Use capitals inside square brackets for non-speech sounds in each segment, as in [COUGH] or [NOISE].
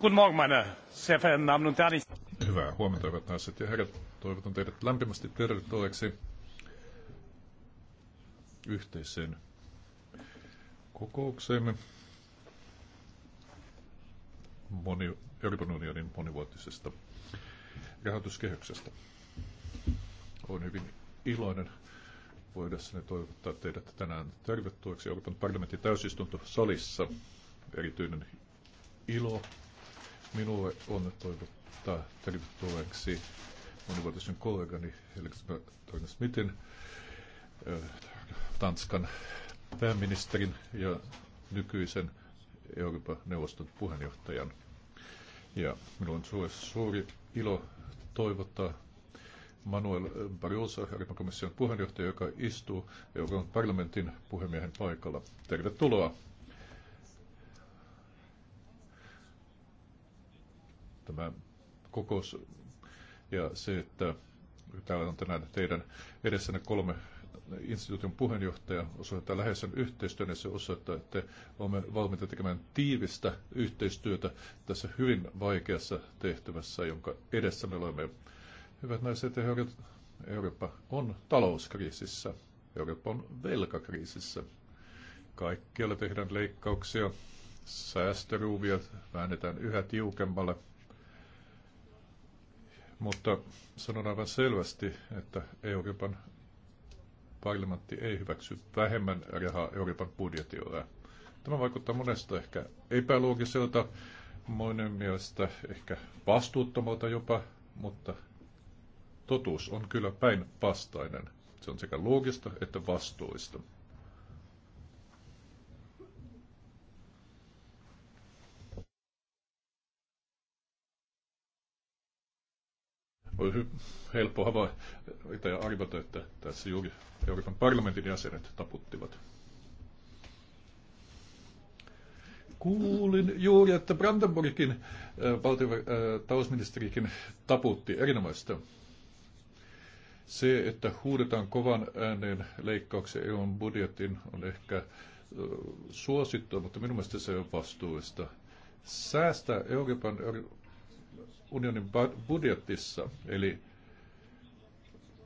Guten Morgen, meine sehr verehrten Damen und Herren. Hyvää huomenta, hyvät naiset ja herrat. Toivotan teidät lämpimästi tervetulleeksi yhteiseen kokoukseemme moni, Euroopan unionin monivuotisesta rahoituskehyksestä. Olen hyvin iloinen voidessani toivottaa teidät tänään tervetulleeksi Euroopan parlamentin täysistuntosalissa. Erityinen ilo Minulle on toivottaa tervetulleeksi monivuotisen kollegani toinen Smithin, äh, Tanskan pääministerin ja nykyisen Euroopan neuvoston puheenjohtajan. Ja minulla on suuri, suuri ilo toivottaa Manuel Barroso, Euroopan komission puheenjohtaja, joka istuu Euroopan parlamentin puhemiehen paikalla. Tervetuloa! tämä kokous ja se, että täällä on tänään teidän edessänne kolme instituutin puheenjohtaja osoittaa läheisen yhteistyön ja se osoittaa, että olemme valmiita tekemään tiivistä yhteistyötä tässä hyvin vaikeassa tehtävässä, jonka edessä me olemme. Hyvät naiset ja herrat, Eurooppa on talouskriisissä. Eurooppa on velkakriisissä. Kaikkialla tehdään leikkauksia, säästöruuvia väännetään yhä tiukemmalle – mutta sanon aivan selvästi, että Euroopan parlamentti ei hyväksy vähemmän rahaa Euroopan budjetilla. Tämä vaikuttaa monesta ehkä epäloogiselta, monen mielestä ehkä vastuuttomalta jopa, mutta totuus on kyllä päinvastainen. Se on sekä loogista että vastuullista. olisi helppo havaita ja arvata, että tässä juuri Euroopan parlamentin jäsenet taputtivat. Kuulin juuri, että Brandenburgin talousministerikin taputti erinomaista. Se, että huudetaan kovan ääneen leikkauksen EUn budjetin, on ehkä suosittua, mutta minun mielestä se on vastuullista. Säästää Euroopan unionin budjetissa, eli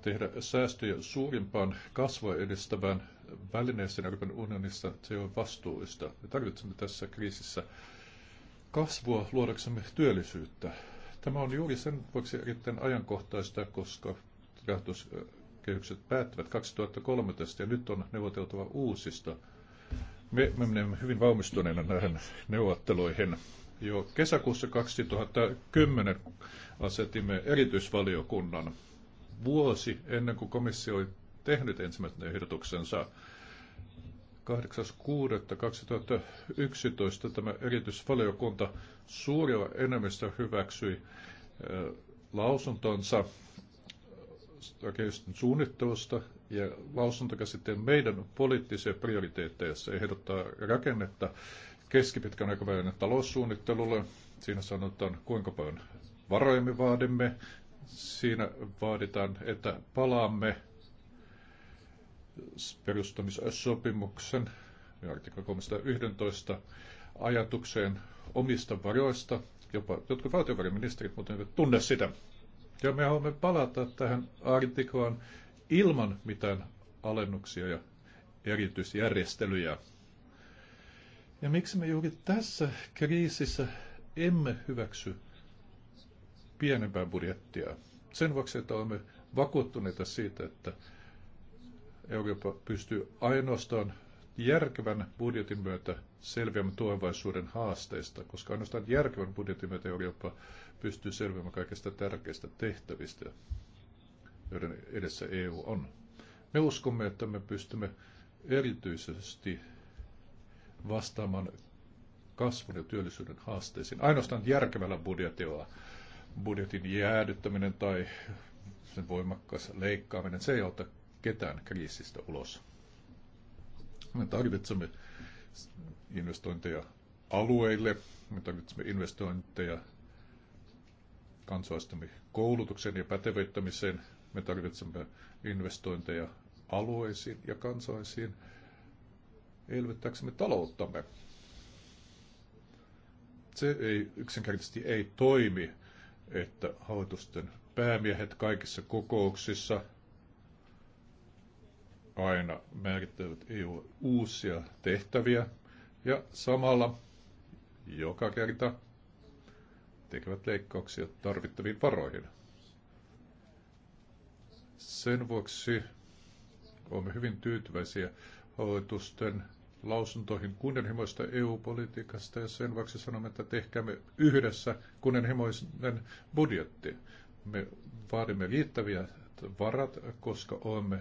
tehdä säästöjä suurimpaan kasvua edistävään välineeseen Euroopan unionissa, se on vastuullista. Me tarvitsemme tässä kriisissä kasvua luodaksemme työllisyyttä. Tämä on juuri sen vuoksi erittäin ajankohtaista, koska rahoituskehykset päättävät 2013 ja nyt on neuvoteltava uusista. Me, me menemme hyvin valmistuneena näihin neuvotteluihin. Jo kesäkuussa 2010 asetimme erityisvaliokunnan vuosi ennen kuin komissio oli tehnyt ensimmäisen ehdotuksensa. 8.6.2011 tämä erityisvaliokunta suurella enemmistö hyväksyi eh, lausuntonsa rakennusten suunnittelusta ja lausunto käsittelee meidän poliittisia prioriteetteja, jossa ehdottaa rakennetta, keskipitkän aikavälin taloussuunnittelulle. Siinä sanotaan, kuinka paljon varoja me vaadimme. Siinä vaaditaan, että palaamme perustamissopimuksen artikla 311 ajatukseen omista varoista. Jopa jotkut valtiovarainministerit muuten eivät tunne sitä. Ja me haluamme palata tähän artiklaan ilman mitään alennuksia ja erityisjärjestelyjä. Ja miksi me juuri tässä kriisissä emme hyväksy pienempää budjettia? Sen vuoksi, että olemme vakuuttuneita siitä, että Eurooppa pystyy ainoastaan järkevän budjetin myötä selviämään tulevaisuuden haasteista, koska ainoastaan järkevän budjetin myötä Eurooppa pystyy selviämään kaikista tärkeistä tehtävistä, joiden edessä EU on. Me uskomme, että me pystymme erityisesti vastaamaan kasvun ja työllisyyden haasteisiin. Ainoastaan järkevällä budjetilla budjetin jäädyttäminen tai sen voimakkaassa leikkaaminen, se ei auta ketään kriisistä ulos. Me tarvitsemme investointeja alueille, me tarvitsemme investointeja kansalaistamme koulutukseen ja pätevöittämiseen, me tarvitsemme investointeja alueisiin ja kansalaisiin, elvyttääksemme talouttamme. Se ei yksinkertaisesti ei toimi, että hallitusten päämiehet kaikissa kokouksissa aina määrittävät EU uusia tehtäviä ja samalla joka kerta tekevät leikkauksia tarvittaviin varoihin. Sen vuoksi olemme hyvin tyytyväisiä hallitusten lausuntoihin kunnianhimoista EU-politiikasta ja sen vuoksi sanomme, että tehkäämme yhdessä kunnianhimoinen budjetti. Me vaadimme riittäviä varat, koska olemme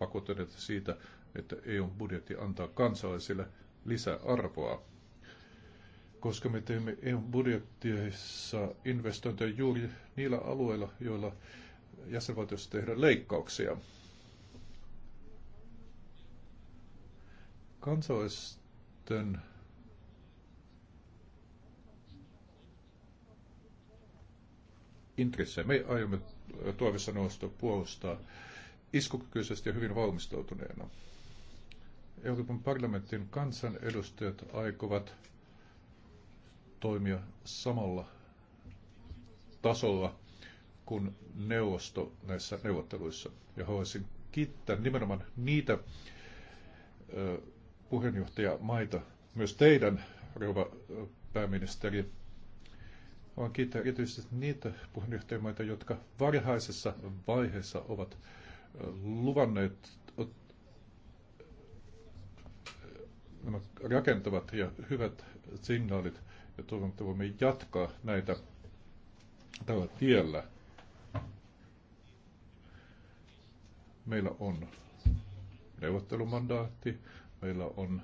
vakuuttuneet siitä, että EUn budjetti antaa kansalaisille lisäarvoa. Koska me teemme EUn budjettiissa investointeja juuri niillä alueilla, joilla jäsenvaltiossa tehdään leikkauksia. Kansalaisten intressejä me aiomme toivessa nousta puolustaa iskukykyisesti ja hyvin valmistautuneena. Euroopan parlamentin kansanedustajat aikovat toimia samalla tasolla kuin neuvosto näissä neuvotteluissa. Ja haluaisin kiittää nimenomaan niitä ö, puheenjohtajamaita, myös teidän, rouva pääministeri, haluan kiittää erityisesti niitä puheenjohtajamaita, jotka varhaisessa vaiheessa ovat luvanneet nämä rakentavat ja hyvät signaalit, ja toivon, että voimme jatkaa näitä tällä tiellä. Meillä on neuvottelumandaatti, Meillä on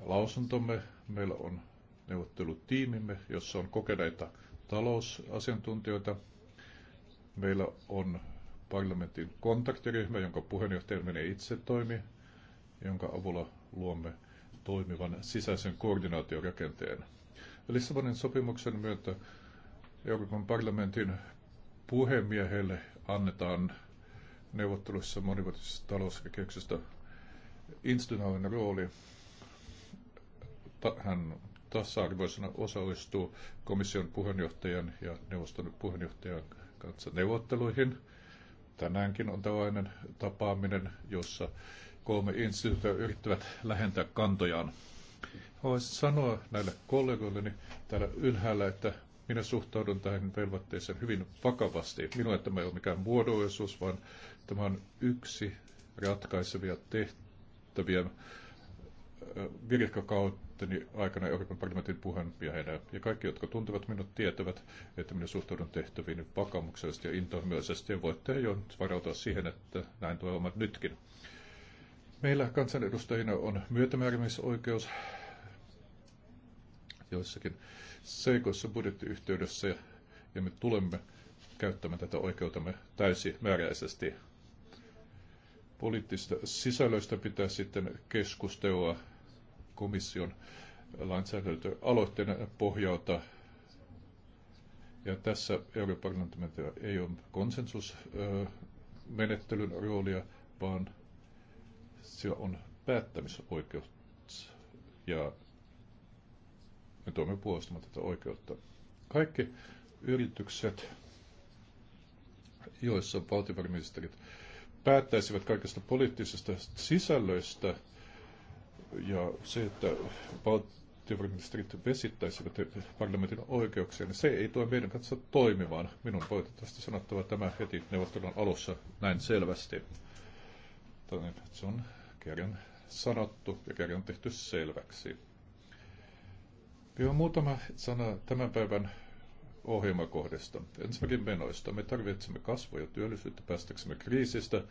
lausuntomme, meillä on neuvottelutiimimme, jossa on kokeneita talousasiantuntijoita. Meillä on parlamentin kontaktiryhmä, jonka puheenjohtaja menee itse toimi, jonka avulla luomme toimivan sisäisen koordinaatiorakenteen. Lissabonin sopimuksen myötä Euroopan parlamentin puhemiehelle annetaan neuvotteluissa monivuotisesta talouskekyksestä institutionaalinen rooli hän tasa-arvoisena osallistuu komission puheenjohtajan ja neuvoston puheenjohtajan kanssa neuvotteluihin. Tänäänkin on tällainen tapaaminen, jossa kolme instituutioa yrittävät lähentää kantojaan. Haluaisin sanoa näille kollegoilleni niin täällä ylhäällä, että minä suhtaudun tähän velvoitteeseen hyvin vakavasti. Minulle tämä ei ole mikään muodollisuus, vaan tämä on yksi ratkaisevia tehtäviä käyttävien virkakautteni aikana Euroopan parlamentin heidän Ja kaikki, jotka tuntevat minut, tietävät, että minä suhtaudun tehtäviin vakaumuksellisesti ja intohimoisesti. Ja voitte jo varautua siihen, että näin tulee olemaan nytkin. Meillä kansanedustajina on myötämääräämisoikeus joissakin seikoissa budjettiyhteydessä ja me tulemme käyttämään tätä oikeutamme täysimääräisesti. Poliittista sisällöistä pitää sitten keskustella komission lainsäädäntöaloitteen pohjalta. Ja tässä europarlamentilla ei ole konsensusmenettelyn roolia, vaan sillä on päättämisoikeus ja me tuomme puolustamaan tätä oikeutta. Kaikki yritykset, joissa valtiovarainministerit päättäisivät kaikista poliittisista sisällöistä ja se, että valtiovarainministerit vesittäisivät parlamentin oikeuksia, niin se ei tule meidän kanssa toimimaan. Minun valitettavasti sanottava tämä heti neuvottelun alussa näin selvästi. Se on kerran sanottu ja kerran tehty selväksi. Vielä muutama sana tämän päivän Ohjelmakohdista Ensinnäkin menoista. Me tarvitsemme kasvua ja työllisyyttä päästäksemme kriisistä,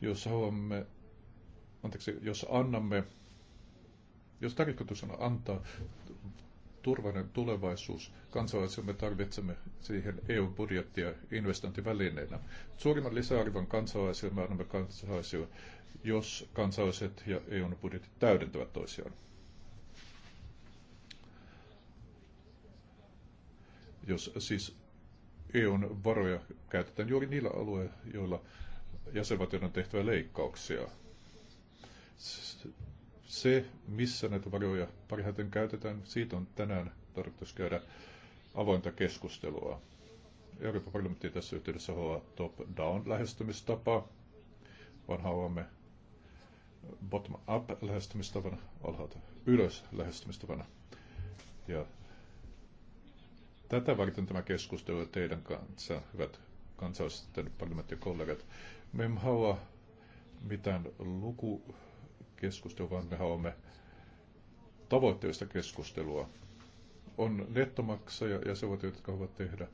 jos haluamme, anteeksi, jos annamme, jos tarkoitus on antaa turvallinen tulevaisuus kansalaisille, tarvitsemme siihen EU-budjettia investointivälineenä. Suurimman lisäarvon kansalaisille me annamme kansalaisille, jos kansalaiset ja EUn budjetit täydentävät toisiaan. jos siis EUn varoja käytetään juuri niillä alueilla, joilla jäsenvaltioiden on tehtävä leikkauksia. Se, missä näitä varoja parhaiten käytetään, siitä on tänään tarkoitus käydä avointa keskustelua. Euroopan parlamentti tässä yhteydessä haluaa top-down lähestymistapa, vaan haluamme bottom-up lähestymistavan, alhaalta ylös lähestymistavana. Ja Tätä varten tämä keskustelu teidän kanssa, hyvät kansallisten parlamenttikollegat. Me emme halua mitään lukukeskustelua, vaan me haluamme tavoitteista keskustelua. On nettomaksaja ja se voit, jotka haluavat tehdä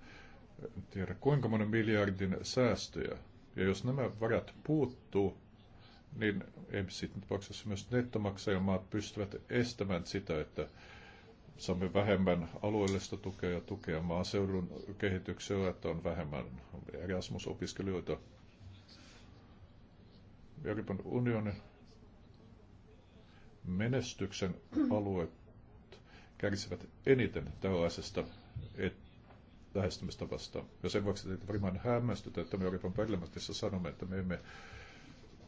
en tiedä kuinka monen miljardin säästöjä. Ja jos nämä varat puuttuu, niin sitten nyt myös nettomaksajamaat pystyvät estämään sitä, että saamme vähemmän alueellista tukea ja tukea maaseudun kehityksellä, että on vähemmän Erasmus-opiskelijoita. Euroopan unionin menestyksen alueet kärsivät eniten tällaisesta lähestymistavasta. Ja sen vuoksi teitä varmaan hämmästytä, että me Euroopan parlamentissa sanomme, että me emme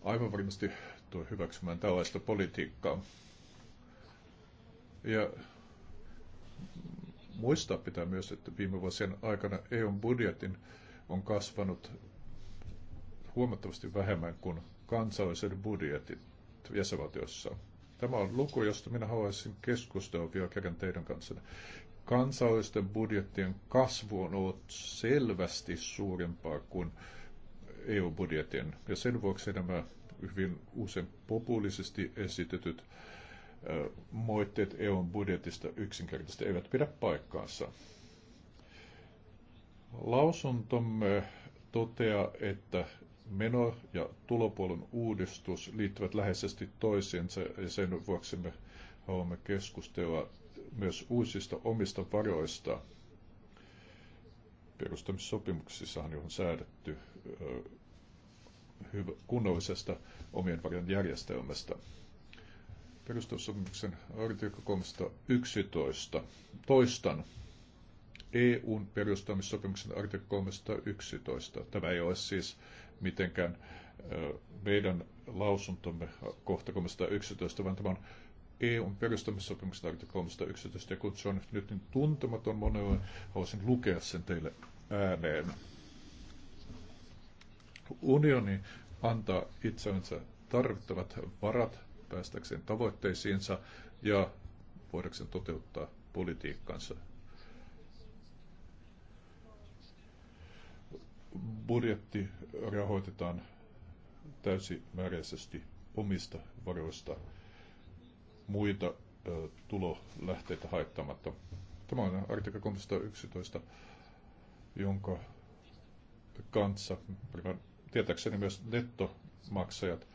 aivan varmasti tule hyväksymään tällaista politiikkaa. Ja Muistaa pitää myös, että viime vuosien aikana EUn budjetin on kasvanut huomattavasti vähemmän kuin kansalliset budjetit jäsenvaltioissa. Tämä on luku, josta minä haluaisin keskustella vielä kerran teidän kanssa. Kansallisten budjettien kasvu on ollut selvästi suurempaa kuin EU-budjetin, ja sen vuoksi nämä hyvin usein populisesti esitetyt äh, moitteet EUn budjetista yksinkertaisesti eivät pidä paikkaansa. Lausuntomme toteaa, että meno- ja tulopuolen uudistus liittyvät läheisesti toisiinsa ja sen vuoksi me haluamme keskustella myös uusista omista varoista. Perustamissopimuksissahan on säädetty kunnollisesta omien varojen järjestelmästä perustussopimuksen artikla 311. Toistan. EUn perustamissopimuksen artikla 311. Tämä ei ole siis mitenkään meidän lausuntomme kohta 311, vaan tämä on EUn perustamissopimuksen artikla 311, ja kun se on nyt niin tuntematon monelle, haluaisin lukea sen teille ääneen. Unioni antaa itsensä tarvittavat varat päästäkseen tavoitteisiinsa ja voidakseen toteuttaa politiikkansa. Budjetti rahoitetaan täysimääräisesti omista varoista muita ö, tulolähteitä haittamatta. Tämä on artikla 311, jonka kanssa tietääkseni myös nettomaksajat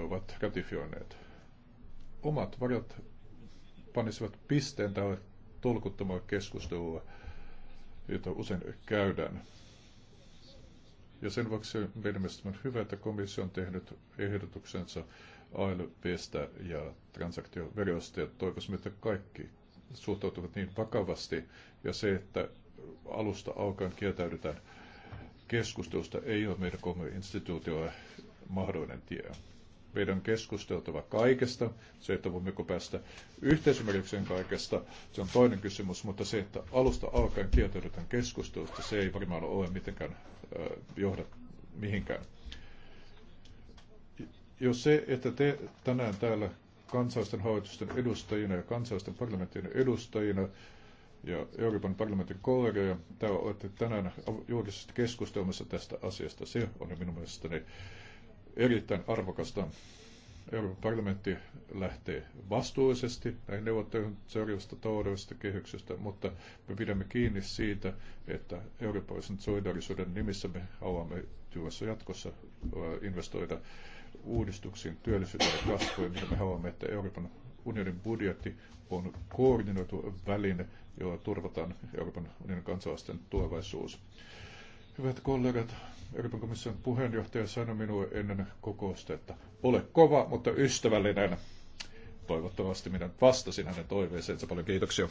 ovat ratifioineet. Omat varat panisivat pisteen tälle tolkuttomalle keskustelulle, jota usein käydään. Ja sen vuoksi meidän on hyvä, että komissio on tehnyt ehdotuksensa ALPstä ja transaktioverosta ja toivoisimme, että kaikki suhtautuvat niin vakavasti ja se, että alusta alkaen kieltäydytään keskustelusta ei ole meidän kolme instituutioille mahdollinen tie. Meidän on keskusteltava kaikesta. Se, että voimmeko päästä yhteisymmärrykseen kaikesta, se on toinen kysymys, mutta se, että alusta alkaen kieltäydytään keskustelusta, se ei varmaan ole mitenkään johda mihinkään. Jos se, että te tänään täällä kansallisten hallitusten edustajina ja kansallisten parlamenttien edustajina ja Euroopan parlamentin kollegoja. Täällä olette tänään julkisesti keskustelmassa tästä asiasta. Se on minun mielestäni erittäin arvokasta. Euroopan parlamentti lähtee vastuullisesti näihin neuvotteluihin seuraavasta taloudellisesta kehyksestä, mutta me pidämme kiinni siitä, että eurooppalaisen solidarisuuden nimissä me haluamme työssä jatkossa investoida uudistuksiin, työllisyyteen ja kasvuun, ja me haluamme, että Euroopan unionin budjetti on koordinoitu väline, jolla turvataan Euroopan unionin kansalaisten tulevaisuus. Hyvät kollegat, Euroopan komission puheenjohtaja sanoi minulle ennen kokousta, että ole kova, mutta ystävällinen. Toivottavasti minä vastasin hänen toiveeseensa. Paljon kiitoksia.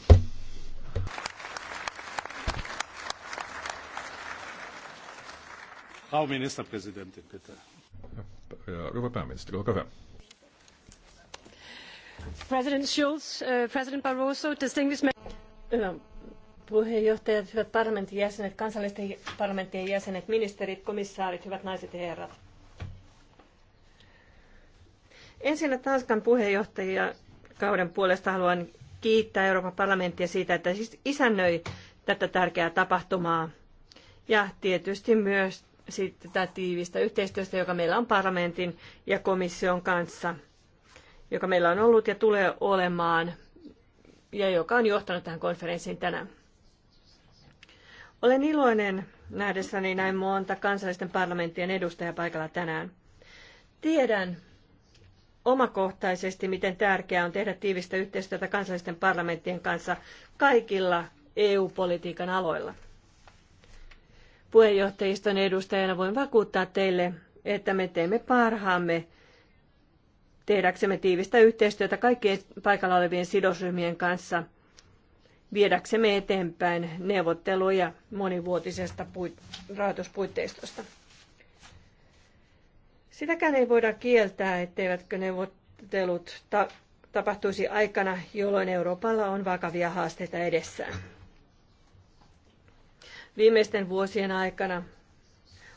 Frau Ministerpräsidentin, bitte. Ja, rouva pääministeri, olkaa hyvä. President Schulz, uh, President Barroso, distinguished... Uh, puheenjohtajat, hyvät parlamentin jäsenet, kansallisten parlamenttien jäsenet, ministerit, komissaarit, hyvät naiset ja herrat. Ensinnä Tanskan puheenjohtajia kauden puolesta haluan kiittää Euroopan parlamenttia siitä, että siis isännöi tätä tärkeää tapahtumaa ja tietysti myös siitä tiivistä yhteistyöstä, joka meillä on parlamentin ja komission kanssa, joka meillä on ollut ja tulee olemaan ja joka on johtanut tähän konferenssiin tänään. Olen iloinen nähdessäni näin monta kansallisten parlamenttien edustajaa paikalla tänään. Tiedän omakohtaisesti, miten tärkeää on tehdä tiivistä yhteistyötä kansallisten parlamenttien kanssa kaikilla EU-politiikan aloilla. Puheenjohtajiston edustajana voin vakuuttaa teille, että me teemme parhaamme tehdäksemme tiivistä yhteistyötä kaikkien paikalla olevien sidosryhmien kanssa – viedäksemme eteenpäin neuvotteluja monivuotisesta puit- rahoituspuitteistosta. Sitäkään ei voida kieltää, etteivätkö neuvottelut ta- tapahtuisi aikana, jolloin Euroopalla on vakavia haasteita edessään. Viimeisten vuosien aikana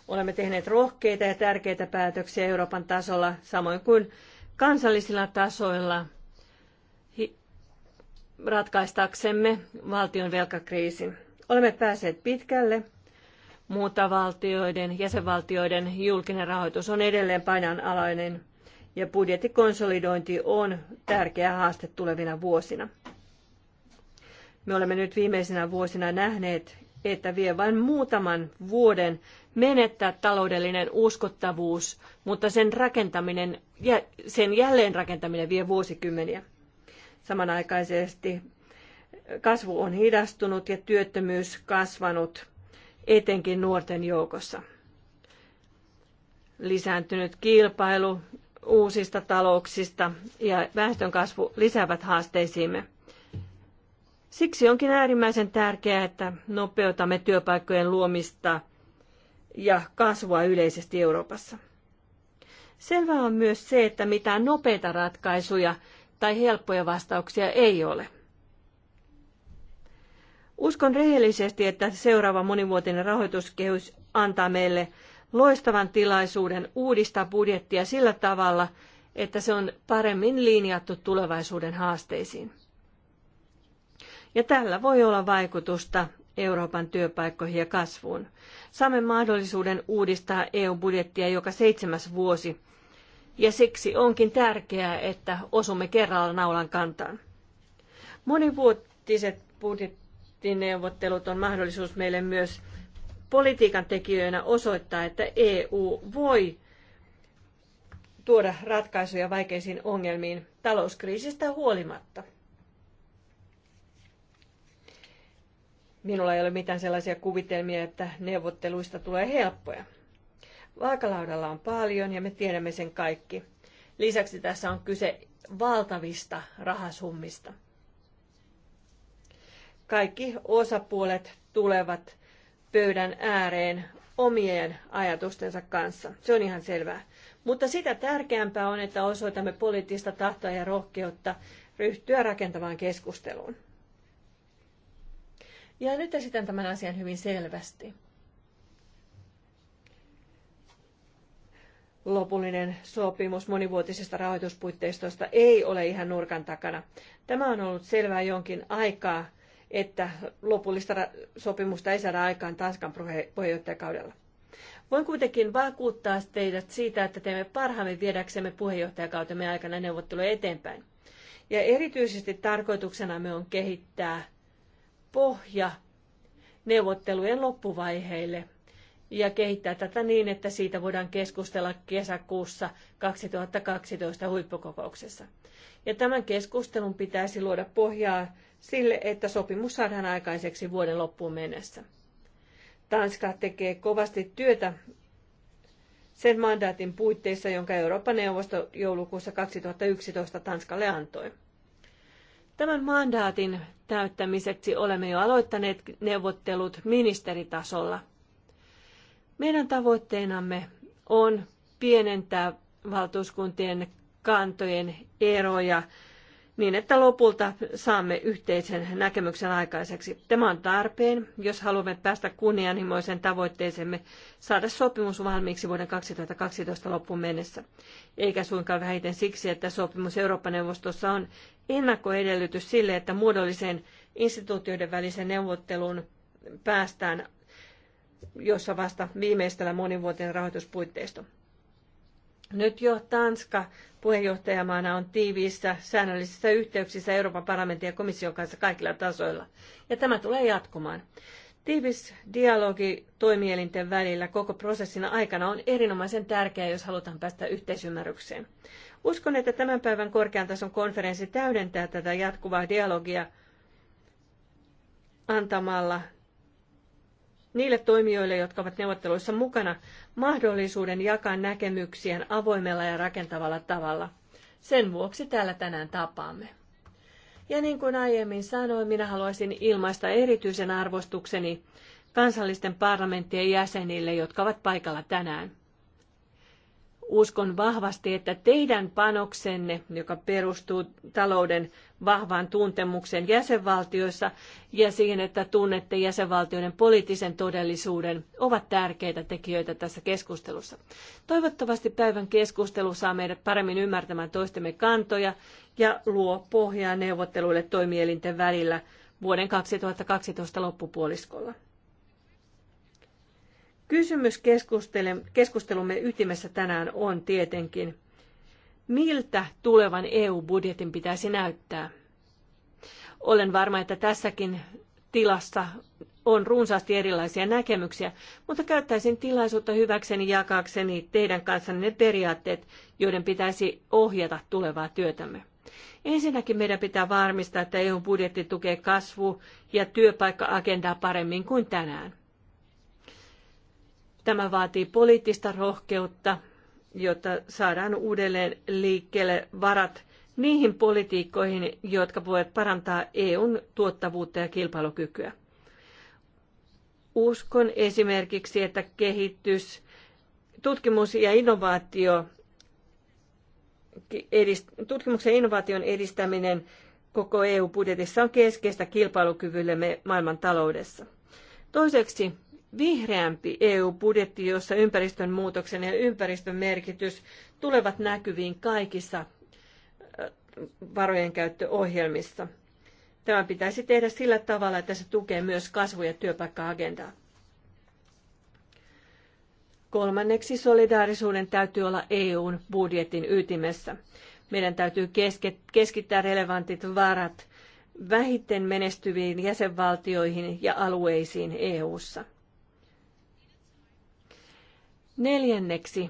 olemme tehneet rohkeita ja tärkeitä päätöksiä Euroopan tasolla, samoin kuin kansallisilla tasoilla ratkaistaksemme valtion velkakriisin. Olemme päässeet pitkälle. Muuta valtioiden, jäsenvaltioiden julkinen rahoitus on edelleen painanalainen ja budjettikonsolidointi on tärkeä haaste tulevina vuosina. Me olemme nyt viimeisinä vuosina nähneet, että vie vain muutaman vuoden menettää taloudellinen uskottavuus, mutta sen rakentaminen ja sen jälleenrakentaminen vie vuosikymmeniä. Samanaikaisesti kasvu on hidastunut ja työttömyys kasvanut, etenkin nuorten joukossa. Lisääntynyt kilpailu uusista talouksista ja väestönkasvu lisäävät haasteisiimme. Siksi onkin äärimmäisen tärkeää, että nopeutamme työpaikkojen luomista ja kasvua yleisesti Euroopassa. Selvää on myös se, että mitään nopeita ratkaisuja tai helppoja vastauksia ei ole. Uskon rehellisesti, että seuraava monivuotinen rahoituskehys antaa meille loistavan tilaisuuden uudistaa budjettia sillä tavalla, että se on paremmin linjattu tulevaisuuden haasteisiin. Ja tällä voi olla vaikutusta Euroopan työpaikkoihin ja kasvuun. Saamme mahdollisuuden uudistaa EU-budjettia joka seitsemäs vuosi ja siksi onkin tärkeää, että osumme kerralla naulan kantaan. Monivuotiset budjettineuvottelut on mahdollisuus meille myös politiikan tekijöinä osoittaa, että EU voi tuoda ratkaisuja vaikeisiin ongelmiin talouskriisistä huolimatta. Minulla ei ole mitään sellaisia kuvitelmia, että neuvotteluista tulee helppoja. Vaakalaudalla on paljon ja me tiedämme sen kaikki. Lisäksi tässä on kyse valtavista rahasummista. Kaikki osapuolet tulevat pöydän ääreen omien ajatustensa kanssa. Se on ihan selvää. Mutta sitä tärkeämpää on, että osoitamme poliittista tahtoa ja rohkeutta ryhtyä rakentavaan keskusteluun. Ja nyt esitän tämän asian hyvin selvästi. lopullinen sopimus monivuotisesta rahoituspuitteistosta ei ole ihan nurkan takana. Tämä on ollut selvää jonkin aikaa, että lopullista sopimusta ei saada aikaan Tanskan puheenjohtajakaudella. Voin kuitenkin vakuuttaa teidät siitä, että teemme parhaamme viedäksemme puheenjohtajakautemme aikana neuvotteluja eteenpäin. Ja erityisesti tarkoituksenamme on kehittää pohja neuvottelujen loppuvaiheille – ja kehittää tätä niin, että siitä voidaan keskustella kesäkuussa 2012 huippukokouksessa. Ja tämän keskustelun pitäisi luoda pohjaa sille, että sopimus saadaan aikaiseksi vuoden loppuun mennessä. Tanska tekee kovasti työtä sen mandaatin puitteissa, jonka Euroopan neuvosto joulukuussa 2011 Tanskalle antoi. Tämän mandaatin täyttämiseksi olemme jo aloittaneet neuvottelut ministeritasolla – meidän tavoitteenamme on pienentää valtuuskuntien kantojen eroja niin, että lopulta saamme yhteisen näkemyksen aikaiseksi. Tämä on tarpeen, jos haluamme päästä kunnianhimoisen tavoitteeseemme saada sopimus valmiiksi vuoden 2012 loppuun mennessä. Eikä suinkaan vähiten siksi, että sopimus Eurooppa-neuvostossa on ennakkoedellytys sille, että muodollisen instituutioiden välisen neuvottelun päästään jossa vasta viimeistellä monivuotinen rahoituspuitteisto. Nyt jo Tanska puheenjohtajamaana on tiiviissä säännöllisissä yhteyksissä Euroopan parlamentin ja komission kanssa kaikilla tasoilla. Ja tämä tulee jatkumaan. Tiivis dialogi toimielinten välillä koko prosessin aikana on erinomaisen tärkeää, jos halutaan päästä yhteisymmärrykseen. Uskon, että tämän päivän korkean tason konferenssi täydentää tätä jatkuvaa dialogia antamalla niille toimijoille, jotka ovat neuvotteluissa mukana, mahdollisuuden jakaa näkemyksiään avoimella ja rakentavalla tavalla. Sen vuoksi täällä tänään tapaamme. Ja niin kuin aiemmin sanoin, minä haluaisin ilmaista erityisen arvostukseni kansallisten parlamenttien jäsenille, jotka ovat paikalla tänään. Uskon vahvasti, että teidän panoksenne, joka perustuu talouden vahvaan tuntemukseen jäsenvaltioissa ja siihen, että tunnette jäsenvaltioiden poliittisen todellisuuden, ovat tärkeitä tekijöitä tässä keskustelussa. Toivottavasti päivän keskustelu saa meidät paremmin ymmärtämään toistemme kantoja ja luo pohjaa neuvotteluille toimielinten välillä vuoden 2012 loppupuoliskolla. Kysymys keskustelumme ytimessä tänään on tietenkin, miltä tulevan EU-budjetin pitäisi näyttää. Olen varma, että tässäkin tilassa on runsaasti erilaisia näkemyksiä, mutta käyttäisin tilaisuutta hyväkseni jakaakseni teidän kanssanne ne periaatteet, joiden pitäisi ohjata tulevaa työtämme. Ensinnäkin meidän pitää varmistaa, että EU budjetti tukee kasvu- ja työpaikka-agendaa paremmin kuin tänään. Tämä vaatii poliittista rohkeutta, jotta saadaan uudelleen liikkeelle varat niihin politiikkoihin, jotka voivat parantaa EUn tuottavuutta ja kilpailukykyä. Uskon esimerkiksi, että kehitys, tutkimus ja innovaatio, tutkimuksen ja innovaation edistäminen koko EU-budjetissa on keskeistä kilpailukyvyllemme maailman taloudessa. Toiseksi vihreämpi EU-budjetti, jossa ympäristön muutoksen ja ympäristön merkitys tulevat näkyviin kaikissa varojen käyttöohjelmissa. Tämä pitäisi tehdä sillä tavalla, että se tukee myös kasvu- ja työpaikka-agendaa. Kolmanneksi solidaarisuuden täytyy olla EUn budjetin ytimessä. Meidän täytyy keskittää relevantit varat vähiten menestyviin jäsenvaltioihin ja alueisiin EU:ssa. Neljänneksi,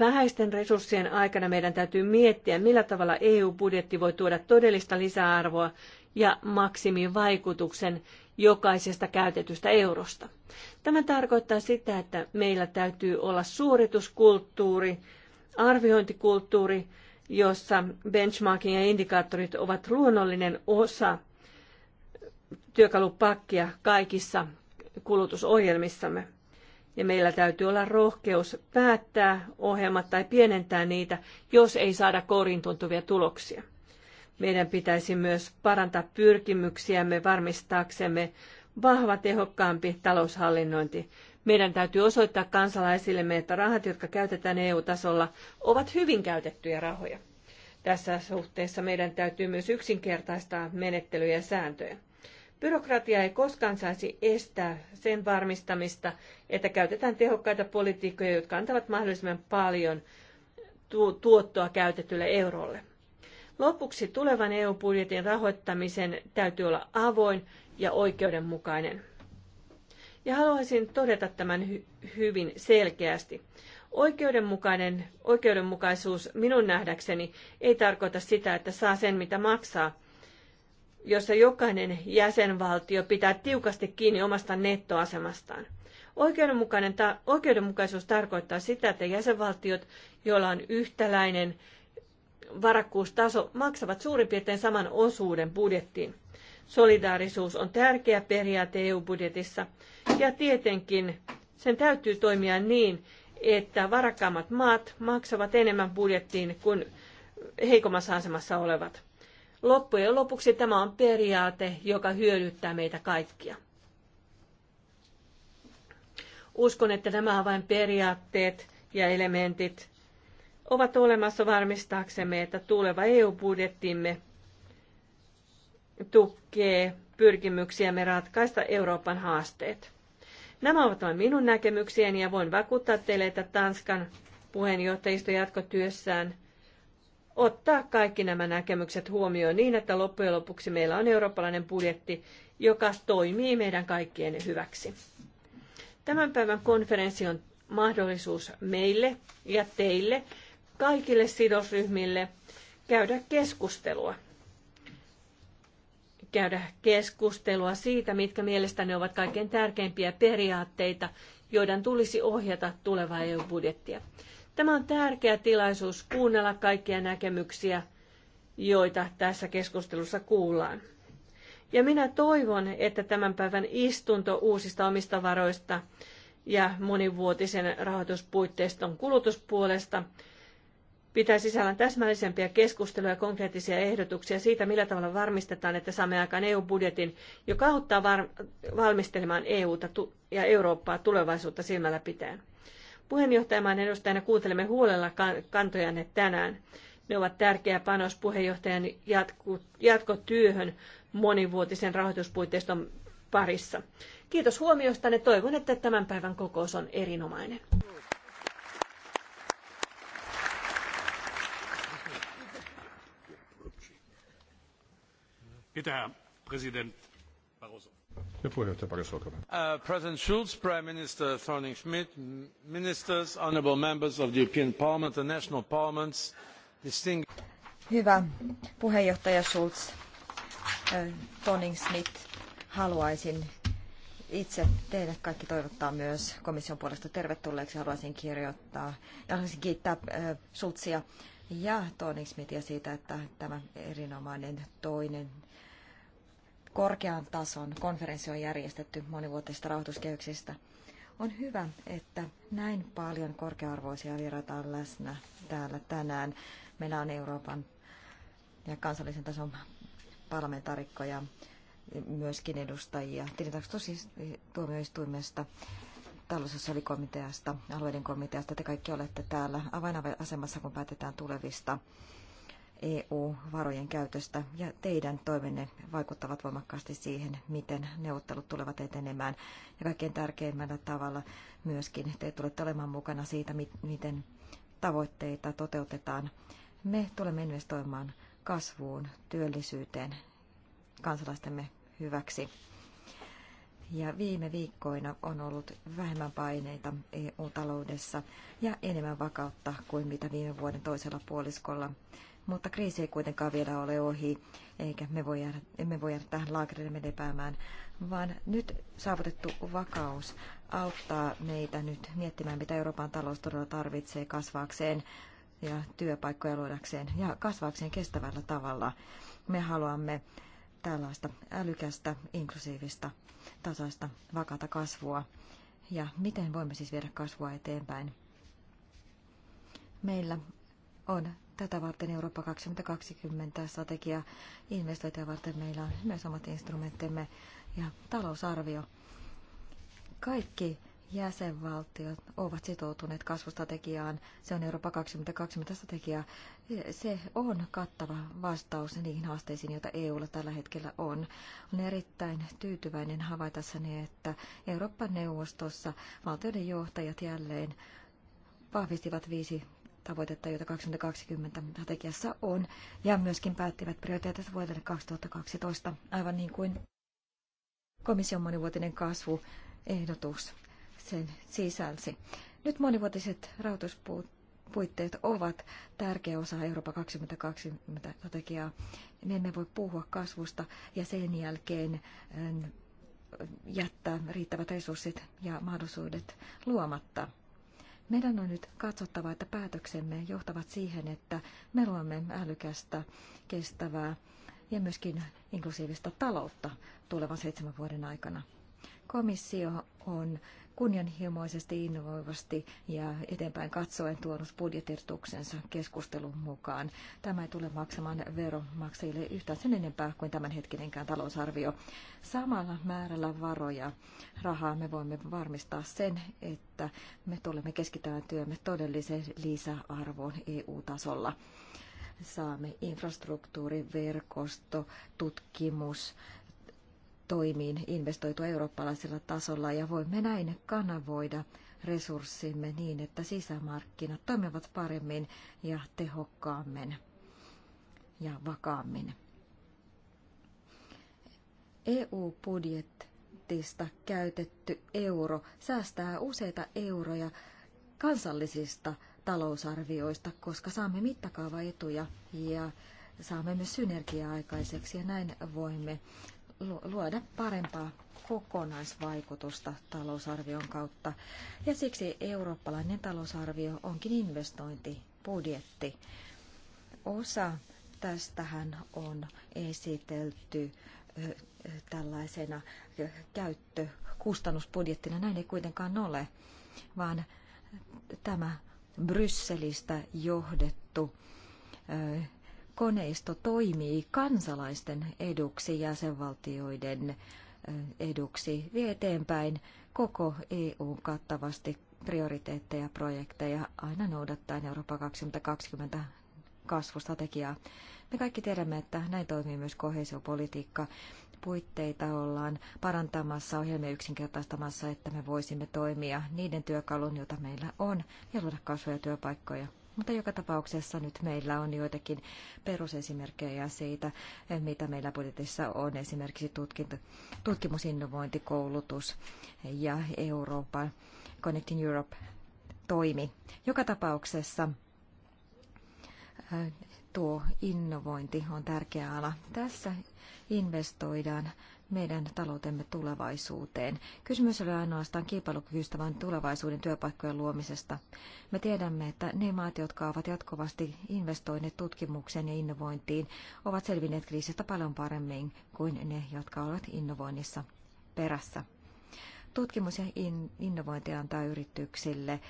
vähäisten resurssien aikana meidän täytyy miettiä, millä tavalla EU-budjetti voi tuoda todellista lisäarvoa ja maksimivaikutuksen jokaisesta käytetystä eurosta. Tämä tarkoittaa sitä, että meillä täytyy olla suorituskulttuuri, arviointikulttuuri, jossa benchmarking ja indikaattorit ovat luonnollinen osa työkalupakkia kaikissa kulutusohjelmissamme. Ja meillä täytyy olla rohkeus päättää ohjelmat tai pienentää niitä, jos ei saada kourin tuntuvia tuloksia. Meidän pitäisi myös parantaa pyrkimyksiämme varmistaaksemme vahva, tehokkaampi taloushallinnointi. Meidän täytyy osoittaa kansalaisillemme, että rahat, jotka käytetään EU-tasolla, ovat hyvin käytettyjä rahoja. Tässä suhteessa meidän täytyy myös yksinkertaistaa menettelyjä ja sääntöjä. Byrokratia ei koskaan saisi estää sen varmistamista, että käytetään tehokkaita politiikkoja, jotka antavat mahdollisimman paljon tuottoa käytetylle eurolle. Lopuksi tulevan EU-budjetin rahoittamisen täytyy olla avoin ja oikeudenmukainen. Ja haluaisin todeta tämän hyvin selkeästi. Oikeudenmukainen, oikeudenmukaisuus minun nähdäkseni ei tarkoita sitä, että saa sen mitä maksaa, jossa jokainen jäsenvaltio pitää tiukasti kiinni omasta nettoasemastaan. Oikeudenmukainen ta- oikeudenmukaisuus tarkoittaa sitä, että jäsenvaltiot, joilla on yhtäläinen varakkuustaso, maksavat suurin piirtein saman osuuden budjettiin. Solidaarisuus on tärkeä periaate EU-budjetissa ja tietenkin sen täytyy toimia niin, että varakkaammat maat maksavat enemmän budjettiin kuin heikommassa asemassa olevat. Loppujen lopuksi tämä on periaate, joka hyödyttää meitä kaikkia. Uskon, että nämä vain periaatteet ja elementit ovat olemassa varmistaaksemme, että tuleva EU-budjettimme tukee pyrkimyksiämme ratkaista Euroopan haasteet. Nämä ovat vain minun näkemyksiäni ja voin vakuuttaa teille, että Tanskan puheenjohtajisto jatkotyössään – ottaa kaikki nämä näkemykset huomioon niin, että loppujen lopuksi meillä on eurooppalainen budjetti, joka toimii meidän kaikkien hyväksi. Tämän päivän konferenssi on mahdollisuus meille ja teille, kaikille sidosryhmille, käydä keskustelua. Käydä keskustelua siitä, mitkä mielestäni ovat kaikkein tärkeimpiä periaatteita, joiden tulisi ohjata tulevaa EU-budjettia. Tämä on tärkeä tilaisuus kuunnella kaikkia näkemyksiä, joita tässä keskustelussa kuullaan. Ja minä toivon, että tämän päivän istunto uusista omista varoista ja monivuotisen rahoituspuitteiston kulutuspuolesta pitää sisällään täsmällisempiä keskusteluja ja konkreettisia ehdotuksia siitä, millä tavalla varmistetaan, että saamme aikaan EU-budjetin, joka auttaa valmistelemaan EUta ja Eurooppaa tulevaisuutta silmällä pitäen. Puheenjohtajamaan edustajana kuuntelemme huolella kantojanne tänään. Ne ovat tärkeä panos puheenjohtajan jatku, jatkotyöhön monivuotisen rahoituspuitteiston parissa. Kiitos huomiostanne. Toivon, että tämän päivän kokous on erinomainen. Pitää president Uh, President Schulz, Prime Minister Thorning Schmidt, ministers, honourable members of the European Parliament and national parliaments, distinguished... Hyvä puheenjohtaja Schulz, uh, Thorning Schmidt, haluaisin itse teidät kaikki toivottaa myös komission puolesta tervetulleeksi. Haluaisin kirjoittaa ja haluaisin kiittää uh, Schulzia ja Tony Smithia siitä, että tämä erinomainen toinen korkean tason konferenssi on järjestetty monivuotisista rahoituskehyksistä. On hyvä, että näin paljon korkearvoisia vieraita on läsnä täällä tänään. Meillä on Euroopan ja kansallisen tason parlamentaarikkoja, myöskin edustajia tilintarkastustuomioistuimesta, taloussosiaalikomiteasta, alueiden komiteasta. Te kaikki olette täällä avainasemassa, kun päätetään tulevista EU-varojen käytöstä ja teidän toimenne vaikuttavat voimakkaasti siihen, miten neuvottelut tulevat etenemään. Ja kaikkein tärkeimmällä tavalla myöskin te tulette olemaan mukana siitä, miten tavoitteita toteutetaan. Me tulemme investoimaan kasvuun, työllisyyteen, kansalaistemme hyväksi. Ja viime viikkoina on ollut vähemmän paineita EU-taloudessa ja enemmän vakautta kuin mitä viime vuoden toisella puoliskolla mutta kriisi ei kuitenkaan vielä ole ohi, eikä me voi jäädä, emme voi jäädä tähän laakereille lepäämään, vaan nyt saavutettu vakaus auttaa meitä nyt miettimään, mitä Euroopan talous todella tarvitsee kasvaakseen ja työpaikkoja luodakseen ja kasvaakseen kestävällä tavalla. Me haluamme tällaista älykästä, inklusiivista, tasaista, vakata kasvua. Ja miten voimme siis viedä kasvua eteenpäin? Meillä on tätä varten Eurooppa 2020 strategia investointeja varten meillä on myös omat instrumenttimme ja talousarvio. Kaikki jäsenvaltiot ovat sitoutuneet kasvustrategiaan. Se on Eurooppa 2020 strategia. Se on kattava vastaus niihin haasteisiin, joita EUlla tällä hetkellä on. On erittäin tyytyväinen havaitassani, että Euroopan neuvostossa valtioiden johtajat jälleen vahvistivat viisi tavoitetta, joita 2020 strategiassa on, ja myöskin päättivät prioriteetit vuodelle 2012, aivan niin kuin komission monivuotinen kasvuehdotus sen sisälsi. Nyt monivuotiset puitteet ovat tärkeä osa Eurooppa 2020 strategiaa. Me emme voi puhua kasvusta ja sen jälkeen jättää riittävät resurssit ja mahdollisuudet luomatta. Meidän on nyt katsottava, että päätöksemme johtavat siihen, että me luomme älykästä, kestävää ja myöskin inklusiivista taloutta tulevan seitsemän vuoden aikana. Komissio on kunnianhimoisesti, innovoivasti ja eteenpäin katsoen tuonut budjetirtuksensa keskustelun mukaan. Tämä ei tule maksamaan veronmaksajille yhtään sen enempää kuin tämänhetkinenkään talousarvio. Samalla määrällä varoja rahaa me voimme varmistaa sen, että me tulemme keskittämään työmme todelliseen lisäarvoon EU-tasolla saamme infrastruktuuri, verkosto, tutkimus, toimiin investoitu eurooppalaisella tasolla ja voimme näin kanavoida resurssimme niin, että sisämarkkinat toimivat paremmin ja tehokkaammin ja vakaammin. EU-budjettista käytetty euro säästää useita euroja kansallisista talousarvioista, koska saamme mittakaavaetuja ja saamme myös synergiaa aikaiseksi ja näin voimme luoda parempaa kokonaisvaikutusta talousarvion kautta. Ja siksi eurooppalainen talousarvio onkin investointibudjetti. Osa tästähän on esitelty tällaisena käyttökustannusbudjettina. Näin ei kuitenkaan ole, vaan tämä Brysselistä johdettu koneisto toimii kansalaisten eduksi, jäsenvaltioiden eduksi, vie eteenpäin koko EUn kattavasti prioriteetteja, projekteja, aina noudattaen Eurooppa 2020 kasvustrategiaa. Me kaikki tiedämme, että näin toimii myös kohesiopolitiikka. Puitteita ollaan parantamassa, ohjelmia yksinkertaistamassa, että me voisimme toimia niiden työkalun, jota meillä on, ja luoda ja työpaikkoja. Mutta joka tapauksessa nyt meillä on joitakin perusesimerkkejä siitä, mitä meillä budjetissa on, esimerkiksi tutkinto, tutkimusinnovointikoulutus ja Euroopan Connecting Europe toimi. Joka tapauksessa äh, tuo innovointi on tärkeä ala. Tässä investoidaan meidän taloutemme tulevaisuuteen. Kysymys oli ainoastaan kilpailukyvystä, vaan tulevaisuuden työpaikkojen luomisesta. Me tiedämme, että ne maat, jotka ovat jatkuvasti investoineet tutkimukseen ja innovointiin, ovat selvinneet kriisistä paljon paremmin kuin ne, jotka ovat innovoinnissa perässä. Tutkimus ja in, innovointi antaa yrityksille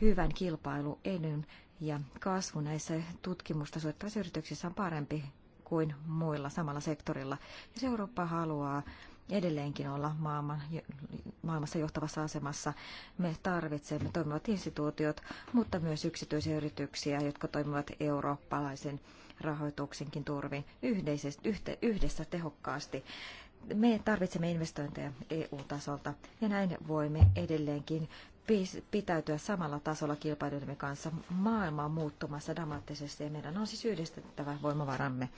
hyvän kilpailuedun ja kasvu näissä tutkimusta suorittavissa yrityksissä on parempi kuin muilla samalla sektorilla. Jos Eurooppa haluaa edelleenkin olla maailman, maailmassa johtavassa asemassa. Me tarvitsemme toimivat instituutiot, mutta myös yksityisiä yrityksiä, jotka toimivat eurooppalaisen rahoituksenkin turvin yhdessä tehokkaasti. Me tarvitsemme investointeja EU-tasolta ja näin voimme edelleenkin pitäytyä samalla tasolla kilpailijoidemme kanssa. Maailma on muuttumassa dramaattisesti ja meidän on siis yhdistettävä voimavaramme.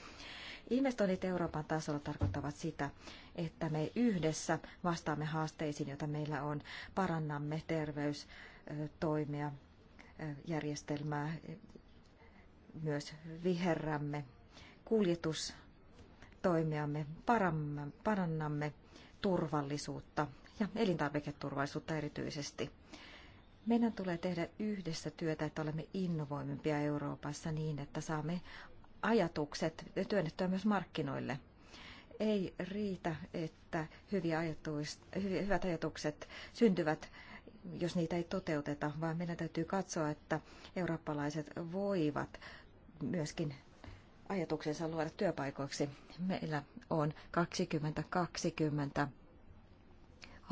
Investoinnit Euroopan tasolla tarkoittavat sitä, että me yhdessä vastaamme haasteisiin, joita meillä on, parannamme terveystoimia, järjestelmää, myös viherrämme, kuljetustoimiamme, parannamme turvallisuutta ja elintarviketurvallisuutta erityisesti. Meidän tulee tehdä yhdessä työtä, että olemme innovoivimpia Euroopassa niin, että saamme ajatukset työnnettyä myös markkinoille. Ei riitä, että hyviä ajatus, hyvät ajatukset syntyvät, jos niitä ei toteuteta, vaan meidän täytyy katsoa, että eurooppalaiset voivat myöskin ajatuksensa luoda työpaikoiksi. Meillä on 2020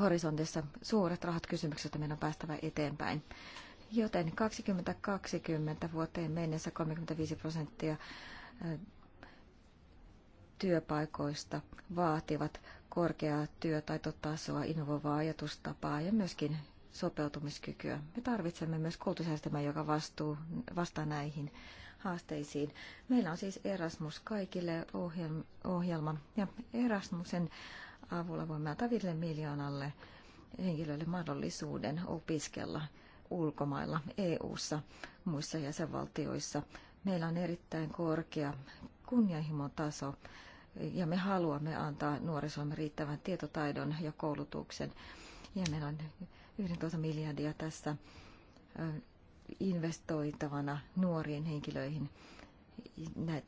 horisontissa suuret rahat kysymykset, että meidän on päästävä eteenpäin. Joten 2020 vuoteen mennessä 35 prosenttia työpaikoista vaativat korkeaa tasoa, innovoivaa ajatustapaa ja myöskin sopeutumiskykyä. Me tarvitsemme myös koulutusjärjestelmää, joka vastuu, vastaa näihin haasteisiin. Meillä on siis Erasmus kaikille ohjelma ja Erasmusen avulla voimme antaa viidelle miljoonalle henkilölle mahdollisuuden opiskella ulkomailla, EU-ssa, muissa jäsenvaltioissa. Meillä on erittäin korkea kunnianhimon taso ja me haluamme antaa nuorisomme riittävän tietotaidon ja koulutuksen. Ja meillä on 11 miljardia tässä investoitavana nuoriin henkilöihin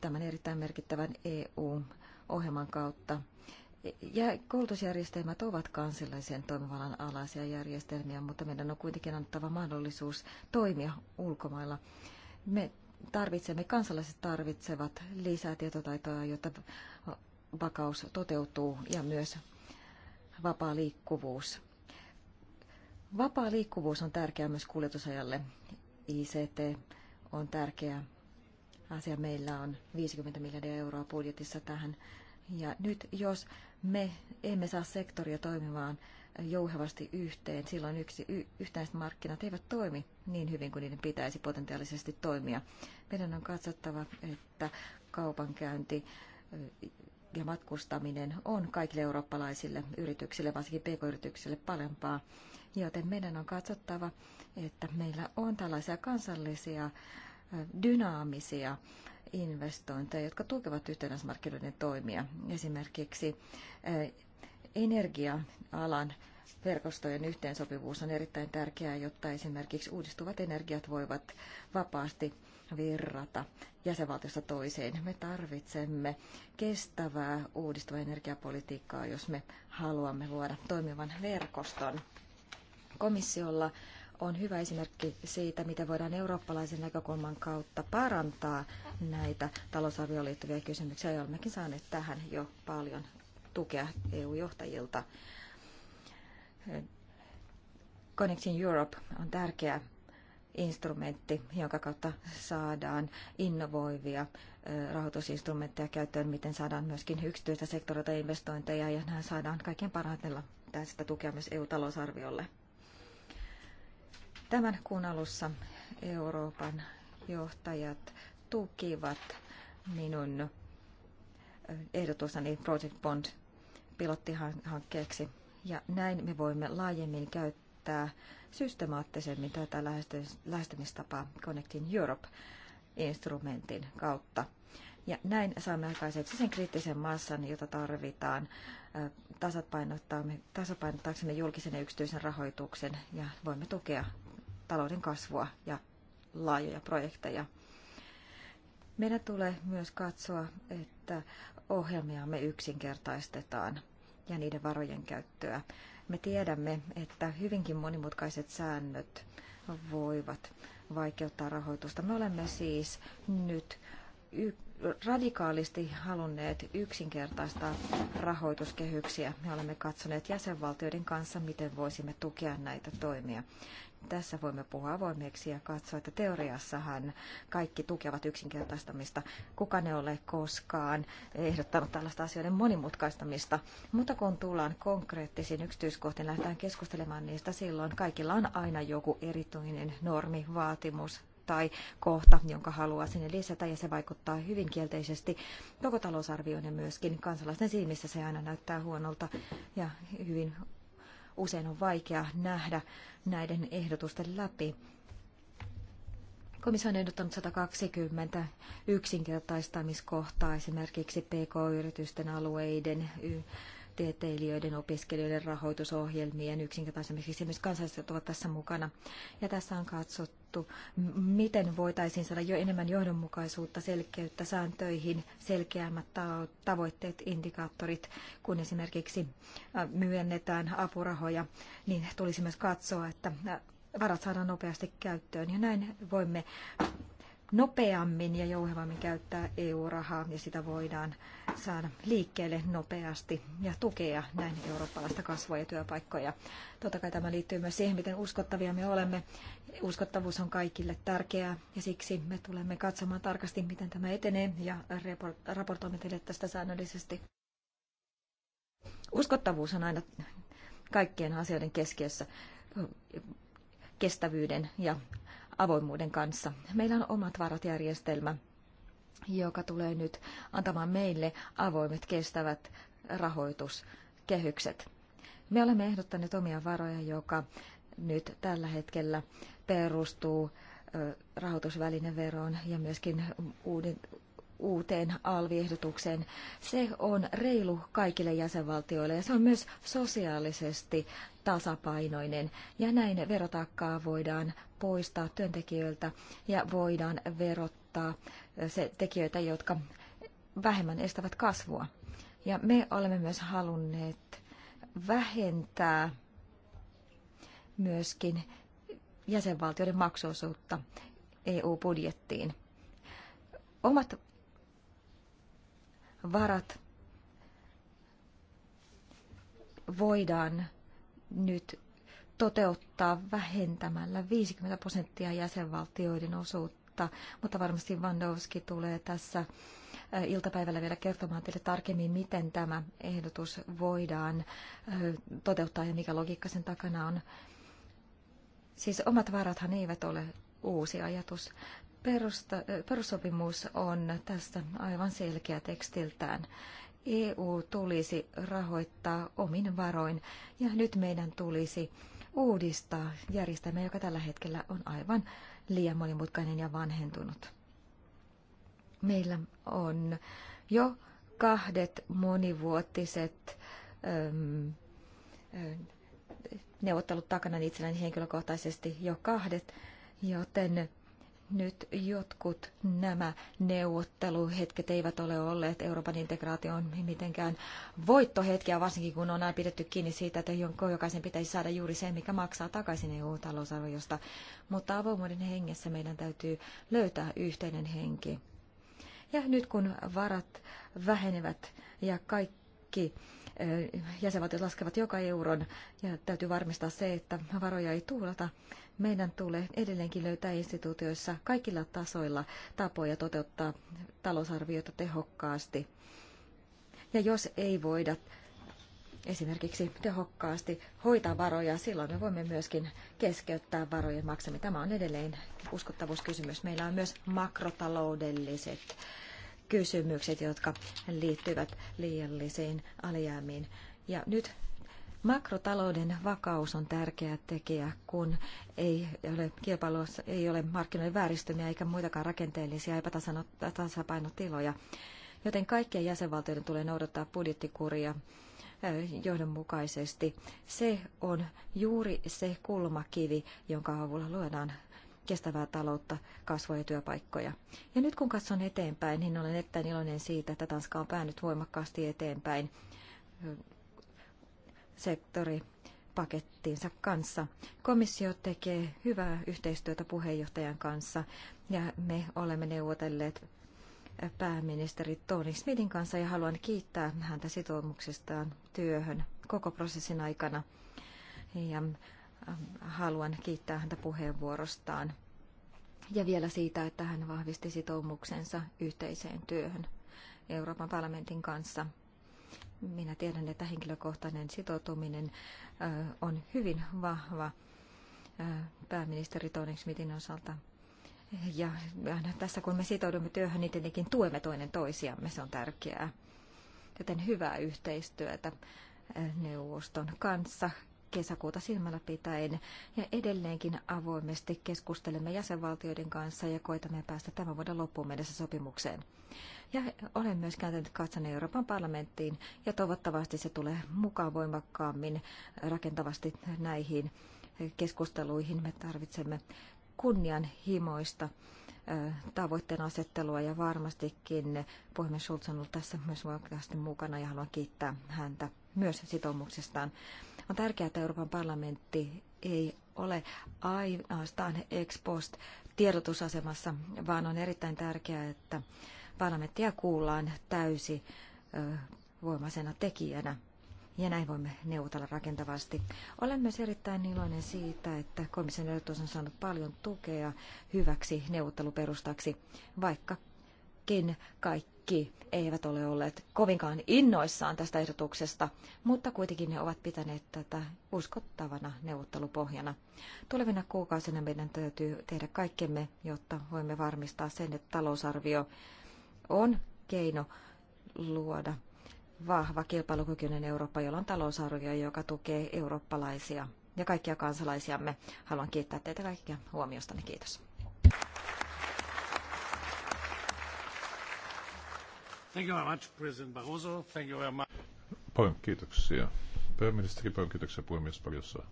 tämän erittäin merkittävän EU-ohjelman kautta ja koulutusjärjestelmät ovat kansallisen toimivallan alaisia järjestelmiä, mutta meidän on kuitenkin annettava mahdollisuus toimia ulkomailla. Me tarvitsemme, kansalaiset tarvitsevat lisää tietotaitoa, jotta vakaus toteutuu ja myös vapaa liikkuvuus. Vapaa liikkuvuus on tärkeää myös kuljetusajalle. ICT on tärkeä asia. Meillä on 50 miljardia euroa budjetissa tähän. Ja nyt jos me emme saa sektoria toimimaan jouhevasti yhteen. Silloin yksi, y, yhtenäiset markkinat eivät toimi niin hyvin kuin niiden pitäisi potentiaalisesti toimia. Meidän on katsottava, että kaupankäynti ja matkustaminen on kaikille eurooppalaisille yrityksille, varsinkin pk-yrityksille, parempaa. Joten meidän on katsottava, että meillä on tällaisia kansallisia dynaamisia investointeja, jotka tukevat yhtenäismarkkinoiden toimia. Esimerkiksi eh, energia-alan verkostojen yhteensopivuus on erittäin tärkeää, jotta esimerkiksi uudistuvat energiat voivat vapaasti virrata jäsenvaltiosta toiseen. Me tarvitsemme kestävää uudistuvaa energiapolitiikkaa, jos me haluamme luoda toimivan verkoston. Komissiolla on hyvä esimerkki siitä, miten voidaan eurooppalaisen näkökulman kautta parantaa näitä talousarvioon liittyviä kysymyksiä. Ja olemmekin saaneet tähän jo paljon tukea EU-johtajilta. Connecting Europe on tärkeä instrumentti, jonka kautta saadaan innovoivia rahoitusinstrumentteja käyttöön, miten saadaan myöskin yksityistä sektorilta investointeja ja näin saadaan kaikkein parhaiten tästä tukea myös EU-talousarviolle. Tämän kuun alussa Euroopan johtajat tukivat minun eh, ehdotustani Project Bond pilottihankkeeksi. Ja näin me voimme laajemmin käyttää systemaattisemmin tätä lähestymistapaa Connecting Europe-instrumentin kautta. Ja näin saamme aikaiseksi sen kriittisen massan, jota tarvitaan eh, tasapainottaaksemme julkisen ja yksityisen rahoituksen ja voimme tukea talouden kasvua ja laajoja projekteja. Meidän tulee myös katsoa, että ohjelmia me yksinkertaistetaan ja niiden varojen käyttöä. Me tiedämme, että hyvinkin monimutkaiset säännöt voivat vaikeuttaa rahoitusta. Me olemme siis nyt y- radikaalisti halunneet yksinkertaistaa rahoituskehyksiä. Me olemme katsoneet jäsenvaltioiden kanssa, miten voisimme tukea näitä toimia. Tässä voimme puhua avoimeksi ja katsoa, että teoriassahan kaikki tukevat yksinkertaistamista. Kukaan ei ole koskaan ehdottanut tällaista asioiden monimutkaistamista. Mutta kun tullaan konkreettisiin yksityiskohtiin, lähdetään keskustelemaan niistä silloin. Kaikilla on aina joku erityinen normi, vaatimus, tai kohta, jonka haluaa sinne lisätä, ja se vaikuttaa hyvin kielteisesti koko talousarvioon ja myöskin kansalaisten silmissä se aina näyttää huonolta ja hyvin usein on vaikea nähdä näiden ehdotusten läpi. Komissio on ehdottanut 120 yksinkertaistamiskohtaa esimerkiksi PK-yritysten alueiden tieteilijöiden, opiskelijoiden rahoitusohjelmien yksinkertaisemmiksi. myös kansalaiset ovat tässä mukana. Ja tässä on katsottu pohdittu, miten voitaisiin saada jo enemmän johdonmukaisuutta, selkeyttä sääntöihin, selkeämmät tavoitteet, indikaattorit, kun esimerkiksi äh, myönnetään apurahoja, niin tulisi myös katsoa, että äh, varat saadaan nopeasti käyttöön ja näin voimme nopeammin ja jouhevammin käyttää EU-rahaa ja sitä voidaan saada liikkeelle nopeasti ja tukea näin eurooppalaista kasvua ja työpaikkoja. Totta kai tämä liittyy myös siihen, miten uskottavia me olemme. Uskottavuus on kaikille tärkeää ja siksi me tulemme katsomaan tarkasti, miten tämä etenee ja raportoimme teille tästä säännöllisesti. Uskottavuus on aina kaikkien asioiden keskiössä kestävyyden ja avoimuuden kanssa. Meillä on omat varotjärjestelmä, joka tulee nyt antamaan meille avoimet kestävät rahoituskehykset. Me olemme ehdottaneet omia varoja, joka nyt tällä hetkellä perustuu rahoitusvälineveroon ja myöskin uuden, uuteen alviehdotukseen. Se on reilu kaikille jäsenvaltioille ja se on myös sosiaalisesti tasapainoinen. Ja näin verotaakkaa voidaan poistaa työntekijöiltä ja voidaan verottaa se tekijöitä, jotka vähemmän estävät kasvua. Ja me olemme myös halunneet vähentää myöskin jäsenvaltioiden maksuosuutta EU-budjettiin. Omat varat voidaan nyt toteuttaa vähentämällä 50 prosenttia jäsenvaltioiden osuutta, mutta varmasti Vandowski tulee tässä äh, iltapäivällä vielä kertomaan teille tarkemmin, miten tämä ehdotus voidaan äh, toteuttaa ja mikä logiikka sen takana on. Siis omat varathan eivät ole uusi ajatus. Perusta, perussopimus on tästä aivan selkeä tekstiltään. EU tulisi rahoittaa omin varoin ja nyt meidän tulisi uudistaa järjestelmä, joka tällä hetkellä on aivan liian monimutkainen ja vanhentunut. Meillä on jo kahdet monivuotiset öm, neuvottelut takana niin itselläni henkilökohtaisesti jo kahdet, joten nyt jotkut nämä neuvotteluhetket eivät ole olleet Euroopan integraation mitenkään voittohetkiä, varsinkin kun on näin pidetty kiinni siitä, että jokaisen pitäisi saada juuri se, mikä maksaa takaisin EU-talousarviosta. Mutta avoimuuden hengessä meidän täytyy löytää yhteinen henki. Ja nyt kun varat vähenevät ja kaikki jäsenvaltiot laskevat joka euron ja täytyy varmistaa se, että varoja ei tuulata. Meidän tulee edelleenkin löytää instituutioissa kaikilla tasoilla tapoja toteuttaa talousarviota tehokkaasti. Ja jos ei voida esimerkiksi tehokkaasti hoitaa varoja, silloin me voimme myöskin keskeyttää varojen maksaminen. Tämä on edelleen uskottavuuskysymys. Meillä on myös makrotaloudelliset kysymykset, jotka liittyvät liiallisiin alijäämiin. Ja nyt makrotalouden vakaus on tärkeä tekijä, kun ei ole kilpailua, ei ole markkinoiden vääristymiä eikä muitakaan rakenteellisia epätasapainotiloja. Joten kaikkien jäsenvaltioiden tulee noudattaa budjettikuria eh, johdonmukaisesti. Se on juuri se kulmakivi, jonka avulla luodaan kestävää taloutta, kasvua ja työpaikkoja. Ja nyt kun katson eteenpäin, niin olen erittäin iloinen siitä, että Tanska on päänyt voimakkaasti eteenpäin sektori pakettiinsa kanssa. Komissio tekee hyvää yhteistyötä puheenjohtajan kanssa ja me olemme neuvotelleet pääministeri Tony Smithin kanssa ja haluan kiittää häntä sitoumuksestaan työhön koko prosessin aikana. Ja haluan kiittää häntä puheenvuorostaan ja vielä siitä, että hän vahvisti sitoumuksensa yhteiseen työhön Euroopan parlamentin kanssa. Minä tiedän, että henkilökohtainen sitoutuminen on hyvin vahva pääministeri Tony Smithin osalta. Ja tässä kun me sitoudumme työhön, niin tietenkin tuemme toinen toisiamme, se on tärkeää. Joten hyvää yhteistyötä neuvoston kanssa kesäkuuta silmällä pitäen ja edelleenkin avoimesti keskustelemme jäsenvaltioiden kanssa ja koitamme päästä tämän vuoden loppuun mennessä sopimukseen. Ja olen myös kääntänyt katsani Euroopan parlamenttiin ja toivottavasti se tulee mukaan voimakkaammin rakentavasti näihin keskusteluihin. Me tarvitsemme kunnianhimoista tavoitteen asettelua ja varmastikin puhemies Schulz on ollut tässä myös voimakkaasti mukana ja haluan kiittää häntä myös sitoumuksestaan. On tärkeää, että Euroopan parlamentti ei ole ainoastaan ex post tiedotusasemassa, vaan on erittäin tärkeää, että parlamenttia kuullaan täysi voimaisena tekijänä. Ja näin voimme neuvotella rakentavasti. Olen myös erittäin iloinen siitä, että komission ehdotus on saanut paljon tukea hyväksi neuvotteluperustaksi, vaikkakin kaikki kaikki eivät ole olleet kovinkaan innoissaan tästä ehdotuksesta, mutta kuitenkin ne ovat pitäneet tätä uskottavana neuvottelupohjana. Tulevina kuukausina meidän täytyy tehdä kaikkemme, jotta voimme varmistaa sen, että talousarvio on keino luoda vahva kilpailukykyinen Eurooppa, jolla on talousarvio, joka tukee eurooppalaisia ja kaikkia kansalaisiamme. Haluan kiittää teitä kaikkia huomiostanne. Kiitos. Thank you very much, President Barroso. Thank you very much. Paljon kiitoksia. Pääministeri, paljon kiitoksia puhemies paljossa.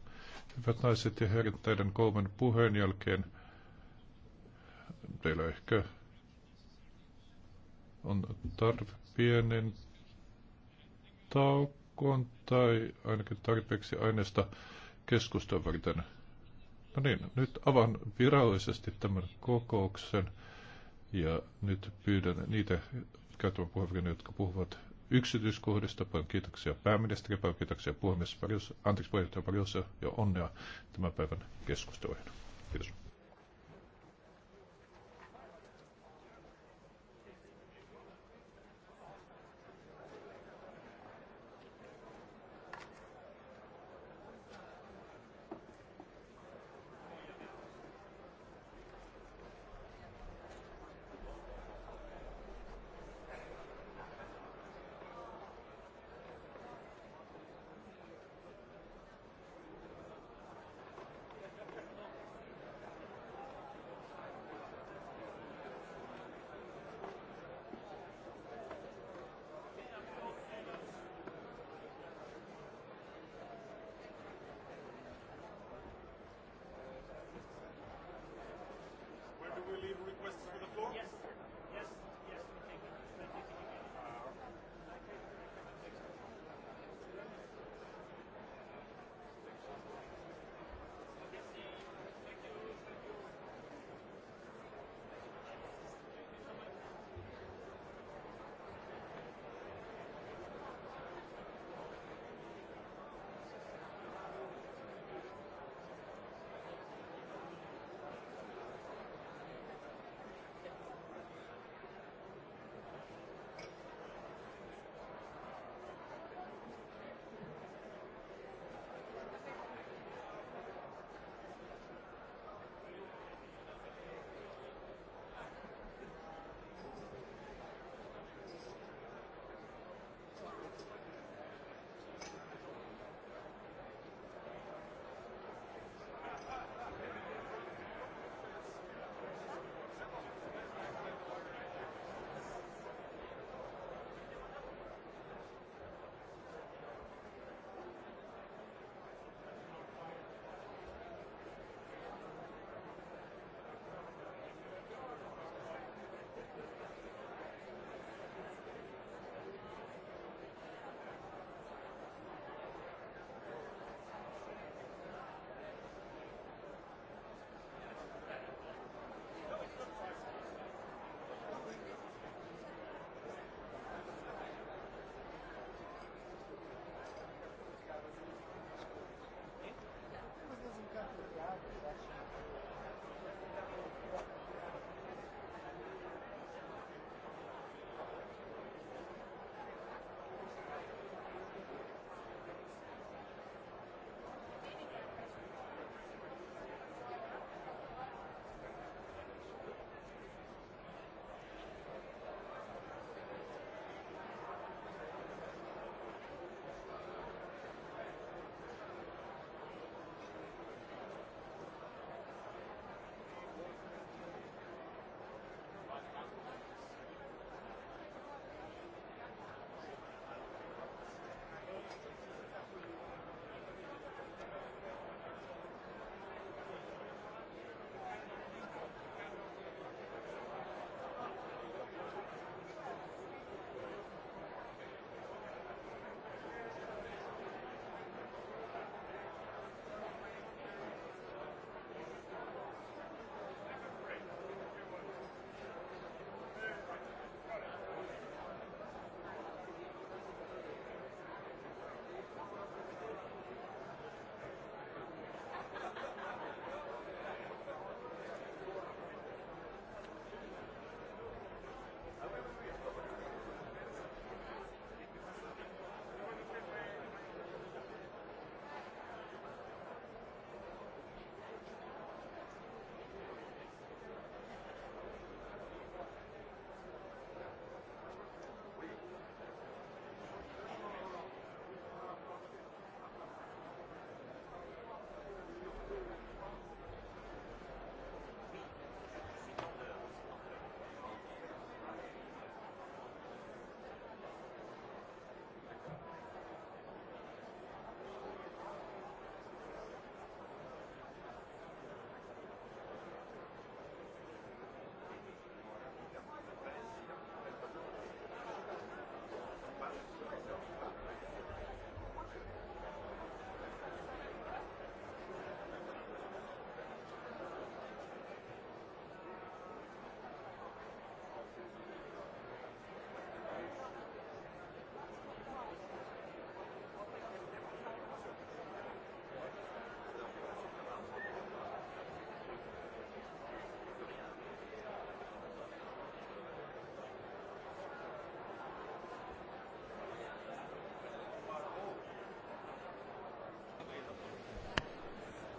Hyvät naiset ja herrat, teidän kolmen puheen jälkeen teillä ehkä on tarve pienen taukoon tai ainakin tarpeeksi aineesta keskustelua varten. No niin, nyt avaan virallisesti tämän kokouksen ja nyt pyydän niitä käyttämään puheenvuoron, jotka puhuvat yksityiskohdista. Paljon kiitoksia pääministeri, paljon kiitoksia puhemies, paljon, anteeksi puheenjohtaja paljon ja onnea tämän päivän keskusteluihin. Kiitos.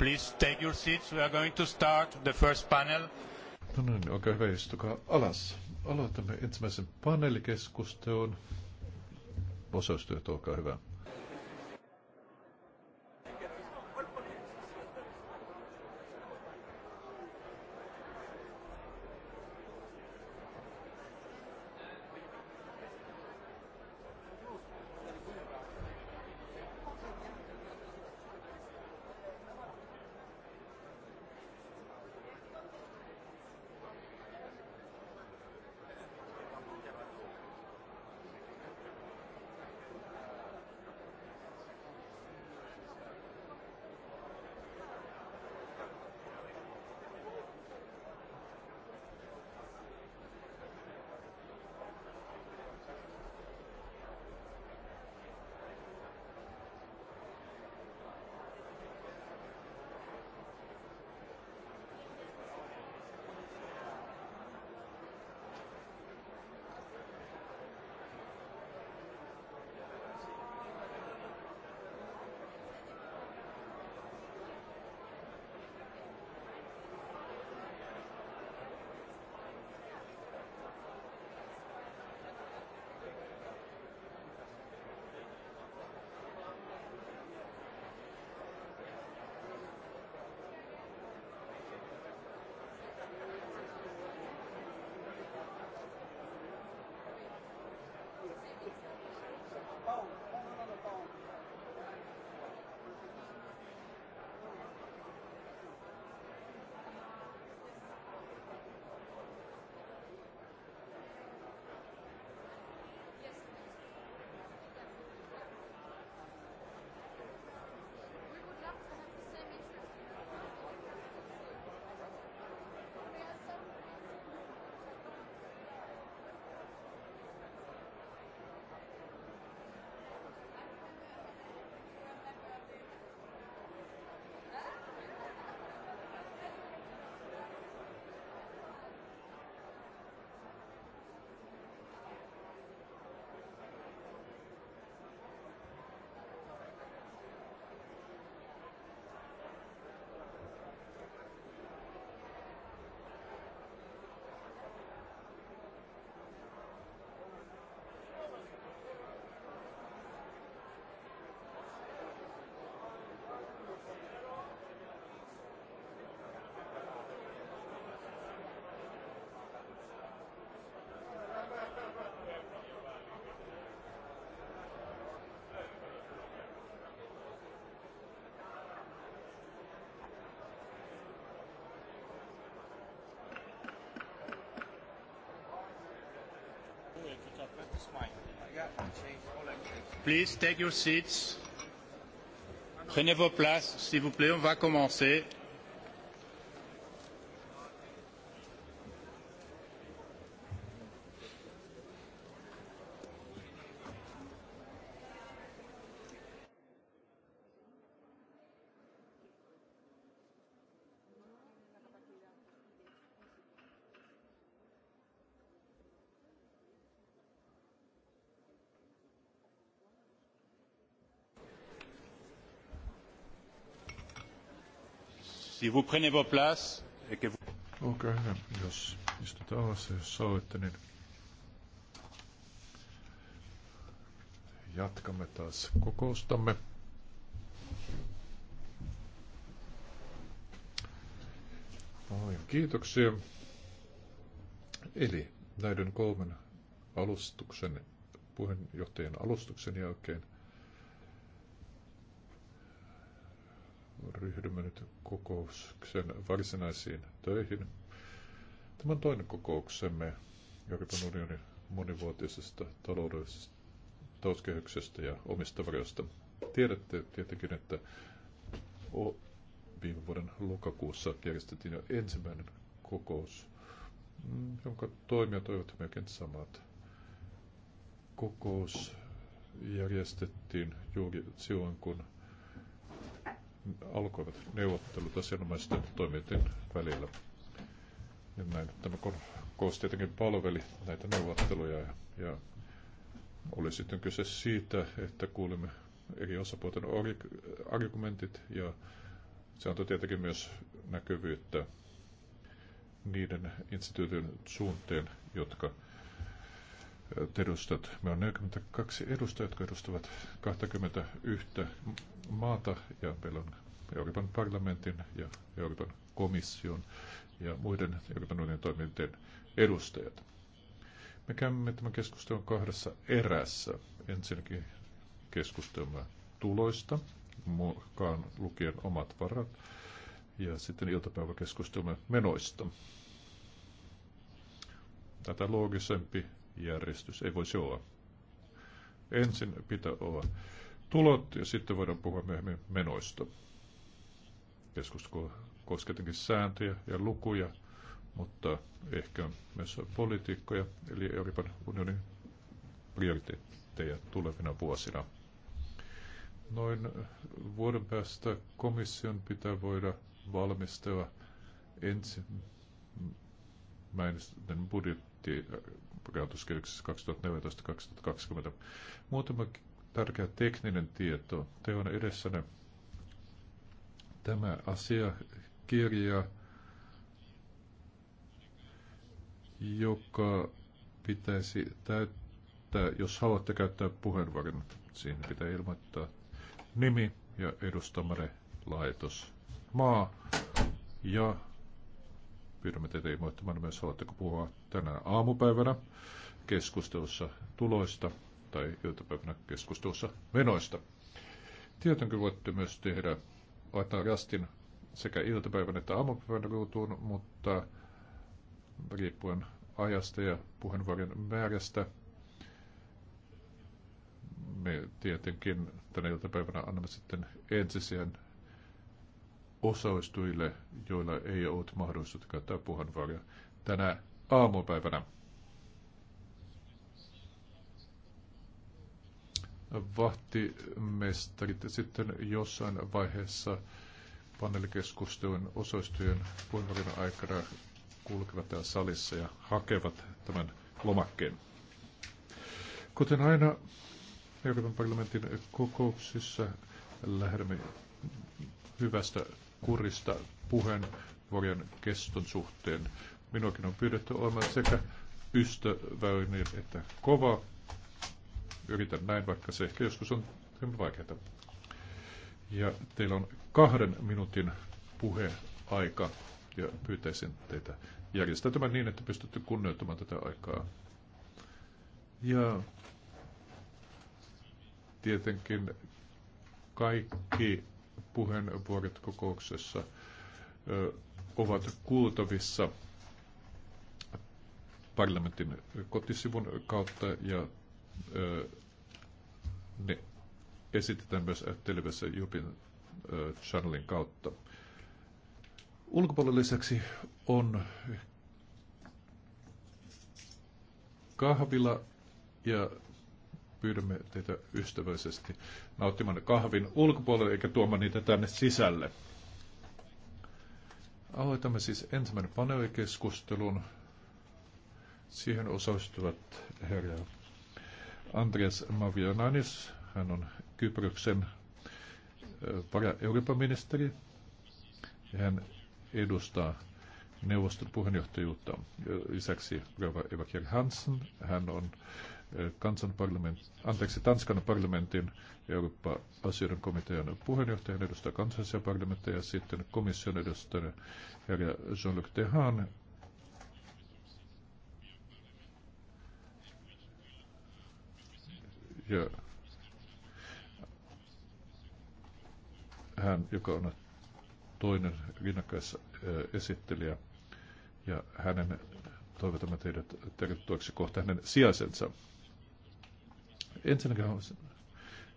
Please take your seats. We are going to start the first panel. No niin, oikein hyvä, istukaa alas. Aloitamme ensimmäisen paneelikeskustelun. Osaustyöt, olkaa hyvä. Please take your seats. Prenez vos places, s'il vous plaît, on va commencer. vous prenez vos places et que vous... Olkaa hyvä, jos istutaan alas jos sallitte, niin jatkamme taas kokoustamme. kiitoksia. Eli näiden kolmen alustuksen, puheenjohtajan alustuksen jälkeen ryhdymme nyt kokouksen varsinaisiin töihin. Tämä on toinen kokouksemme Euroopan unionin monivuotisesta taloudellisesta talouskehyksestä ja omista varjoista. Tiedätte tietenkin, että viime vuoden lokakuussa järjestettiin jo ensimmäinen kokous, jonka toimijat olivat melkein samat. Kokous järjestettiin juuri silloin, kun alkoivat neuvottelut asianomaisten toimijoiden välillä. Ja näin tämä kokous tietenkin palveli näitä neuvotteluja ja, ja oli sitten kyse siitä, että kuulimme eri osapuolten argumentit ja se antoi tietenkin myös näkyvyyttä niiden instituutin suunteen, jotka edustat. Me on 42 edustajat, jotka edustavat 21 maata ja meillä on Euroopan parlamentin ja Euroopan komission ja muiden Euroopan unionin toimintojen edustajat. Me käymme tämän keskustelun kahdessa erässä. Ensinnäkin keskustelua tuloista, mukaan lukien omat varat, ja sitten iltapäiväkeskustelemme menoista. Tätä loogisempi järjestys ei voisi olla. Ensin pitää olla tulot ja sitten voidaan puhua myöhemmin menoista. Keskustelu kosketinkin sääntöjä ja lukuja, mutta ehkä myös politiikkoja, eli Euroopan unionin prioriteetteja tulevina vuosina. Noin vuoden päästä komission pitää voida valmistella ensimmäinen budjetti päätettiin rahoituskehyksessä 2014-2020. Muutama tärkeä tekninen tieto. Te on edessäne. tämä asiakirja, joka pitäisi täyttää, jos haluatte käyttää puheenvuoron. Siihen pitää ilmoittaa nimi ja edustamare laitos, maa ja pyydämme teitä ilmoittamaan myös, haluatteko puhua tänään aamupäivänä keskustelussa tuloista tai iltapäivänä keskustelussa menoista. Tietenkin voitte myös tehdä laittaa rastin sekä iltapäivän että aamupäivän ruutuun, mutta riippuen ajasta ja puheenvuoron määrästä, me tietenkin tänä iltapäivänä annamme sitten ensisijan osallistujille, joilla ei ollut mahdollisuutta käyttää puheenvuoroja tänä aamupäivänä. Vahtimestarit sitten jossain vaiheessa paneelikeskustelun osallistujien puheenvuoron aikana kulkevat täällä salissa ja hakevat tämän lomakkeen. Kuten aina Euroopan parlamentin kokouksissa lähdemme hyvästä kurista puheenvuorojen keston suhteen. Minuakin on pyydetty olemaan sekä ystävällinen että kova. Yritän näin, vaikka se ehkä joskus on hyvin vaikeaa. Ja teillä on kahden minuutin puheaika ja pyytäisin teitä järjestäytymään niin, että pystytte kunnioittamaan tätä aikaa. Ja tietenkin kaikki puheenvuorot kokouksessa ovat kuultavissa parlamentin kotisivun kautta ja ne esitetään myös televisiossa Jupin channelin kautta. Ulkopuolella lisäksi on kahvila ja pyydämme teitä ystävällisesti nauttimaan kahvin ulkopuolelle eikä tuomaan niitä tänne sisälle. Aloitamme siis ensimmäinen paneelikeskustelun. Siihen osallistuvat herra Andreas Mavionanis. hän on Kyproksen vara-Euroopan ministeri. Hän edustaa neuvoston puheenjohtajuutta. Lisäksi Eva Kjell Hansen, hän on kansanparlament, anteeksi, Tanskan parlamentin Eurooppa-asioiden komitean puheenjohtajan edustaja kansallisia parlamentteja ja sitten komission edustaja herra Jean-Luc Dehan. Ja hän, joka on toinen rinnakkaisesittelijä, ja hänen toivotamme teidät tervetulleeksi kohta hänen sijaisensa. Ensinnäkin on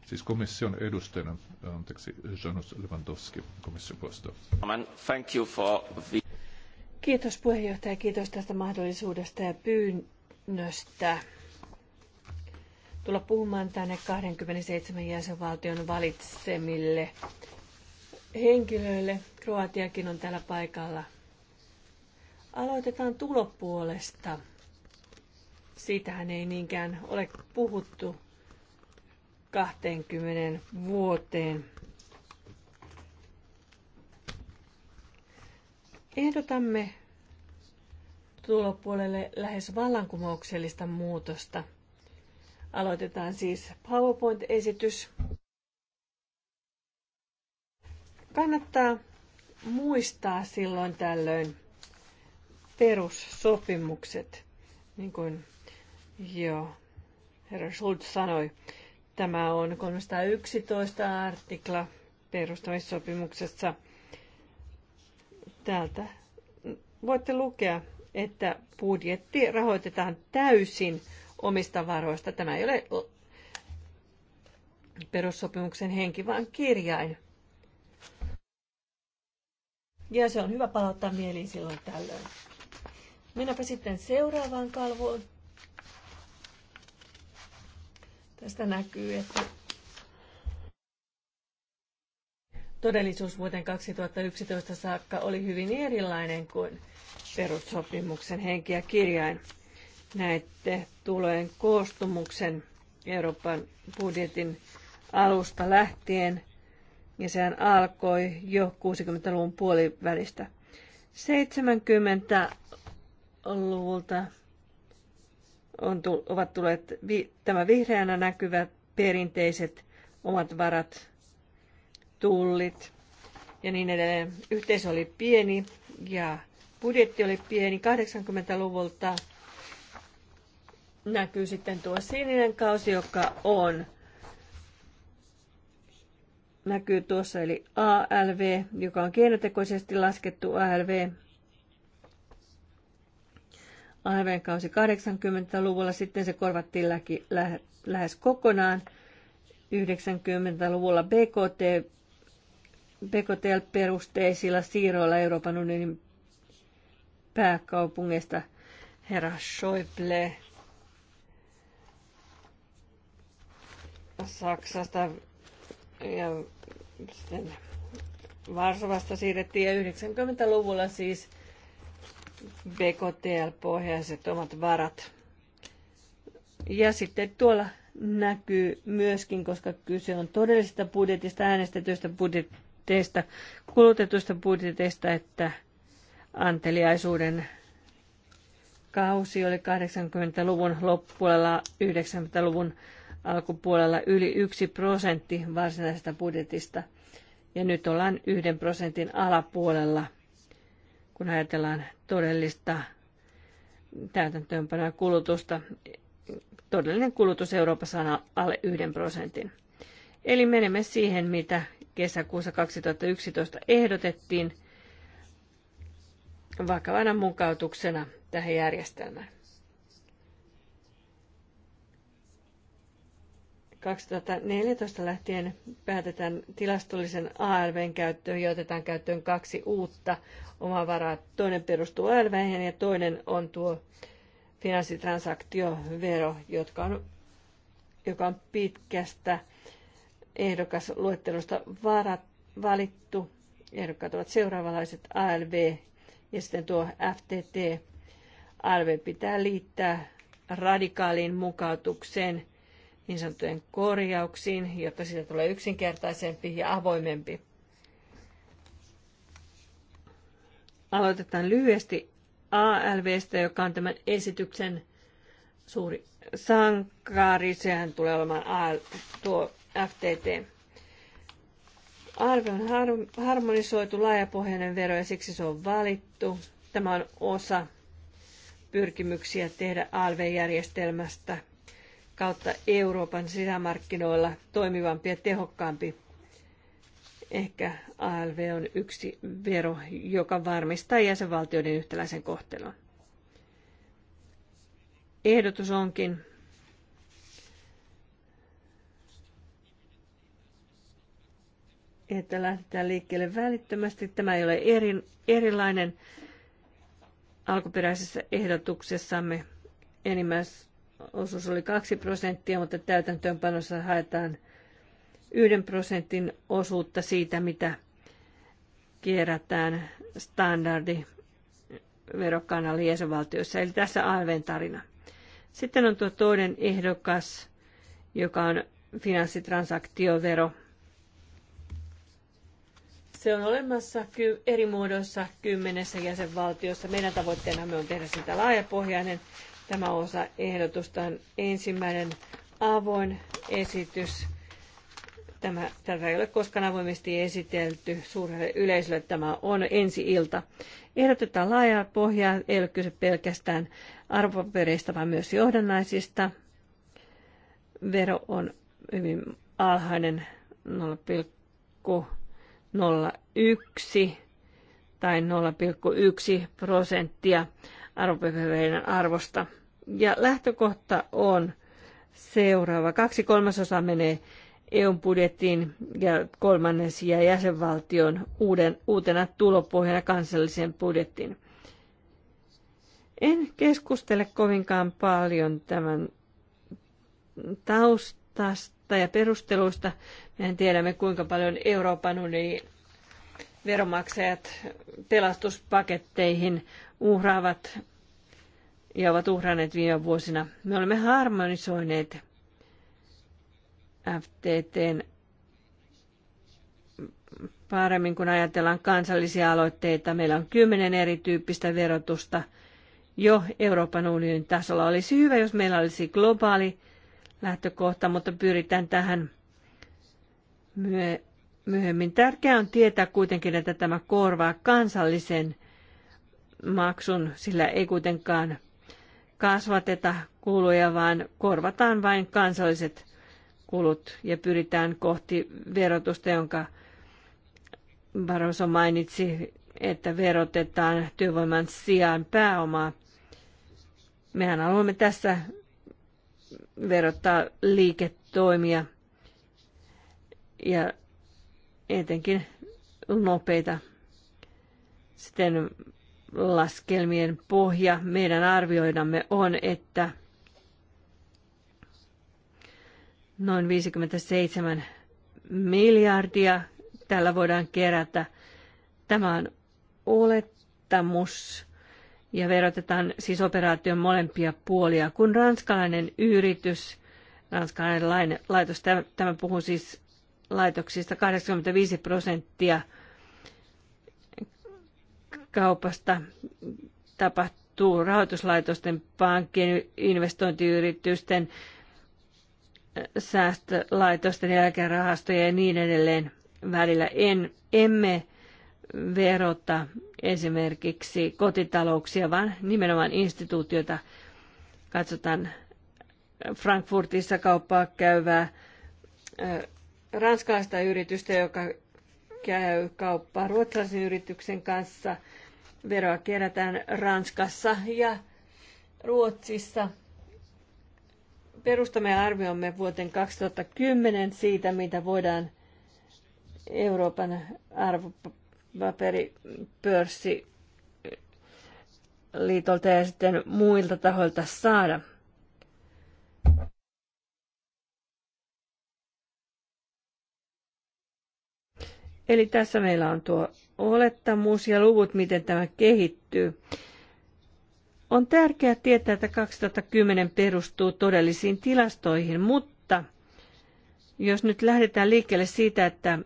siis komission edustajana, anteeksi, Janus Lewandowski komission puolesta. Thank you for the... Kiitos puheenjohtaja, kiitos tästä mahdollisuudesta ja pyynnöstä tulla puhumaan tänne 27 jäsenvaltion valitsemille henkilöille. Kroatiakin on täällä paikalla. Aloitetaan tulopuolesta. Siitähän ei niinkään ole puhuttu 20 vuoteen. Ehdotamme tulopuolelle lähes vallankumouksellista muutosta. Aloitetaan siis PowerPoint-esitys. Kannattaa muistaa silloin tällöin perussopimukset, niin kuin jo herra Schultz sanoi. Tämä on 311 artikla perustamissopimuksessa. Täältä voitte lukea, että budjetti rahoitetaan täysin omista varoista. Tämä ei ole perussopimuksen henki, vaan kirjain. Ja se on hyvä palauttaa mieliin silloin tällöin. Mennäänpä sitten seuraavaan kalvoon. Tästä näkyy, että todellisuus vuoteen 2011 saakka oli hyvin erilainen kuin perussopimuksen henki ja kirjain. Näette tulojen koostumuksen Euroopan budjetin alusta lähtien, ja sehän alkoi jo 60-luvun puolivälistä. 70-luvulta on, ovat tulleet vi, tämä vihreänä näkyvät perinteiset omat varat, tullit ja niin edelleen. Yhteisö oli pieni ja budjetti oli pieni 80-luvulta. Näkyy sitten tuo sininen kausi, joka on näkyy tuossa, eli ALV, joka on keinotekoisesti laskettu ALV, AVn kausi 80-luvulla, sitten se korvattiin lä, lähes kokonaan. 90-luvulla BKT, BKT-perusteisilla siirroilla Euroopan unionin pääkaupungeista herra Schäuble Saksasta ja sitten Varsovasta siirrettiin ja 90-luvulla siis – BKTL-pohjaiset omat varat. Ja sitten tuolla näkyy myöskin, koska kyse on todellisesta budjetista, äänestetyistä budjetteista, kulutetuista budjeteista, että anteliaisuuden kausi oli 80-luvun loppupuolella, 90-luvun alkupuolella yli 1 prosentti varsinaisesta budjetista. Ja nyt ollaan 1 prosentin alapuolella – kun ajatellaan todellista täytäntöönpanoa kulutusta. Todellinen kulutus Euroopassa on alle yhden prosentin. Eli menemme siihen, mitä kesäkuussa 2011 ehdotettiin vakavana mukautuksena tähän järjestelmään. 2014 lähtien päätetään tilastollisen ALVn käyttöön ja otetaan käyttöön kaksi uutta omavaraa. Toinen perustuu ALV:hen ja toinen on tuo finanssitransaktiovero, jotka on, joka on pitkästä ehdokasluettelosta varat, valittu. Ehdokkaat ovat seuraavanlaiset ALV ja sitten tuo FTT. ALV pitää liittää radikaaliin mukautukseen – niin sanottujen korjauksiin, jotta siitä tulee yksinkertaisempi ja avoimempi. Aloitetaan lyhyesti ALVstä, joka on tämän esityksen suuri sankari. Sehän tulee olemaan AL, tuo FTT. ALV on har- harmonisoitu laajapohjainen vero ja siksi se on valittu. Tämä on osa pyrkimyksiä tehdä ALV-järjestelmästä kautta Euroopan sisämarkkinoilla toimivampi ja tehokkaampi. Ehkä ALV on yksi vero, joka varmistaa jäsenvaltioiden yhtäläisen kohtelun. Ehdotus onkin että lähdetään liikkeelle välittömästi. Tämä ei ole eri, erilainen alkuperäisessä ehdotuksessamme enimmäis osuus oli 2 prosenttia, mutta täytäntöönpanossa haetaan 1 prosentin osuutta siitä, mitä kierrätään standardi verokkaana jäsenvaltioissa. Eli tässä ALVn tarina. Sitten on tuo toinen ehdokas, joka on finanssitransaktiovero. Se on olemassa eri muodoissa kymmenessä jäsenvaltiossa. Meidän me on tehdä sitä laajapohjainen, Tämä osa ehdotusta on ensimmäinen avoin esitys. Tämä, tätä ei ole koskaan avoimesti esitelty suurelle yleisölle. Tämä on ensi ilta. Ehdotetaan laajaa pohjaa. Ei ole kyse pelkästään arvopapereista, vaan myös johdannaisista. Vero on hyvin alhainen 0,01 tai 0,1 prosenttia arvopapereiden arvosta. Ja lähtökohta on seuraava. Kaksi kolmasosaa menee EUn budjettiin ja kolmannes jää jäsenvaltion uuden, uutena tulopohjana kansalliseen budjettiin. En keskustele kovinkaan paljon tämän taustasta ja perusteluista. Mehän tiedämme, kuinka paljon Euroopan unionin veromaksajat pelastuspaketteihin uhraavat ja ovat uhranneet viime vuosina. Me olemme harmonisoineet FTTn paremmin, kun ajatellaan kansallisia aloitteita. Meillä on kymmenen erityyppistä verotusta jo Euroopan unionin tasolla. Olisi hyvä, jos meillä olisi globaali lähtökohta, mutta pyritään tähän myöhemmin. Tärkeää on tietää kuitenkin, että tämä korvaa kansallisen maksun, sillä ei kuitenkaan kasvateta kuluja, vaan korvataan vain kansalliset kulut ja pyritään kohti verotusta, jonka Barroso mainitsi, että verotetaan työvoiman sijaan pääomaa. Mehän haluamme tässä verottaa liiketoimia ja etenkin nopeita. Sitten laskelmien pohja meidän arvioidamme on, että noin 57 miljardia tällä voidaan kerätä. Tämä on olettamus ja verotetaan siis operaation molempia puolia. Kun ranskalainen yritys, ranskalainen laitos, tämä puhuu siis laitoksista 85 prosenttia – kaupasta tapahtuu rahoituslaitosten, pankkien, investointiyritysten, säästölaitosten, eläkerahastojen ja niin edelleen välillä. En, emme verota esimerkiksi kotitalouksia, vaan nimenomaan instituutioita. Katsotaan Frankfurtissa kauppaa käyvää ranskalaista yritystä, joka käy kauppaa ruotsalaisen yrityksen kanssa – veroa kerätään Ranskassa ja Ruotsissa. Perustamme arviomme vuoteen 2010 siitä, mitä voidaan Euroopan arvopaperipörssi liitolta ja sitten muilta tahoilta saada. Eli tässä meillä on tuo olettamus ja luvut, miten tämä kehittyy. On tärkeää tietää, että 2010 perustuu todellisiin tilastoihin, mutta jos nyt lähdetään liikkeelle siitä, että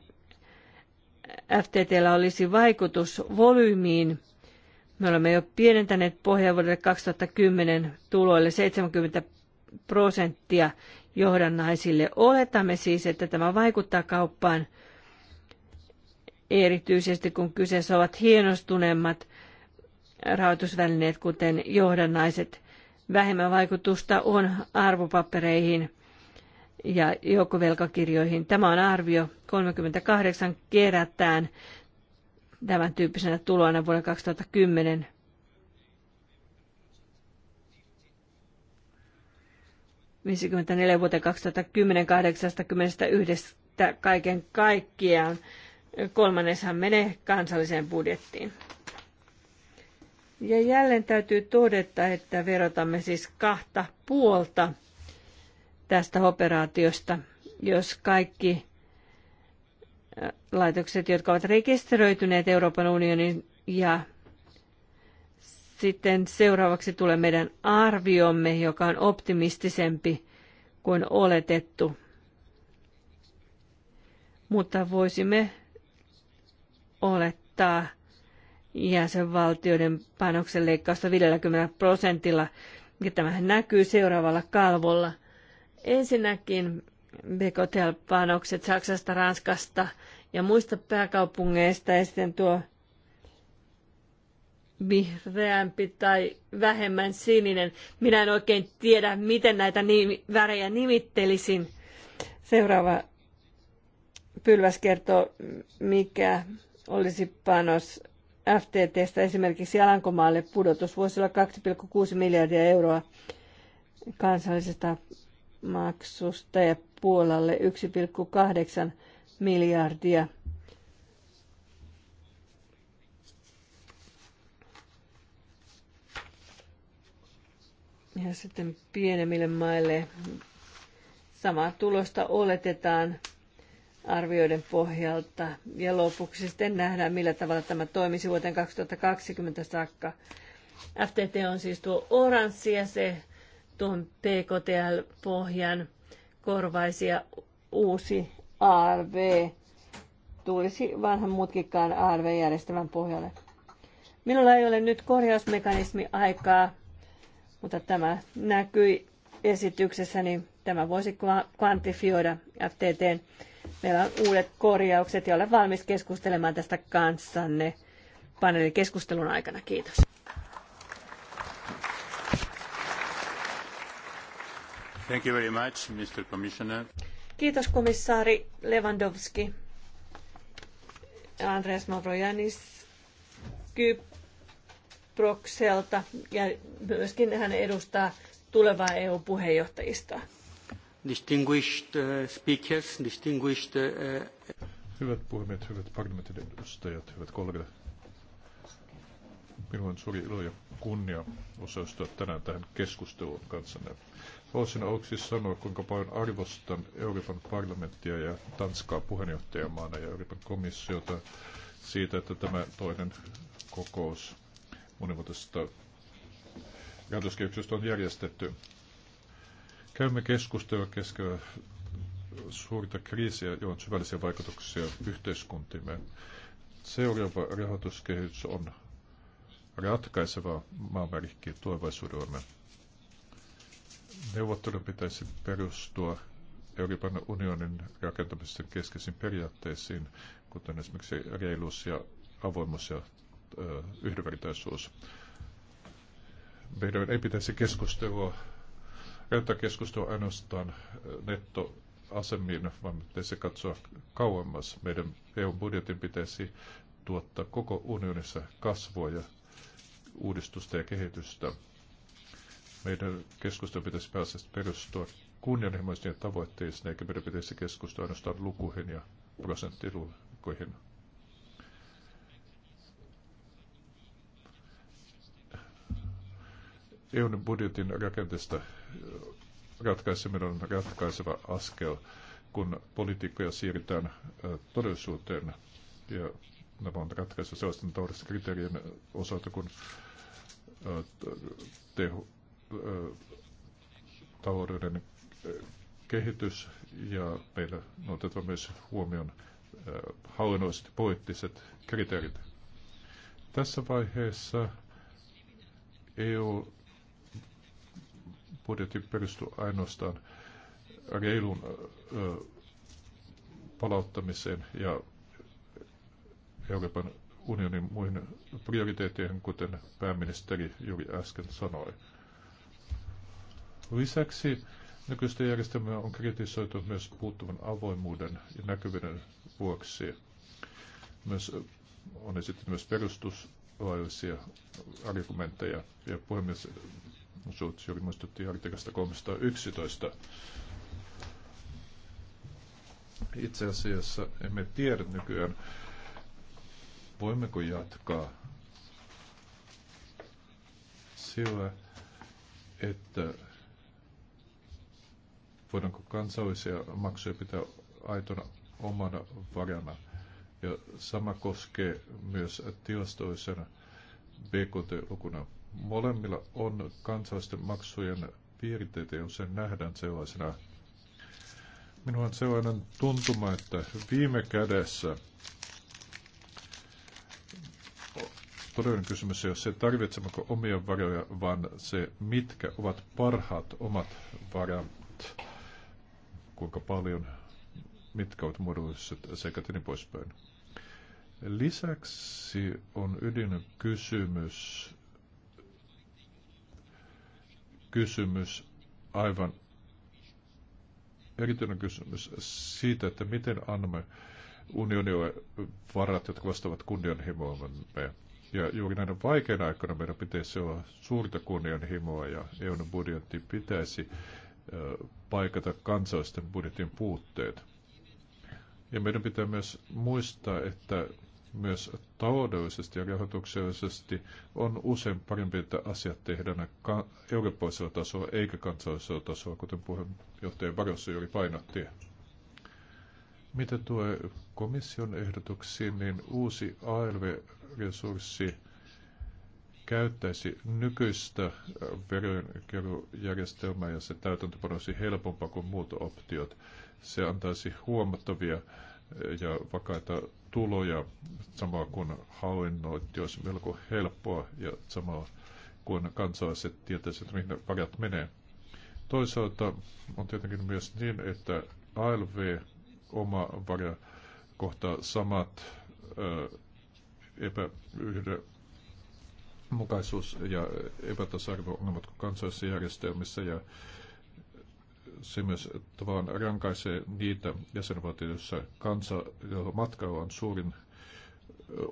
FTTllä olisi vaikutus volyymiin, me olemme jo pienentäneet pohjavuodelle 2010 tuloille 70 prosenttia johdannaisille. Oletamme siis, että tämä vaikuttaa kauppaan – erityisesti kun kyseessä ovat hienostuneemmat rahoitusvälineet, kuten johdannaiset. Vähemmän vaikutusta on arvopapereihin ja joukkovelkakirjoihin. Tämä on arvio. 38 kerätään tämän tyyppisenä tuloina vuonna 2010. vuoteen 2010 81 kaiken kaikkiaan kolmanneshan menee kansalliseen budjettiin. Ja jälleen täytyy todeta, että verotamme siis kahta puolta tästä operaatiosta, jos kaikki laitokset, jotka ovat rekisteröityneet Euroopan unionin ja sitten seuraavaksi tulee meidän arviomme, joka on optimistisempi kuin oletettu. Mutta voisimme olettaa jäsenvaltioiden panoksen leikkausta 50 prosentilla. Ja tämähän näkyy seuraavalla kalvolla. Ensinnäkin Bekotel-panokset Saksasta, Ranskasta ja muista pääkaupungeista ja sitten tuo vihreämpi tai vähemmän sininen. Minä en oikein tiedä, miten näitä nimi, värejä nimittelisin. Seuraava pylväs kertoo, mikä olisi panos FTTstä esimerkiksi Alankomaalle pudotus voisi olla 2,6 miljardia euroa kansallisesta maksusta ja Puolalle 1,8 miljardia. Ja sitten pienemmille maille samaa tulosta oletetaan arvioiden pohjalta. Ja lopuksi sitten nähdään, millä tavalla tämä toimisi vuoteen 2020 saakka. FTT on siis tuo oranssi ja se tuon PKTL-pohjan korvaisi ja uusi ARV tulisi vanhan mutkikkaan ARV-järjestelmän pohjalle. Minulla ei ole nyt korjausmekanismi aikaa, mutta tämä näkyi esityksessäni. tämä voisi kvantifioida FTTn Meillä on uudet korjaukset ja olen valmis keskustelemaan tästä kanssanne keskustelun aikana. Kiitos. Thank you very much, Mr. Commissioner. Kiitos komissaari Lewandowski. Andreas Mavrojanis Kyprokselta ja myöskin hän edustaa tulevaa eu puheenjohtajistoa distinguished uh, speakers, distinguished... Uh, hyvät puhemiehet, hyvät parlamentin edustajat, hyvät kollegat. Minulla on suuri ilo ja kunnia osallistua tänään tähän keskusteluun kanssanne. Haluaisin aluksi sanoa, kuinka paljon arvostan Euroopan parlamenttia ja Tanskaa puheenjohtajamaana ja Euroopan komissiota siitä, että tämä toinen kokous monimuotoisesta rahoituskehyksestä on järjestetty. Käymme keskustelua keskellä suurta kriisiä, jolla on syvällisiä vaikutuksia yhteiskuntimme. Seuraava rahoituskehitys on ratkaiseva maanmerkki tulevaisuudellamme. Neuvottelun pitäisi perustua Euroopan unionin rakentamisen keskeisiin periaatteisiin, kuten esimerkiksi reiluus ja avoimuus ja yhdenvertaisuus. Meidän ei pitäisi keskustelua käyttää keskustelua ainoastaan äh, nettoasemiin, vaan pitäisi katsoa kauemmas. Meidän EU-budjetin pitäisi tuottaa koko unionissa kasvua ja uudistusta ja kehitystä. Meidän keskustelun pitäisi päästä perustua kunnianhimoisiin tavoitteisiin, eikä meidän pitäisi keskustella ainoastaan lukuihin ja prosenttilukuihin. EUn budjetin rakenteesta äh, ratkaiseminen on ratkaiseva askel, kun politiikkoja siirrytään äh, todellisuuteen. Ja nämä on ratkaisu sellaisten taloudellisten kriteerien osalta, kun äh, teho, taloudellinen kehitys ja meillä on otettava myös huomioon hallinnolliset poliittiset kriteerit. Tässä vaiheessa EU budjetin perustu ainoastaan reilun palauttamiseen ja Euroopan unionin muihin prioriteetteihin, kuten pääministeri juuri äsken sanoi. Lisäksi nykyistä järjestelmää on kritisoitu myös puuttuvan avoimuuden ja näkyvyyden vuoksi. Myös on esitetty myös perustuslaillisia argumentteja. Ja puhemies Schultz, joka muistutti artikasta 311. Itse asiassa emme tiedä nykyään, voimmeko jatkaa sillä, että voidaanko kansallisia maksuja pitää aitona omana varana. Ja sama koskee myös tilastoisena BKT-lukuna Molemmilla on kansallisten maksujen piirteitä, jos sen nähdään sellaisena. Minulla on sellainen tuntuma, että viime kädessä todellinen kysymys ei ole se, tarvitsemmeko omia varoja, vaan se, mitkä ovat parhaat omat varat, kuinka paljon, mitkä ovat muodolliset sekä niin poispäin. Lisäksi on ydinkysymys kysymys, aivan erityinen kysymys siitä, että miten annamme unionille varat, jotka vastaavat kunnianhimoamme. Ja juuri näiden vaikeina aikoina meidän pitäisi olla suurta kunnianhimoa ja EUn budjetti pitäisi paikata kansallisten budjetin puutteet. Ja meidän pitää myös muistaa, että myös taloudellisesti ja rahoituksellisesti on usein parempi, että asiat tehdään eurooppalaisella tasolla eikä kansallisella tasolla, kuten puheenjohtaja Varossa juuri painotti. Mitä tulee komission ehdotuksiin, niin uusi ALV-resurssi käyttäisi nykyistä veronkierrojärjestelmää ja se täytäntöpano olisi helpompaa kuin muut optiot. Se antaisi huomattavia ja vakaita tuloja, samaa kuin hallinnointi olisi melko helppoa ja samaa kuin kansalaiset tietäisivät, että mihin ne varat menee. Toisaalta on tietenkin myös niin, että ALV oma varja kohtaa samat epäyhdenmukaisuus- ja epätasa-arvo-ongelmat kuin kansallisissa järjestelmissä ja se myös tavallaan rankaisee niitä jäsenvaltioita, joissa kansa, matkailu on suurin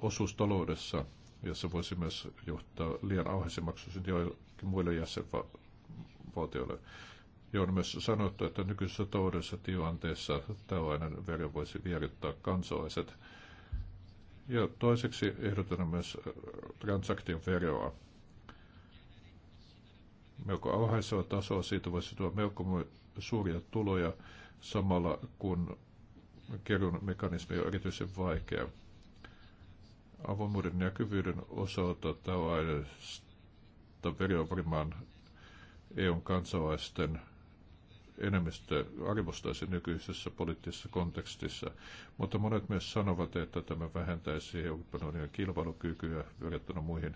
osuus taloudessa, ja se voisi myös johtaa liian alhaisen maksuisin joillekin muille jäsenvaltioille. Ja on myös sanottu, että nykyisessä taloudessa tilanteessa tällainen vero voisi vierittää kansalaiset. Ja toiseksi ehdotan myös veroa. melko alhaisella tasolla. Siitä voisi tulla melko suuria tuloja samalla kun kerun mekanismi on erityisen vaikea. Avoimuuden näkyvyyden osalta tällaista on varmaan EUn kansalaisten enemmistö arvostaisi nykyisessä poliittisessa kontekstissa, mutta monet myös sanovat, että tämä vähentäisi Euroopan unionin kilpailukykyä verrattuna muihin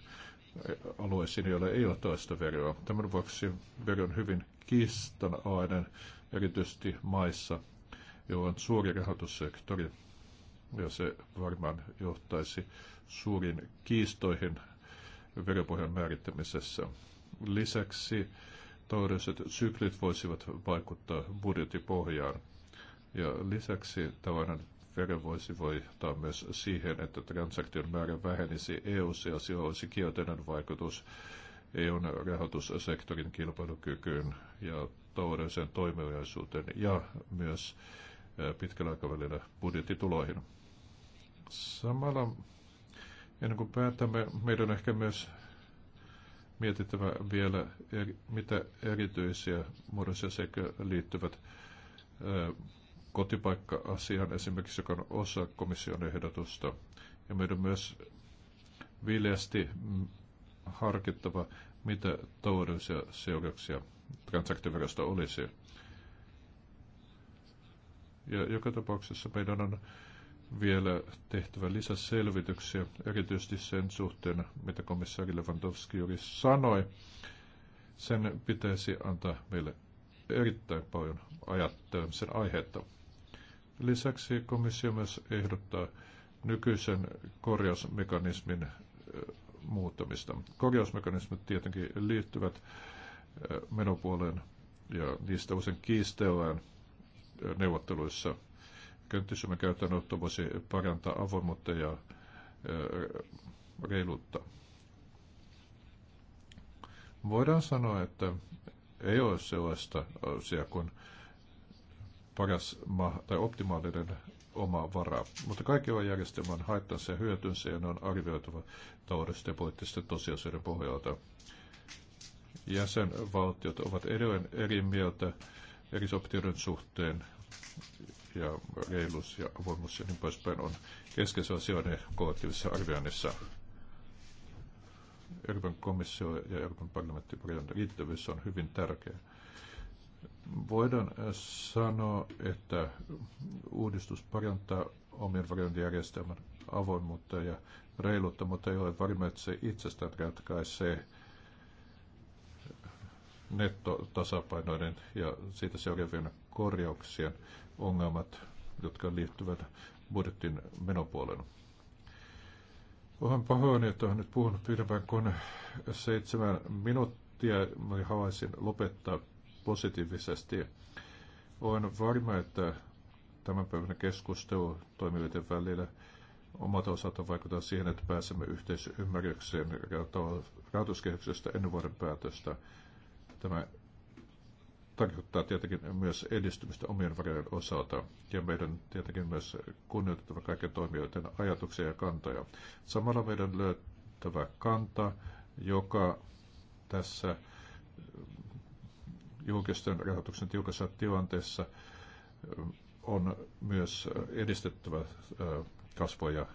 alueisiin, joilla ei ole toista veroa. Tämän vuoksi vero on hyvin kiistanainen, erityisesti maissa, joilla on suuri rahoitussektori, ja se varmaan johtaisi suurin kiistoihin veropohjan määrittämisessä. Lisäksi taloudelliset syklit voisivat vaikuttaa budjettipohjaan. Ja lisäksi tällainen vero voisi voittaa myös siihen, että transaktion määrä vähenisi EU-ssa ja sillä olisi kielteinen vaikutus EUn rahoitussektorin kilpailukykyyn ja taloudelliseen toimeliaisuuteen ja myös pitkällä aikavälillä budjettituloihin. Samalla ennen kuin päätämme, meidän on ehkä myös mietittävä vielä, mitä erityisiä muodossa sekä liittyvät kotipaikka-asian esimerkiksi, joka on osa komission ehdotusta. Ja meidän myös viileästi harkittava, mitä taloudellisia seurauksia transaktiverosta olisi. Ja joka tapauksessa meidän on vielä tehtävä lisäselvityksiä, erityisesti sen suhteen, mitä komissaari Lewandowski juuri sanoi. Sen pitäisi antaa meille erittäin paljon ajattelun sen aihetta. Lisäksi komissio myös ehdottaa nykyisen korjausmekanismin muuttamista. Korjausmekanismit tietenkin liittyvät menopuoleen ja niistä usein kiistellään neuvotteluissa. Könttisemmän käyttöönotto voisi parantaa avoimuutta ja reiluutta. Voidaan sanoa, että ei ole sellaista asiaa kuin paras tai optimaalinen oma vara. Mutta on järjestelmän haittansa ja hyötynsä ja ne on arvioitava taloudesta ja poliittisten tosiasioiden pohjalta. Jäsenvaltiot ovat edelleen eri mieltä eri optioiden suhteen ja reiluus ja avoimuus ja niin poispäin on keskeisiä asioiden kollektiivisessa arvioinnissa. Euroopan komissio ja Euroopan parlamentti riittävyys on hyvin tärkeä Voidaan äh, sanoa, että uudistus parantaa omien varjointijärjestelmän avoimuutta ja reiluutta, mutta ei ole varma, että se itsestään ratkaisee nettotasapainoiden ja siitä seuraavien korjauksien ongelmat, jotka liittyvät budjetin menopuolen. Olen pahoin, että olen nyt puhunut pidempään kuin seitsemän minuuttia. Mä haluaisin lopettaa positiivisesti. Olen varma, että tämän päivän keskustelu toimijoiden välillä omalta osalta vaikuttaa siihen, että pääsemme yhteisymmärrykseen rahoituskehyksestä ennen vuoden päätöstä. Tämä tarkoittaa tietenkin myös edistymistä omien varojen osalta ja meidän tietenkin myös kunnioitettava kaiken toimijoiden ajatuksia ja kantoja. Samalla meidän löytävä kanta, joka tässä julkisten rahoituksen tiukassa tilanteessa on myös edistettävä kasvua ja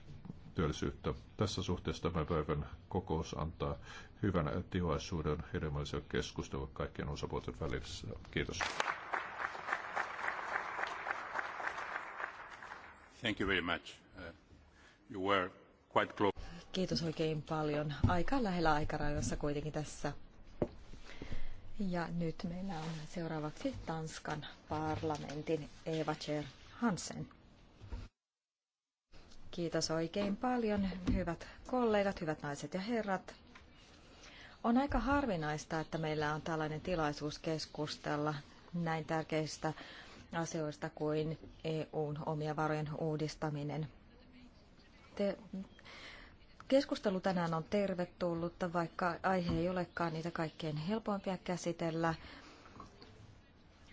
työllisyyttä. Tässä suhteessa tämän päivän kokous antaa hyvän tilaisuuden hedelmällisen keskustelua kaikkien osapuolten välissä. Kiitos. Thank you very much. Uh, you were quite close. Kiitos oikein paljon. Aika lähellä aikarajoissa kuitenkin tässä ja nyt meillä on seuraavaksi Tanskan parlamentin Eva Cher Hansen. Kiitos oikein paljon, hyvät kollegat, hyvät naiset ja herrat. On aika harvinaista, että meillä on tällainen tilaisuus keskustella näin tärkeistä asioista kuin EUn omia varojen uudistaminen. Te, Keskustelu tänään on tervetullutta, vaikka aihe ei olekaan niitä kaikkein helpoimpia käsitellä,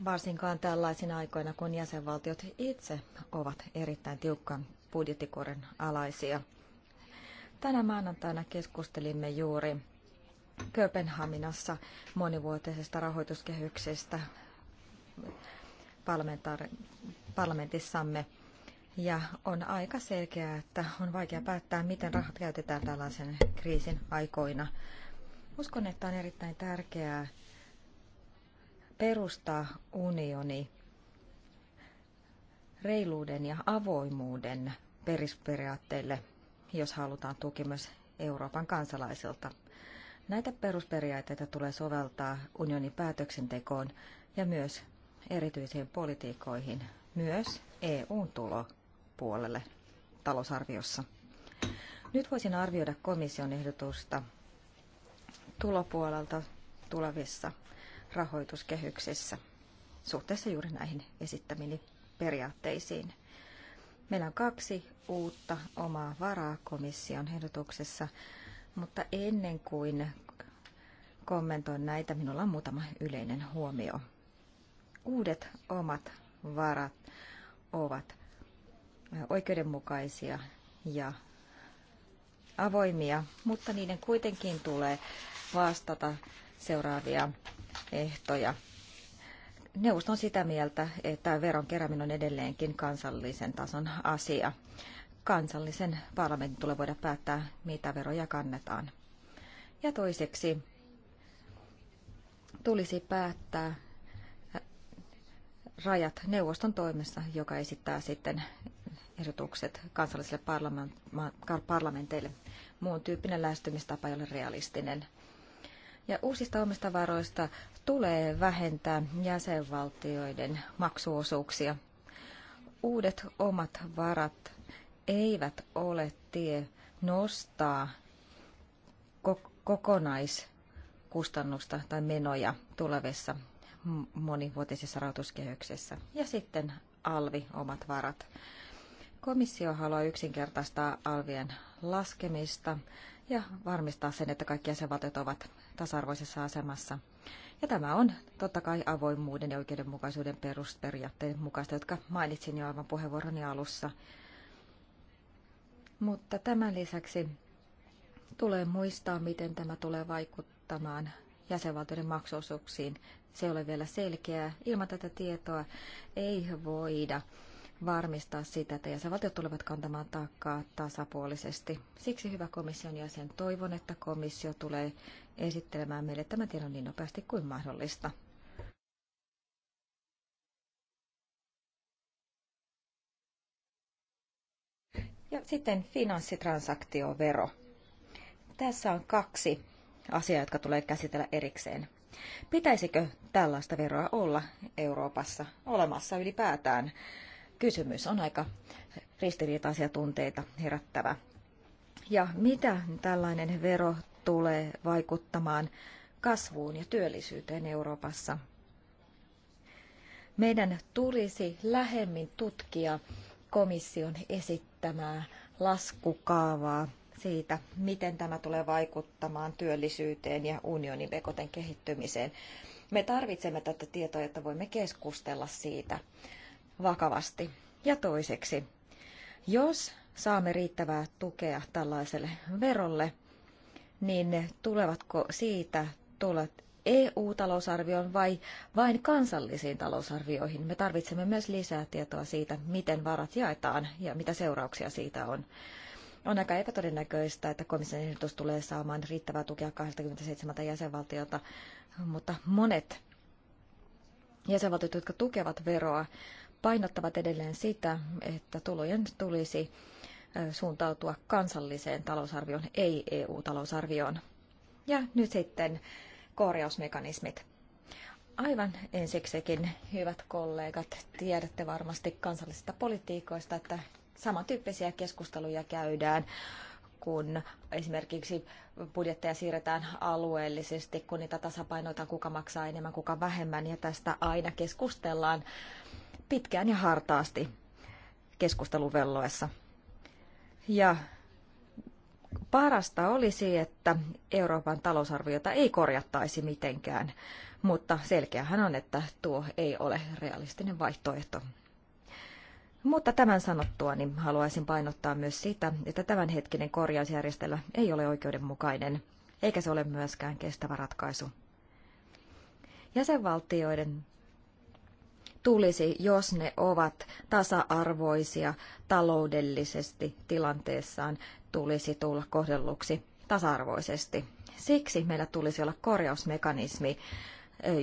varsinkaan tällaisina aikoina, kun jäsenvaltiot itse ovat erittäin tiukkan budjettikoren alaisia. Tänä maanantaina keskustelimme juuri Kööpenhaminassa monivuotisesta rahoituskehyksestä parlamentissamme. Ja on aika selkeää, että on vaikea päättää, miten rahat käytetään tällaisen kriisin aikoina. Uskon, että on erittäin tärkeää perustaa unioni reiluuden ja avoimuuden perisperiaatteille, jos halutaan tuki myös Euroopan kansalaisilta. Näitä perusperiaatteita tulee soveltaa unionin päätöksentekoon ja myös erityisiin politiikoihin, myös eu tulo puolelle talousarviossa. Nyt voisin arvioida komission ehdotusta tulopuolelta tulevissa rahoituskehyksissä suhteessa juuri näihin esittämini periaatteisiin. Meillä on kaksi uutta omaa varaa komission ehdotuksessa, mutta ennen kuin kommentoin näitä, minulla on muutama yleinen huomio. Uudet omat varat ovat oikeudenmukaisia ja avoimia, mutta niiden kuitenkin tulee vastata seuraavia ehtoja. Neuvosto on sitä mieltä, että veron kerääminen on edelleenkin kansallisen tason asia. Kansallisen parlamentin tulee voida päättää, mitä veroja kannetaan. Ja toiseksi tulisi päättää rajat neuvoston toimessa, joka esittää sitten ehdotukset kansallisille parlamenteille. Muun tyyppinen lähestymistapa ei ole realistinen. Ja uusista omista varoista tulee vähentää jäsenvaltioiden maksuosuuksia. Uudet omat varat eivät ole tie nostaa kokonaiskustannusta tai menoja tulevissa monivuotisessa rahoituskehyksessä. Ja sitten alvi omat varat. Komissio haluaa yksinkertaistaa alvien laskemista ja varmistaa sen, että kaikki jäsenvaltiot ovat tasa-arvoisessa asemassa. Ja tämä on totta kai avoimuuden ja oikeudenmukaisuuden perusperiaatteiden mukaista, jotka mainitsin jo aivan puheenvuoroni alussa. Mutta tämän lisäksi tulee muistaa, miten tämä tulee vaikuttamaan jäsenvaltioiden maksuosuuksiin. Se ei ole vielä selkeää. Ilman tätä tietoa ei voida varmistaa sitä, että jäsenvaltiot tulevat kantamaan taakkaa tasapuolisesti. Siksi hyvä komission jäsen toivon, että komissio tulee esittelemään meille tämän tiedon niin nopeasti kuin mahdollista. Ja sitten finanssitransaktiovero. Tässä on kaksi asiaa, jotka tulee käsitellä erikseen. Pitäisikö tällaista veroa olla Euroopassa olemassa ylipäätään? kysymys. On aika ristiriitaisia tunteita herättävä. Ja mitä tällainen vero tulee vaikuttamaan kasvuun ja työllisyyteen Euroopassa? Meidän tulisi lähemmin tutkia komission esittämää laskukaavaa siitä, miten tämä tulee vaikuttamaan työllisyyteen ja unionin vekoten kehittymiseen. Me tarvitsemme tätä tietoa, jotta voimme keskustella siitä vakavasti. Ja toiseksi, jos saamme riittävää tukea tällaiselle verolle, niin tulevatko siitä tulet EU-talousarvioon vai vain kansallisiin talousarvioihin? Me tarvitsemme myös lisää tietoa siitä, miten varat jaetaan ja mitä seurauksia siitä on. On aika epätodennäköistä, että komission ehdotus tulee saamaan riittävää tukea 27 jäsenvaltiolta, mutta monet jäsenvaltiot, jotka tukevat veroa, painottavat edelleen sitä, että tulojen tulisi suuntautua kansalliseen talousarvioon, ei EU-talousarvioon. Ja nyt sitten korjausmekanismit. Aivan ensiksikin, hyvät kollegat, tiedätte varmasti kansallisista politiikoista, että samantyyppisiä keskusteluja käydään kun esimerkiksi budjetteja siirretään alueellisesti, kun niitä tasapainoitaan, kuka maksaa enemmän, kuka vähemmän, ja tästä aina keskustellaan pitkään ja hartaasti keskustelun velloessa. Ja parasta olisi, että Euroopan talousarviota ei korjattaisi mitenkään, mutta selkeähän on, että tuo ei ole realistinen vaihtoehto. Mutta tämän sanottua niin haluaisin painottaa myös sitä, että tämänhetkinen korjausjärjestelmä ei ole oikeudenmukainen, eikä se ole myöskään kestävä ratkaisu. Jäsenvaltioiden tulisi, jos ne ovat tasa-arvoisia taloudellisesti tilanteessaan, tulisi tulla kohdelluksi tasa-arvoisesti. Siksi meillä tulisi olla korjausmekanismi,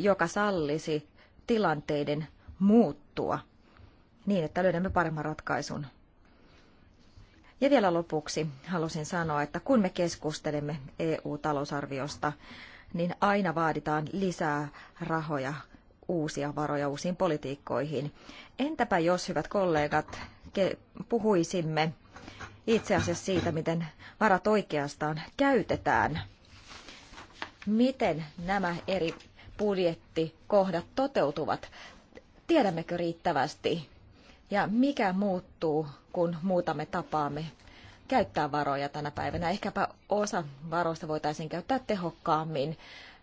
joka sallisi tilanteiden muuttua niin, että löydämme paremman ratkaisun. Ja vielä lopuksi halusin sanoa, että kun me keskustelemme EU-talousarviosta, niin aina vaaditaan lisää rahoja uusia varoja uusiin politiikkoihin. Entäpä jos, hyvät kollegat, puhuisimme itse asiassa siitä, miten varat oikeastaan käytetään? Miten nämä eri budjettikohdat toteutuvat? Tiedämmekö riittävästi? Ja mikä muuttuu, kun muutamme tapaamme käyttää varoja tänä päivänä? Ehkäpä osa varoista voitaisiin käyttää tehokkaammin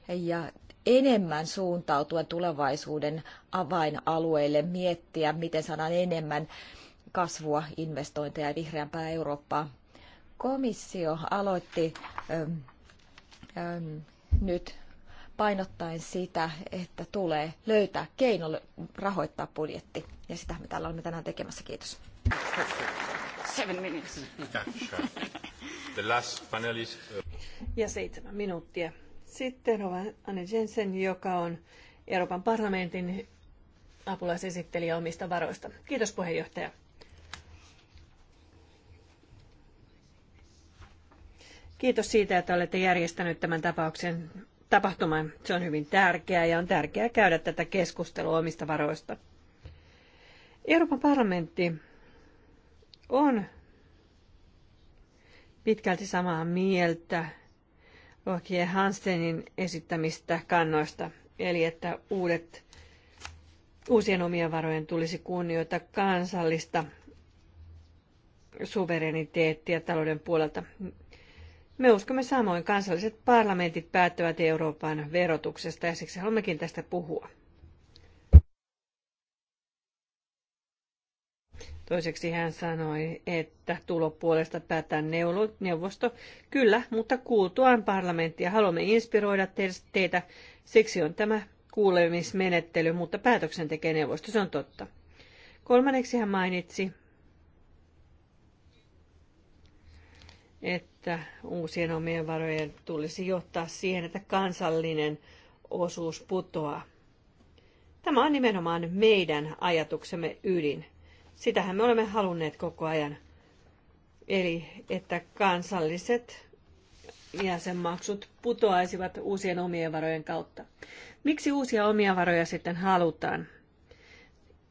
ja enemmän suuntautua tulevaisuuden avainalueille, miettiä, miten saadaan enemmän kasvua, investointeja ja vihreämpää Eurooppaa. Komissio aloitti äm, äm, nyt painottaen sitä, että tulee löytää keino rahoittaa budjetti. Ja sitä me täällä olemme tänään tekemässä. Kiitos. Seven minutes. Ja äh, seitsemän minuuttia. Sitten Anne Jensen, joka on Euroopan parlamentin apulaisesittelijä omista varoista. Kiitos puheenjohtaja. Kiitos siitä, että olette järjestänyt tämän tapauksen tapahtuman. Se on hyvin tärkeää ja on tärkeää käydä tätä keskustelua omista varoista. Euroopan parlamentti on pitkälti samaa mieltä Lokie Hansenin esittämistä kannoista, eli että uudet, uusien omien varojen tulisi kunnioita kansallista suvereniteettia talouden puolelta. Me uskomme samoin, kansalliset parlamentit päättävät Euroopan verotuksesta ja siksi haluammekin tästä puhua. Toiseksi hän sanoi, että tulopuolesta päättää neuvosto. Kyllä, mutta kuultuaan parlamenttia haluamme inspiroida teitä. Siksi on tämä kuulemismenettely, mutta päätöksen tekee neuvosto, se on totta. Kolmanneksi hän mainitsi, että uusien omien varojen tulisi johtaa siihen, että kansallinen osuus putoaa. Tämä on nimenomaan meidän ajatuksemme ydin – Sitähän me olemme halunneet koko ajan. Eli että kansalliset jäsenmaksut putoaisivat uusien omien varojen kautta. Miksi uusia omia varoja sitten halutaan?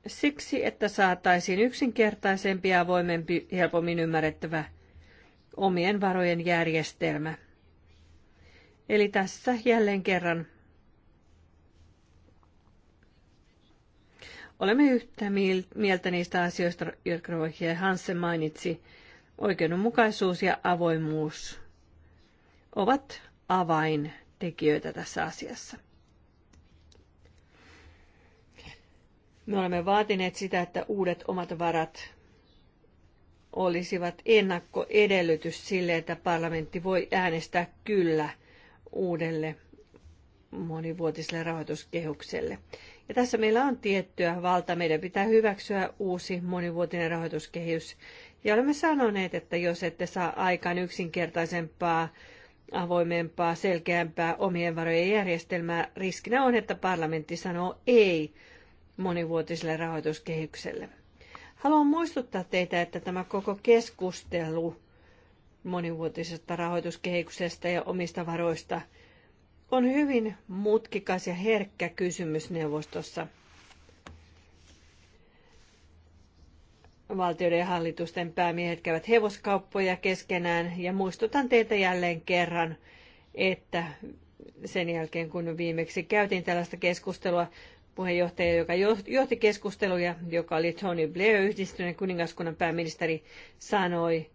Siksi, että saataisiin yksinkertaisempi ja avoimempi, helpommin ymmärrettävä omien varojen järjestelmä. Eli tässä jälleen kerran Olemme yhtä mieltä niistä asioista, jotka Rohje Hansen mainitsi. Oikeudenmukaisuus ja avoimuus ovat avaintekijöitä tässä asiassa. Me olemme vaatineet sitä, että uudet omat varat olisivat ennakkoedellytys sille, että parlamentti voi äänestää kyllä uudelle monivuotiselle rahoituskehykselle. Ja tässä meillä on tiettyä valta, Meidän pitää hyväksyä uusi monivuotinen rahoituskehys. Ja olemme sanoneet, että jos ette saa aikaan yksinkertaisempaa, avoimempaa, selkeämpää omien varojen järjestelmää, riskinä on, että parlamentti sanoo ei monivuotiselle rahoituskehykselle. Haluan muistuttaa teitä, että tämä koko keskustelu monivuotisesta rahoituskehyksestä ja omista varoista – on hyvin mutkikas ja herkkä kysymys neuvostossa. Valtioiden hallitusten päämiehet käyvät hevoskauppoja keskenään ja muistutan teitä jälleen kerran, että sen jälkeen kun viimeksi käytiin tällaista keskustelua, puheenjohtaja, joka johti keskusteluja, joka oli Tony Blair, yhdistyneen kuningaskunnan pääministeri, sanoi,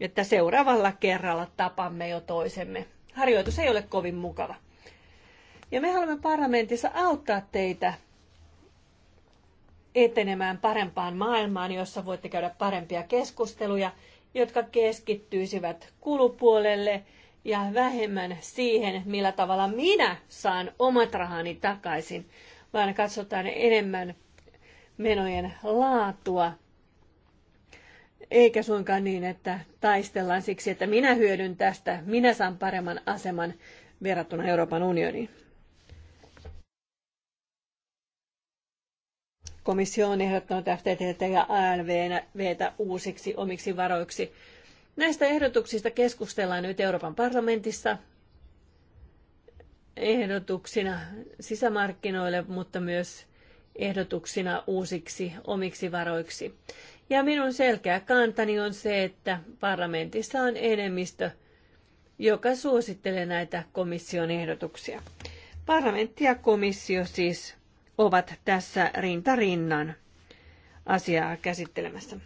että seuraavalla kerralla tapamme jo toisemme harjoitus ei ole kovin mukava. Ja me haluamme parlamentissa auttaa teitä etenemään parempaan maailmaan, jossa voitte käydä parempia keskusteluja, jotka keskittyisivät kulupuolelle ja vähemmän siihen, millä tavalla minä saan omat rahani takaisin, vaan katsotaan enemmän menojen laatua eikä suinkaan niin, että taistellaan siksi, että minä hyödyn tästä, minä saan paremman aseman verrattuna Euroopan unioniin. Komissio on ehdottanut FTT ja ALVtä uusiksi omiksi varoiksi. Näistä ehdotuksista keskustellaan nyt Euroopan parlamentissa ehdotuksina sisämarkkinoille, mutta myös ehdotuksina uusiksi omiksi varoiksi. Ja minun selkeä kantani on se, että parlamentissa on enemmistö, joka suosittelee näitä komission ehdotuksia. Parlamentti ja komissio siis ovat tässä rintarinnan asiaa käsittelemässä.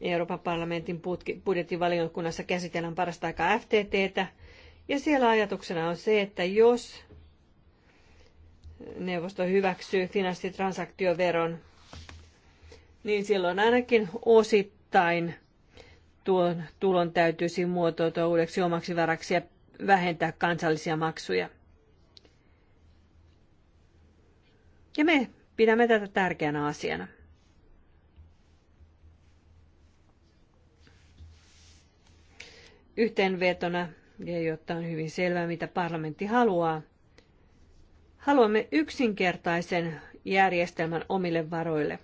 Euroopan parlamentin budjettivaliokunnassa käsitellään parasta aikaa FTTtä. Ja siellä ajatuksena on se, että jos neuvosto hyväksyy finanssitransaktioveron, niin silloin ainakin osittain tuon tulon täytyisi muotoutua uudeksi omaksi varaksi ja vähentää kansallisia maksuja. Ja me pidämme tätä tärkeänä asiana. Yhteenvetona, ja jotta on hyvin selvää, mitä parlamentti haluaa, Haluamme yksinkertaisen järjestelmän omille varoille.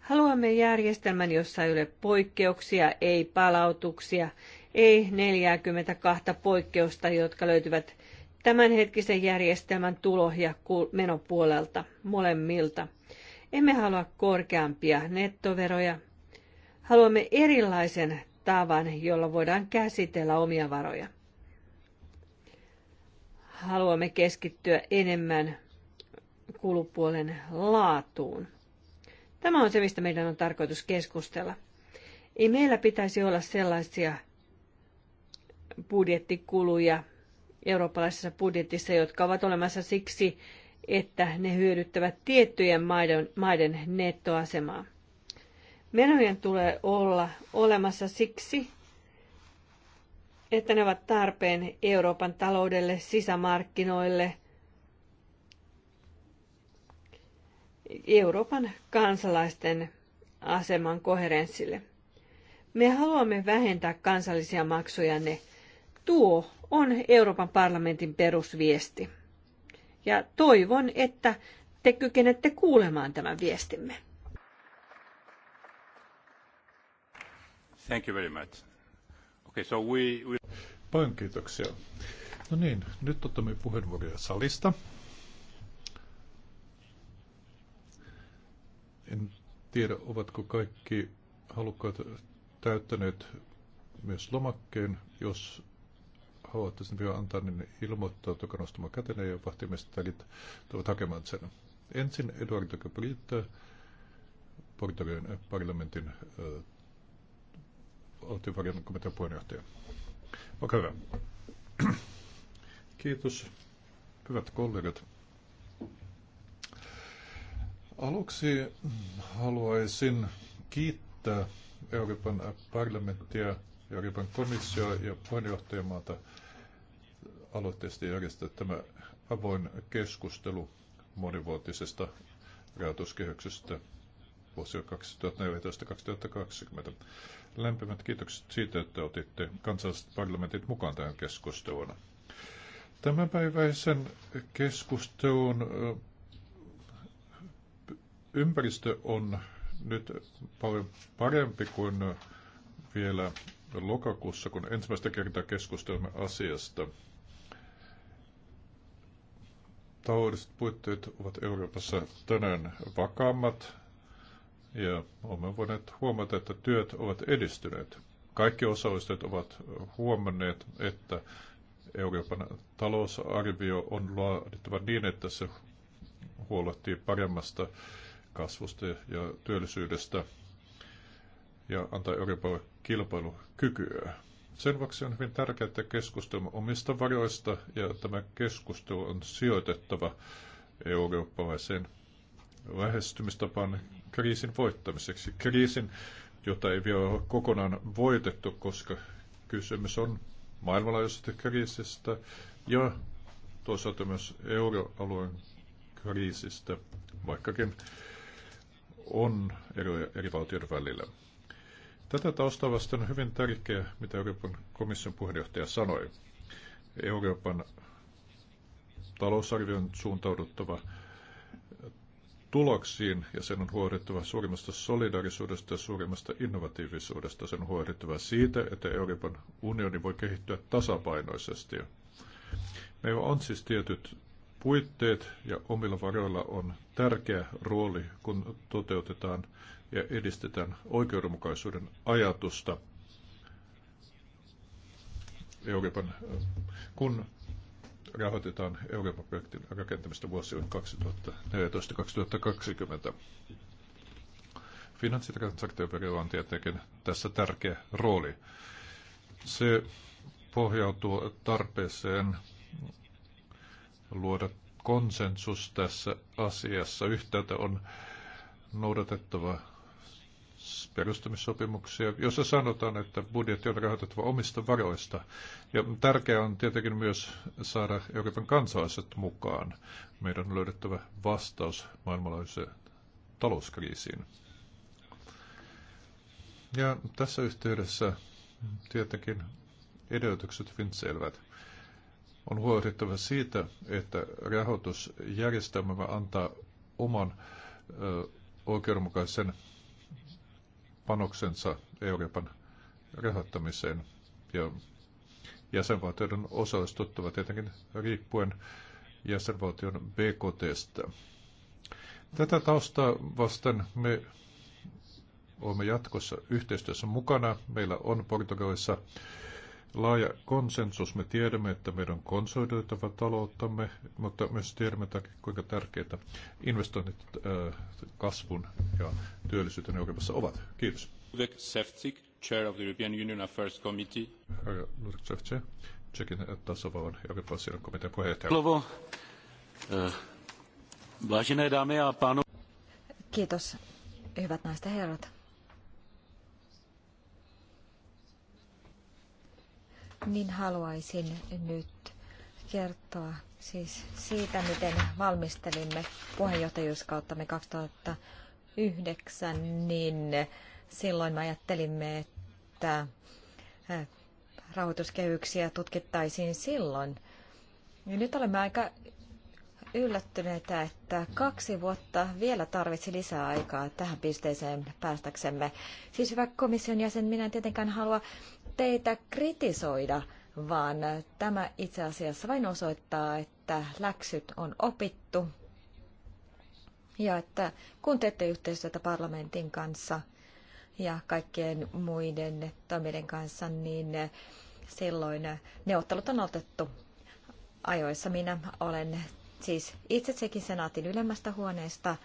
Haluamme järjestelmän, jossa ei ole poikkeuksia, ei palautuksia, ei 42 poikkeusta, jotka löytyvät tämänhetkisen järjestelmän tulo- ja menopuolelta molemmilta. Emme halua korkeampia nettoveroja. Haluamme erilaisen tavan, jolla voidaan käsitellä omia varoja haluamme keskittyä enemmän kulupuolen laatuun. Tämä on se, mistä meidän on tarkoitus keskustella. Ei meillä pitäisi olla sellaisia budjettikuluja eurooppalaisessa budjetissa, jotka ovat olemassa siksi, että ne hyödyttävät tiettyjen maiden, maiden nettoasemaa. Menojen tulee olla olemassa siksi, että ne ovat tarpeen Euroopan taloudelle, sisämarkkinoille, Euroopan kansalaisten aseman koherenssille. Me haluamme vähentää kansallisia maksuja. Ne Tuo on Euroopan parlamentin perusviesti. Ja toivon, että te kykenette kuulemaan tämän viestimme. Thank you very much. Okay, so we, we... Paljon kiitoksia. No niin, nyt otamme puheenvuoroja salista. En tiedä, ovatko kaikki halukkaat täyttäneet myös lomakkeen. Jos haluatte sen vielä antaa, niin ilmoittautukaa nostamaan kätenä ja vahtimestarit tulevat hakemaan sen. Ensin Eduardo Capriitta, Portugalin parlamentin Oltiin komitean puheenjohtaja. Olkaa hyvä. Kiitos. Hyvät kollegat. Aluksi haluaisin kiittää Euroopan parlamenttia, Euroopan komissio ja puheenjohtajamaata aloitteesta järjestää tämä avoin keskustelu monivuotisesta rahoituskehyksestä vuosia 2014-2020. Lämpimät kiitokset siitä, että otitte kansalliset parlamentit mukaan tähän keskusteluun. Tämänpäiväisen keskustelun ympäristö on nyt paljon parempi kuin vielä lokakuussa, kun ensimmäistä kertaa keskustelimme asiasta. Taloudelliset puitteet ovat Euroopassa tänään vakaammat ja olemme voineet huomata, että työt ovat edistyneet. Kaikki osallistujat ovat huomanneet, että Euroopan talousarvio on laadittava niin, että se huolehtii paremmasta kasvusta ja työllisyydestä ja antaa Euroopalle kilpailukykyä. Sen vuoksi on hyvin tärkeää, että keskustelemme omista varoista ja tämä keskustelu on sijoitettava eurooppalaiseen lähestymistapan kriisin voittamiseksi. Kriisin, jota ei vielä ole kokonaan voitettu, koska kysymys on maailmanlaajuisesta kriisistä ja toisaalta myös euroalueen kriisistä, vaikkakin on eroja eri valtioiden välillä. Tätä taustaa vasten on hyvin tärkeää, mitä Euroopan komission puheenjohtaja sanoi. Euroopan talousarvion suuntauduttava tuloksiin ja sen on huolehdittava suurimmasta solidaarisuudesta ja suurimmasta innovatiivisuudesta. Sen on huolehdittava siitä, että Euroopan unioni voi kehittyä tasapainoisesti. Meillä on siis tietyt puitteet ja omilla varoilla on tärkeä rooli, kun toteutetaan ja edistetään oikeudenmukaisuuden ajatusta. Euroopan, kun rahoitetaan Euroopan-projektin rakentamista vuosille 2014-2020. Finanssitransaktioverolla on tietenkin tässä tärkeä rooli. Se pohjautuu tarpeeseen luoda konsensus tässä asiassa. Yhtäältä on noudatettava perustamissopimuksia, jossa sanotaan, että budjetti on rahoitettava omista varoista. Ja tärkeää on tietenkin myös saada Euroopan kansalaiset mukaan. Meidän on löydettävä vastaus maailmanlaajuiseen talouskriisiin. Ja tässä yhteydessä tietenkin edellytykset hyvin selvät. On huolehdittava siitä, että rahoitusjärjestelmä antaa oman ö, oikeudenmukaisen panoksensa Euroopan rahoittamiseen. Ja jäsenvaltioiden osallistuttava tietenkin riippuen jäsenvaltion BKTstä. Tätä taustaa vasten me olemme jatkossa yhteistyössä mukana. Meillä on Portugalissa laaja konsensus. Me tiedämme, että meidän on konsolidoitava talouttamme, mutta myös tiedämme, kuinka tärkeitä investoinnit äh, kasvun ja työllisyyden ohjelmassa ovat. Kiitos. Sefcik, Chair of the European Union Affairs Committee. Ludek Sefcik, Tsekin tasavallan oikeudenvaltion komitean puheenjohtaja. Slovo. Äh, vážené dámy a pánové. Kiitos, hyvät naiset ja herrat. niin haluaisin nyt kertoa siis siitä, miten valmistelimme puheenjohtajuuskauttamme 2009, niin silloin me ajattelimme, että eh, rahoituskehyksiä tutkittaisiin silloin. Ja nyt olemme aika yllättyneitä, että kaksi vuotta vielä tarvitsi lisää aikaa tähän pisteeseen päästäksemme. Siis hyvä komission jäsen, minä en tietenkään halua teitä kritisoida, vaan tämä itse asiassa vain osoittaa, että läksyt on opittu ja että kun teette yhteistyötä parlamentin kanssa ja kaikkien muiden toimijoiden kanssa, niin silloin neuvottelut on otettu ajoissa. Minä olen siis itse sekin senaatin ylemmästä huoneesta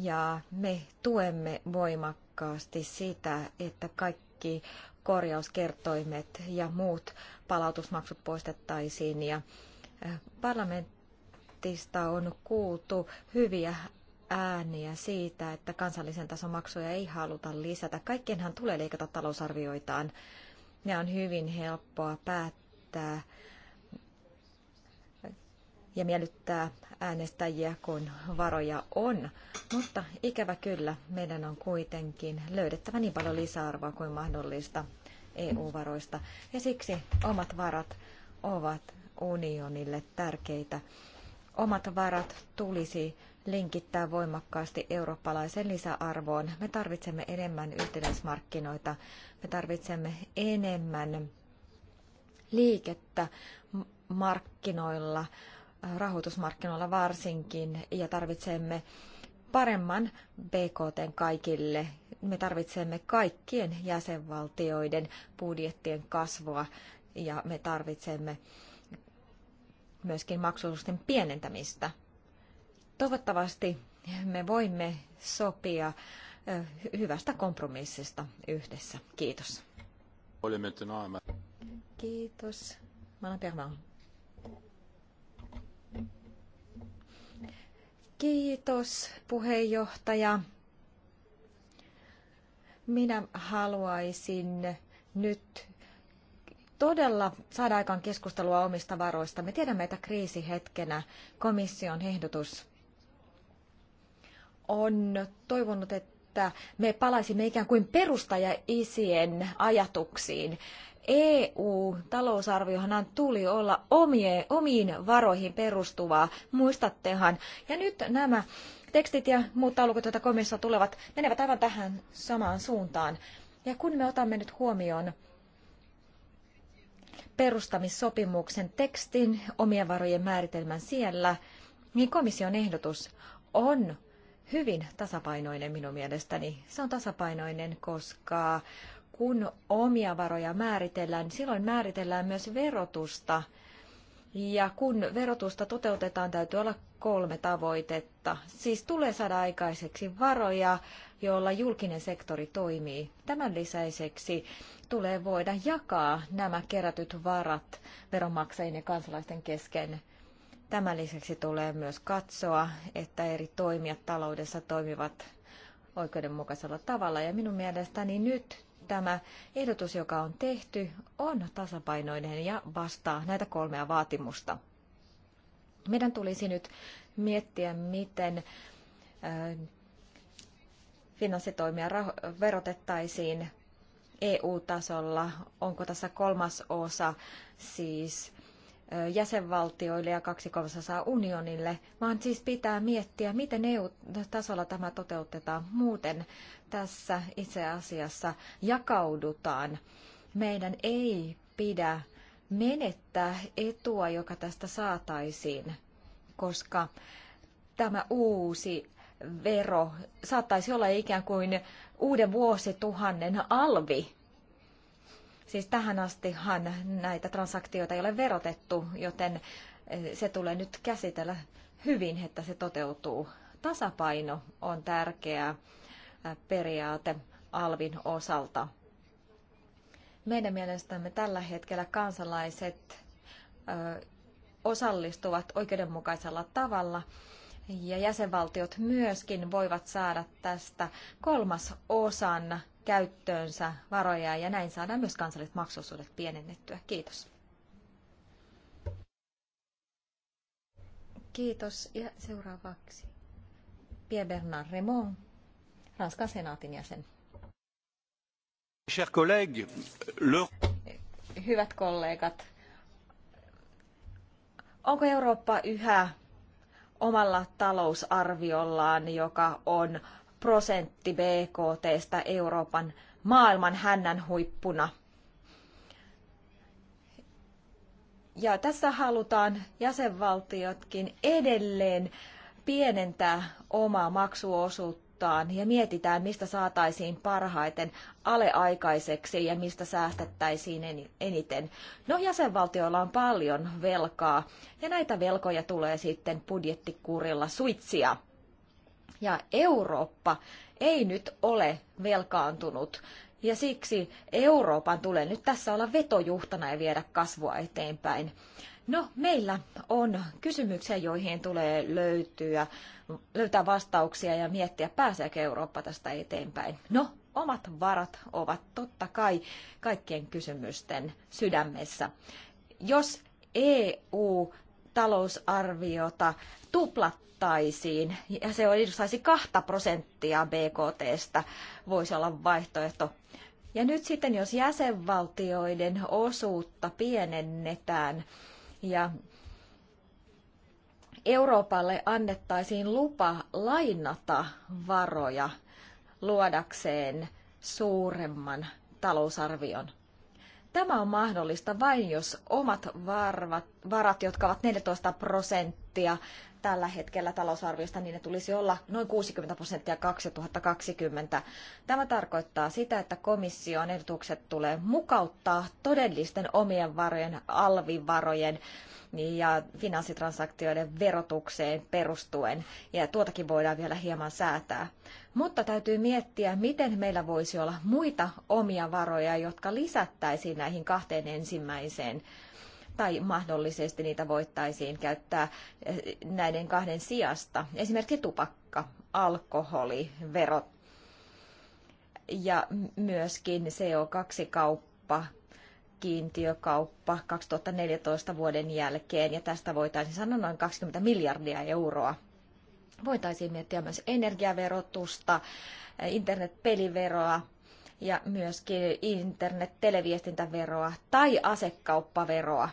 ja me tuemme voimakkaasti sitä, että kaikki kaikki korjauskertoimet ja muut palautusmaksut poistettaisiin. Ja parlamentista on kuultu hyviä ääniä siitä, että kansallisen tason maksuja ei haluta lisätä. Kaikkienhan tulee leikata talousarvioitaan. Ne on hyvin helppoa päättää ja miellyttää äänestäjiä, kun varoja on. Mutta ikävä kyllä, meidän on kuitenkin löydettävä niin paljon lisäarvoa kuin mahdollista EU-varoista. Ja siksi omat varat ovat unionille tärkeitä. Omat varat tulisi linkittää voimakkaasti eurooppalaisen lisäarvoon. Me tarvitsemme enemmän yhtenäismarkkinoita, me tarvitsemme enemmän liikettä markkinoilla, rahoitusmarkkinoilla varsinkin, ja tarvitsemme paremman BKT kaikille. Me tarvitsemme kaikkien jäsenvaltioiden budjettien kasvua ja me tarvitsemme myöskin maksullisten pienentämistä. Toivottavasti me voimme sopia hyvästä kompromissista yhdessä. Kiitos. Kiitos. Mä olen Kiitos puheenjohtaja. Minä haluaisin nyt todella saada aikaan keskustelua omista varoista. Me tiedämme, että kriisihetkenä komission ehdotus on toivonut, että me palaisimme ikään kuin perustajaisien ajatuksiin. EU-talousarviohan tuli olla omie, omiin varoihin perustuvaa, muistattehan. Ja nyt nämä tekstit ja muut taulukot, joita komissio tulevat, menevät aivan tähän samaan suuntaan. Ja kun me otamme nyt huomioon perustamissopimuksen tekstin, omien varojen määritelmän siellä, niin komission ehdotus on hyvin tasapainoinen minun mielestäni. Se on tasapainoinen, koska kun omia varoja määritellään, silloin määritellään myös verotusta. Ja kun verotusta toteutetaan, täytyy olla kolme tavoitetta. Siis tulee saada aikaiseksi varoja, joilla julkinen sektori toimii. Tämän lisäiseksi tulee voida jakaa nämä kerätyt varat veronmaksajien ja kansalaisten kesken. Tämän lisäksi tulee myös katsoa, että eri toimijat taloudessa toimivat oikeudenmukaisella tavalla. Ja minun mielestäni nyt tämä ehdotus, joka on tehty, on tasapainoinen ja vastaa näitä kolmea vaatimusta. Meidän tulisi nyt miettiä, miten finanssitoimia verotettaisiin EU-tasolla. Onko tässä kolmas osa siis jäsenvaltioille ja kaksi kolmasosaa unionille, vaan siis pitää miettiä, miten EU-tasolla tämä toteutetaan. Muuten tässä itse asiassa jakaudutaan. Meidän ei pidä menettää etua, joka tästä saataisiin, koska tämä uusi vero saattaisi olla ikään kuin uuden vuosituhannen alvi Siis tähän astihan näitä transaktioita ei ole verotettu, joten eh, se tulee nyt käsitellä hyvin, että se toteutuu. Tasapaino on tärkeä eh, periaate alvin osalta. Meidän mielestämme tällä hetkellä kansalaiset eh, osallistuvat oikeudenmukaisella tavalla ja jäsenvaltiot myöskin voivat saada tästä kolmas osan käyttöönsä varoja ja näin saadaan myös kansalliset maksuosuudet pienennettyä. Kiitos. Kiitos. Ja seuraavaksi Pierre Bernard Raymond, Ranskan senaatin jäsen. Hyvät kollegat, onko Eurooppa yhä omalla talousarviollaan, joka on prosentti BKTstä Euroopan maailman hännän huippuna. Ja tässä halutaan jäsenvaltiotkin edelleen pienentää omaa maksuosuuttaan ja mietitään, mistä saataisiin parhaiten aleaikaiseksi ja mistä säästettäisiin eniten. No jäsenvaltioilla on paljon velkaa ja näitä velkoja tulee sitten budjettikurilla suitsia ja Eurooppa ei nyt ole velkaantunut. Ja siksi Euroopan tulee nyt tässä olla vetojuhtana ja viedä kasvua eteenpäin. No, meillä on kysymyksiä, joihin tulee löytyä, löytää vastauksia ja miettiä, pääseekö Eurooppa tästä eteenpäin. No, omat varat ovat totta kai kaikkien kysymysten sydämessä. Jos EU talousarviota tuplat leikattaisiin, ja se edustaisi kahta prosenttia BKTstä, voisi olla vaihtoehto. Ja nyt sitten, jos jäsenvaltioiden osuutta pienennetään ja Euroopalle annettaisiin lupa lainata varoja luodakseen suuremman talousarvion. Tämä on mahdollista vain, jos omat varvat, varat, jotka ovat 14 prosenttia tällä hetkellä talousarviosta, niin ne tulisi olla noin 60 prosenttia 2020. Tämä tarkoittaa sitä, että komission ehdotukset tulee mukauttaa todellisten omien varojen, alvivarojen ja finanssitransaktioiden verotukseen perustuen, ja tuotakin voidaan vielä hieman säätää. Mutta täytyy miettiä, miten meillä voisi olla muita omia varoja, jotka lisättäisiin näihin kahteen ensimmäiseen tai mahdollisesti niitä voittaisiin käyttää eh, näiden kahden sijasta. Esimerkiksi tupakka, alkoholi, verot ja myöskin CO2-kauppa kiintiökauppa 2014 vuoden jälkeen, ja tästä voitaisiin sanoa noin 20 miljardia euroa. Voitaisiin miettiä myös energiaverotusta, eh, internetpeliveroa ja myöskin internet-televiestintäveroa tai asekauppaveroa.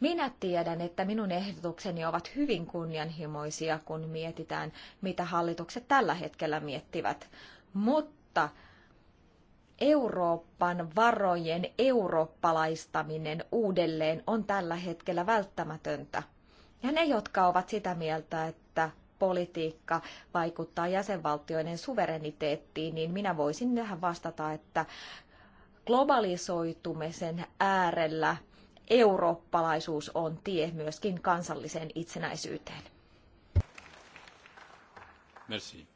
Minä tiedän, että minun ehdotukseni ovat hyvin kunnianhimoisia, kun mietitään, mitä hallitukset tällä hetkellä miettivät. Mutta Euroopan varojen eurooppalaistaminen uudelleen on tällä hetkellä välttämätöntä. Ja ne, jotka ovat sitä mieltä, että politiikka vaikuttaa jäsenvaltioiden suvereniteettiin, niin minä voisin tähän vastata, että globalisoitumisen äärellä eurooppalaisuus on tie myöskin kansalliseen itsenäisyyteen. Merci.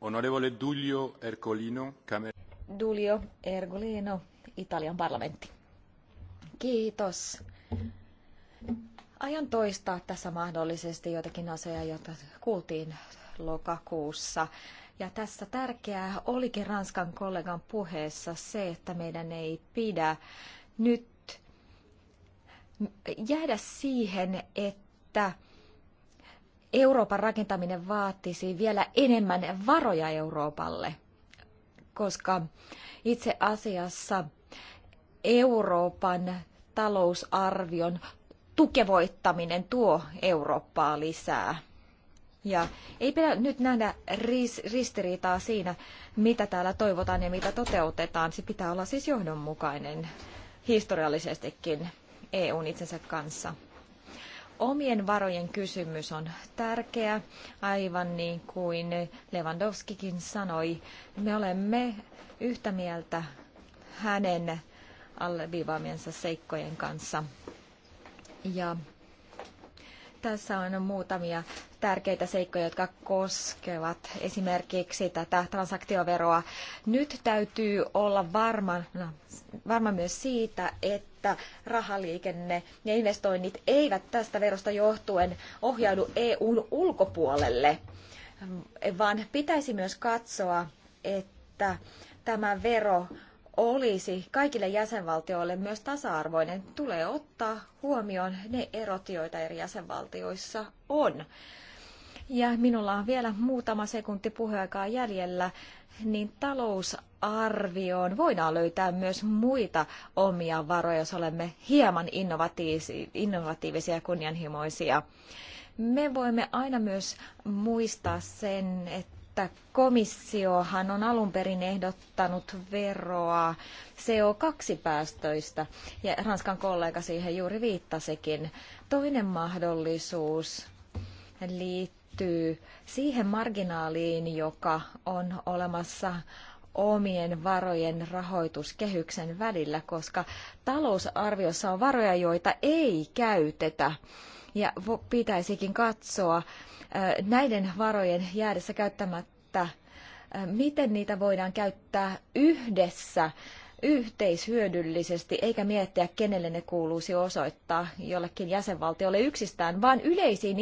Onorevole Giulio Ercolino, Camer... Giulio Ercolino, Italian parlamentti. Kiitos. Aion toistaa tässä mahdollisesti jotakin asioita, joita kuultiin lokakuussa. Ja tässä tärkeää olikin Ranskan kollegan puheessa se, että meidän ei pidä nyt jäädä siihen, että Euroopan rakentaminen vaatisi vielä enemmän varoja Euroopalle, koska itse asiassa Euroopan talousarvion tukevoittaminen tuo Eurooppaa lisää. Ja ei pidä nyt nähdä ristiriitaa siinä, mitä täällä toivotaan ja mitä toteutetaan. Se pitää olla siis johdonmukainen historiallisestikin. EUn itsensä kanssa. Omien varojen kysymys on tärkeä, aivan niin kuin Lewandowskikin sanoi. Me olemme yhtä mieltä hänen alleviivaamiensa seikkojen kanssa. Ja tässä on muutamia tärkeitä seikkoja, jotka koskevat esimerkiksi tätä transaktioveroa. Nyt täytyy olla varma, no, varma myös siitä, että rahaliikenne ja investoinnit eivät tästä verosta johtuen ohjaudu EUn ulkopuolelle, vaan pitäisi myös katsoa, että tämä vero olisi kaikille jäsenvaltioille myös tasa-arvoinen, tulee ottaa huomioon ne erot, joita eri jäsenvaltioissa on. Ja minulla on vielä muutama sekunti puheaikaa jäljellä, niin talousarvioon voidaan löytää myös muita omia varoja, jos olemme hieman innovatiivisia ja kunnianhimoisia. Me voimme aina myös muistaa sen, että että komissiohan on alun perin ehdottanut veroa CO2-päästöistä, ja Ranskan kollega siihen juuri viittasikin. Toinen mahdollisuus liittyy siihen marginaaliin, joka on olemassa omien varojen rahoituskehyksen välillä, koska talousarviossa on varoja, joita ei käytetä. Ja pitäisikin katsoa, näiden varojen jäädessä käyttämättä, miten niitä voidaan käyttää yhdessä yhteishyödyllisesti, eikä miettiä, kenelle ne kuuluisi osoittaa jollekin jäsenvaltiolle yksistään, vaan yleisiin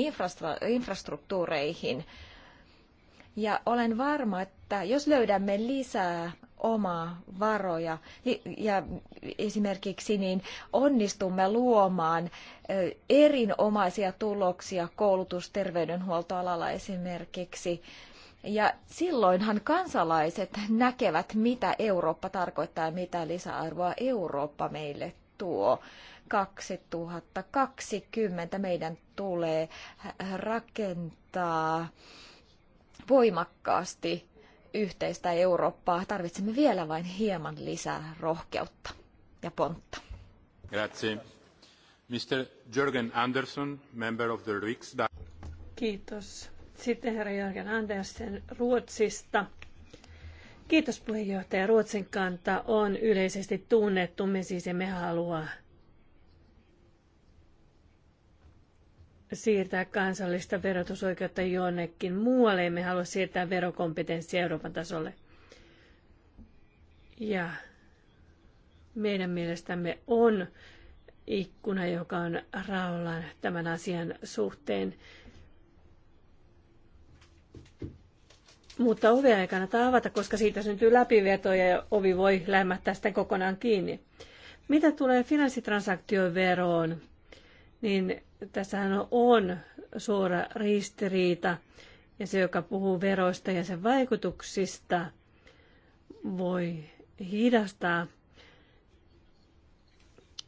infrastruktuureihin. Ja olen varma, että jos löydämme lisää omaa varoja ja esimerkiksi niin onnistumme luomaan erinomaisia tuloksia koulutus- terveydenhuoltoalalla esimerkiksi. Ja silloinhan kansalaiset näkevät, mitä Eurooppa tarkoittaa ja mitä lisäarvoa Eurooppa meille tuo. 2020 meidän tulee rakentaa voimakkaasti yhteistä Eurooppaa. Tarvitsemme vielä vain hieman lisää rohkeutta ja pontta. Grazie. Mr. Jörgen Andersson, member of the Riksdag. Kiitos. Sitten herra Jörgen Andersen Ruotsista. Kiitos puheenjohtaja. Ruotsin kanta on yleisesti tunnettu. Me siis emme halua siirtää kansallista verotusoikeutta jonnekin muualle. Emme halua siirtää verokompetenssia Euroopan tasolle. Ja meidän mielestämme on ikkuna, joka on raollaan tämän asian suhteen. Mutta ovea ei kannata avata, koska siitä syntyy läpiveto ja ovi voi lämmättää sitten kokonaan kiinni. Mitä tulee finanssitransaktioveroon, niin tässähän on suora ristiriita ja se, joka puhuu veroista ja sen vaikutuksista, voi hidastaa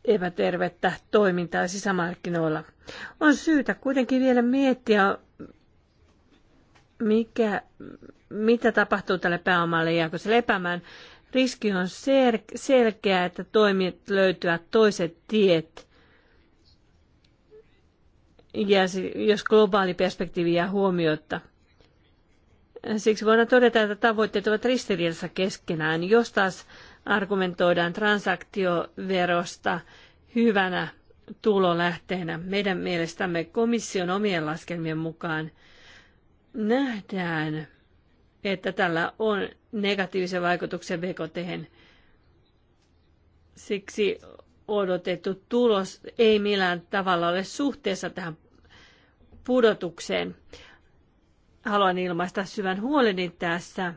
epätervettä toimintaa sisämarkkinoilla. On syytä kuitenkin vielä miettiä, mikä, mitä tapahtuu tälle pääomalle, jääkö se lepäämään. Riski on sel- selkeä, että toimijat löytyvät toiset tiet – jos globaali perspektiivi jää huomiota, Siksi voidaan todeta, että tavoitteet ovat ristiriidassa keskenään. Jos taas argumentoidaan transaktioverosta hyvänä tulolähteenä, meidän mielestämme komission omien laskelmien mukaan nähdään, että tällä on negatiivisia vaikutuksia BKT. Siksi odotettu tulos ei millään tavalla ole suhteessa tähän pudotukseen. Haluan ilmaista syvän huoleni tässä.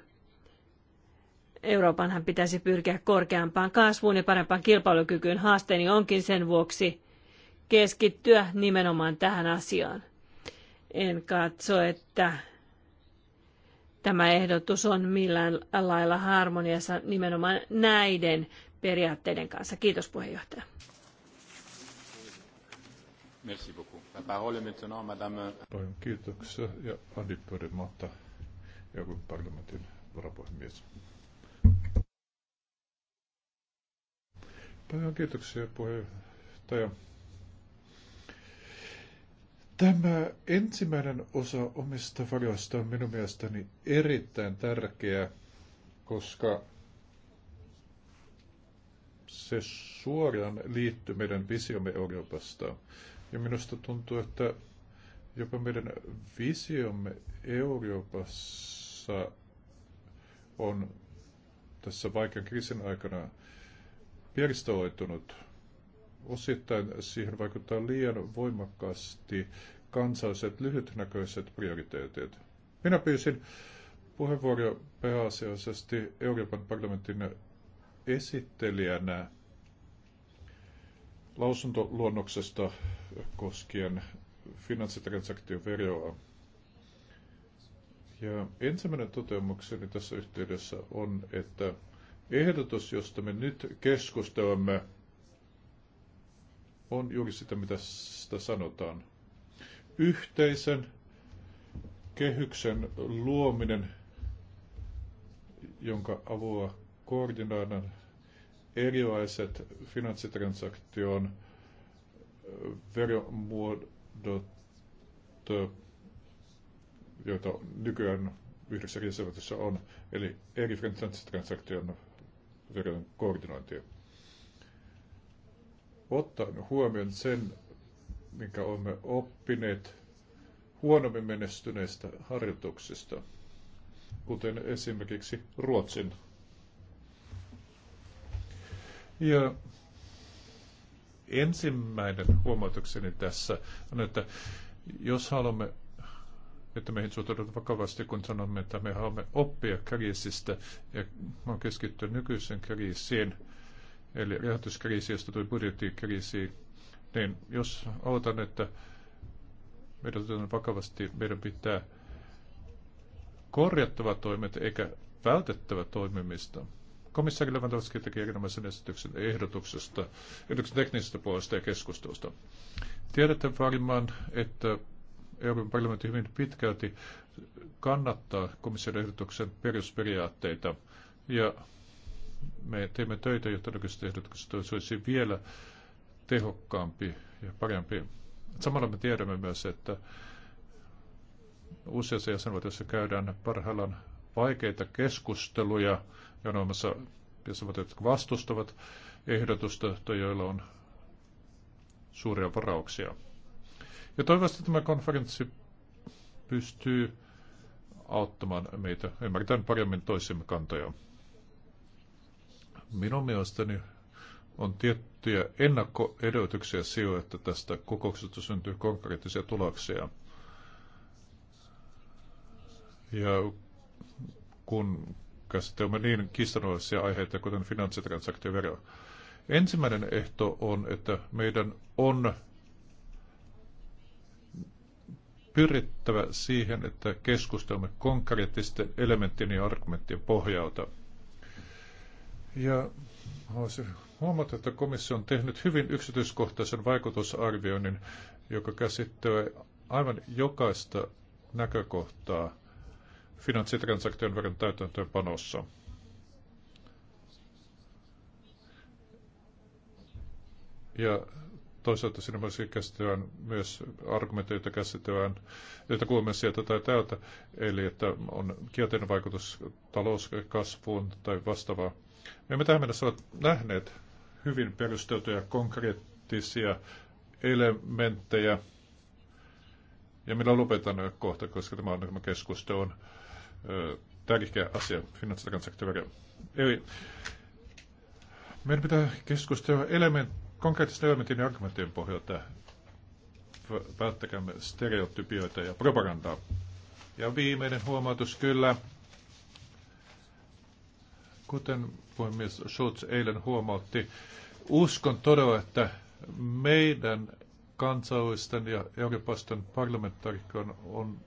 Euroopanhan pitäisi pyrkiä korkeampaan kasvuun ja parempaan kilpailukykyyn. Haasteeni onkin sen vuoksi keskittyä nimenomaan tähän asiaan. En katso, että tämä ehdotus on millään lailla harmoniassa nimenomaan näiden periaatteiden kanssa. Kiitos puheenjohtaja. Merci beaucoup. La parole est maintenant madame... Paljon kiitoksia ja Adi Pörimatta, Euroopan parlamentin varapuhemies. Paljon kiitoksia puheenjohtaja. Tämä ensimmäinen osa omista valioista on minun mielestäni erittäin tärkeä, koska se suoraan liittyy meidän visiomme Euroopasta. Ja minusta tuntuu, että jopa meidän visiomme Euroopassa on tässä vaikean kriisin aikana pirstaloitunut. Osittain siihen vaikuttaa liian voimakkaasti kansalliset lyhytnäköiset prioriteetit. Minä pyysin puheenvuoroja pääasiallisesti Euroopan parlamentin esittelijänä lausuntoluonnoksesta koskien finanssitransaktioveroa. Ja ensimmäinen toteamukseni tässä yhteydessä on, että ehdotus, josta me nyt keskustelemme, on juuri sitä, mitä sitä sanotaan. Yhteisen kehyksen luominen, jonka avulla koordinoidaan erilaiset finanssitransaktion äh, veromuodot, äh, joita nykyään yhdessä jäsenvaltiossa on, eli eri finanssitransaktion verojen koordinointia. Ottaen huomioon sen, minkä olemme oppineet huonommin menestyneistä harjoituksista, kuten esimerkiksi Ruotsin ja ensimmäinen huomautukseni tässä on, että jos haluamme, että meihin suhtaudutaan vakavasti, kun sanomme, että me haluamme oppia kriisistä ja keskittynyt nykyisen kriisiin, eli rahoituskriisi, josta tuli budjettikriisi, niin jos aloitan, että meidän otetaan vakavasti, meidän pitää korjattava toimet eikä vältettävä toimimista. Komissaari Lewandowski teki erinomaisen esityksen ehdotuksesta, ehdotuksen teknisestä puolesta ja keskustelusta. Tiedätte varmaan, että Euroopan parlamentti hyvin pitkälti kannattaa komission ehdotuksen perusperiaatteita ja me teemme töitä, jotta nykyisestä ehdotuksesta olisi vielä tehokkaampi ja parempi. Samalla me tiedämme myös, että useissa jäsenvaltioissa käydään parhaillaan vaikeita keskusteluja on olemassa jäsenvaltiot, jotka vastustavat ehdotusta tai joilla on suuria varauksia. Ja toivottavasti tämä konferenssi pystyy auttamaan meitä ymmärtämään paremmin toisemme kantoja. Minun mielestäni on tiettyjä ennakkoedotuksia sille, että tästä kokouksesta syntyy konkreettisia tuloksia. Ja kun käsittelemme niin kiistanalaisia aiheita, kuten finanssitransaktiovero. Ensimmäinen ehto on, että meidän on pyrittävä siihen, että keskustelemme konkreettisten elementtien ja argumenttien pohjalta. Ja haluaisin huomata, että komissio on tehnyt hyvin yksityiskohtaisen vaikutusarvioinnin, joka käsittelee aivan jokaista näkökohtaa finanssitransaktion veron täytäntöönpanossa. Ja toisaalta siinä myös käsitellään myös argumentteja, joita käsitellään, joita kuulemme sieltä tai täältä, eli että on kielteinen vaikutus talouskasvuun tai vastaavaa. Me emme tähän mennessä ole nähneet hyvin perusteltuja konkreettisia elementtejä, ja minä lopetan kohta, koska tämä on keskustelu tärkeä asia finanssitransaktiovero. Eli meidän pitää keskustella element, konkreettisten elementin ja argumenttien pohjalta. Välttäkäämme stereotypioita ja propagandaa. Ja viimeinen huomautus kyllä. Kuten puhemies Schulz eilen huomautti, uskon todella, että meidän kansallisten ja eurooppalaisten parlamentaarikkojen on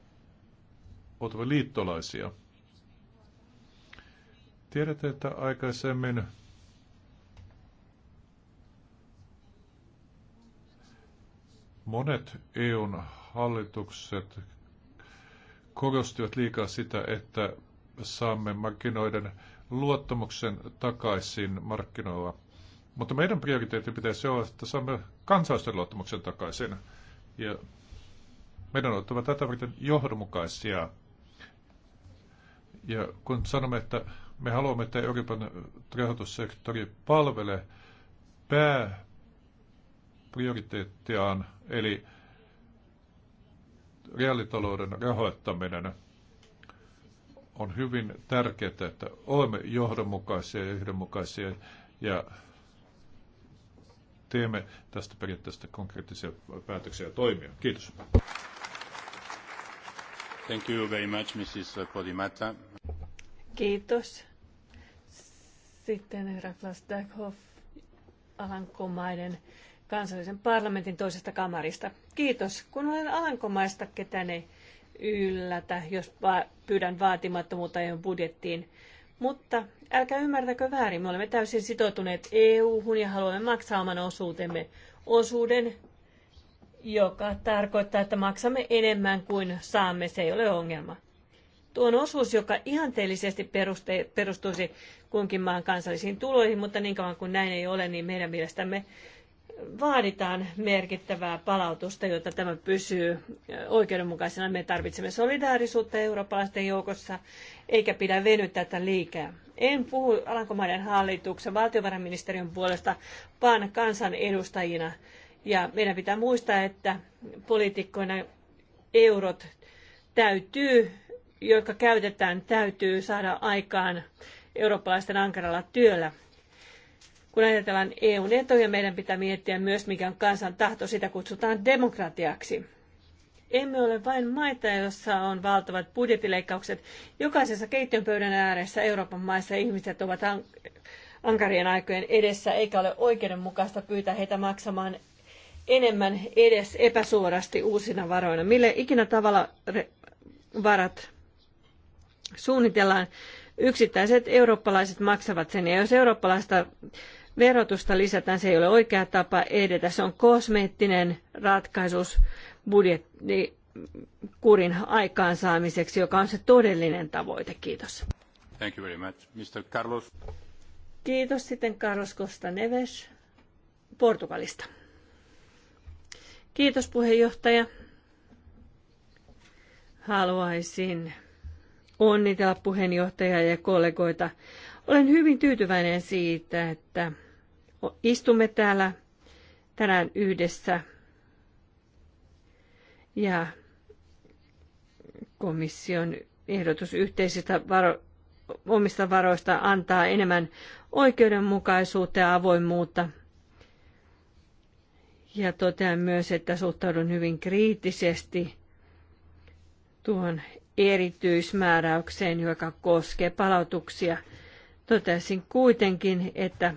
oltava liittolaisia. Tiedätte, että aikaisemmin monet EUn hallitukset korostivat liikaa sitä, että saamme markkinoiden luottamuksen takaisin markkinoilla. Mutta meidän prioriteetti pitäisi olla, että saamme kansalaisten luottamuksen takaisin. Ja meidän on oltava tätä varten johdonmukaisia ja kun sanomme, että me haluamme, että Euroopan rahoitussektori palvelee pääprioriteettiaan, eli reaalitalouden rahoittaminen on hyvin tärkeää, että olemme johdonmukaisia ja yhdenmukaisia ja teemme tästä periaatteesta konkreettisia päätöksiä ja toimia. Kiitos. Thank you very much, Mrs. Podimata. Kiitos. Sitten Heraklas Daghoff Alankomaiden kansallisen parlamentin toisesta kamarista. Kiitos. Kun olen Alankomaista, ketään ei yllätä, jos pyydän vaatimattomuutta ja budjettiin. Mutta älkää ymmärtäkö väärin, me olemme täysin sitoutuneet EU-hun ja haluamme maksaa oman osuutemme osuuden, joka tarkoittaa, että maksamme enemmän kuin saamme, se ei ole ongelma tuon osuus, joka ihanteellisesti peruste- perustuisi kunkin maan kansallisiin tuloihin, mutta niin kauan kuin näin ei ole, niin meidän mielestämme vaaditaan merkittävää palautusta, jotta tämä pysyy oikeudenmukaisena. Me tarvitsemme solidaarisuutta eurooppalaisten joukossa, eikä pidä venyttää tätä liikaa. En puhu Alankomaiden hallituksen valtiovarainministeriön puolesta, vaan kansan edustajina. Ja meidän pitää muistaa, että poliitikkoina eurot täytyy jotka käytetään, täytyy saada aikaan eurooppalaisten ankaralla työllä. Kun ajatellaan EUn etuja, meidän pitää miettiä myös, mikä on kansan tahto. Sitä kutsutaan demokratiaksi. Emme ole vain maita, joissa on valtavat budjettileikkaukset. Jokaisessa keittiönpöydän ääressä Euroopan maissa ihmiset ovat ankarien aikojen edessä, eikä ole oikeudenmukaista pyytää heitä maksamaan enemmän edes epäsuorasti uusina varoina. Mille ikinä tavalla varat suunnitellaan, yksittäiset eurooppalaiset maksavat sen. Ja jos eurooppalaista verotusta lisätään, se ei ole oikea tapa edetä. Se on kosmeettinen ratkaisu budjettikurin aikaansaamiseksi, joka on se todellinen tavoite. Kiitos. Thank you very much. Mr. Carlos. Kiitos sitten Carlos Costa Neves Portugalista. Kiitos puheenjohtaja. Haluaisin onnitella puheenjohtajaa ja kollegoita. Olen hyvin tyytyväinen siitä, että istumme täällä tänään yhdessä ja komission ehdotus yhteisistä varo- omista varoista antaa enemmän oikeudenmukaisuutta ja avoimuutta. Ja totean myös, että suhtaudun hyvin kriittisesti tuohon erityismääräykseen, joka koskee palautuksia. Totesin kuitenkin, että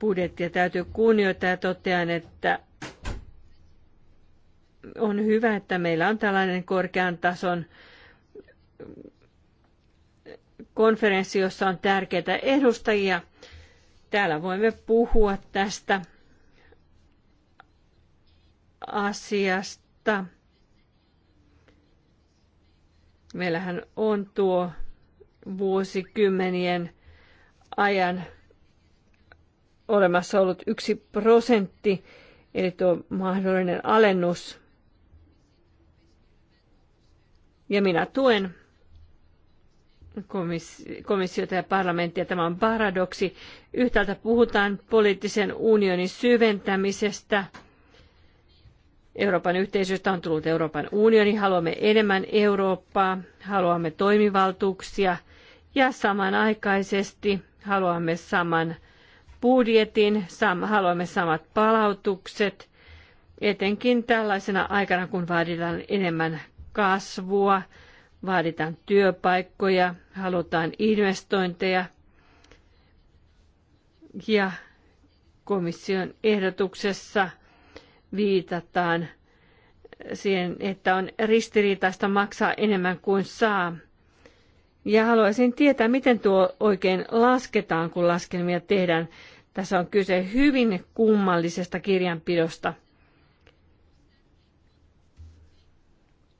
budjettia täytyy kunnioittaa ja totean, että on hyvä, että meillä on tällainen korkean tason konferenssi, jossa on tärkeitä edustajia. Täällä voimme puhua tästä asiasta Meillähän on tuo vuosikymmenien ajan olemassa ollut yksi prosentti, eli tuo mahdollinen alennus. Ja minä tuen komissiota ja parlamenttia. Tämä on paradoksi. Yhtäältä puhutaan poliittisen unionin syventämisestä – Euroopan yhteisöstä on tullut Euroopan unioni, haluamme enemmän Eurooppaa, haluamme toimivaltuuksia ja samanaikaisesti haluamme saman budjetin, sam, haluamme samat palautukset, etenkin tällaisena aikana, kun vaaditaan enemmän kasvua, vaaditaan työpaikkoja, halutaan investointeja. Ja komission ehdotuksessa – viitataan siihen, että on ristiriitaista maksaa enemmän kuin saa. Ja haluaisin tietää, miten tuo oikein lasketaan, kun laskelmia tehdään. Tässä on kyse hyvin kummallisesta kirjanpidosta.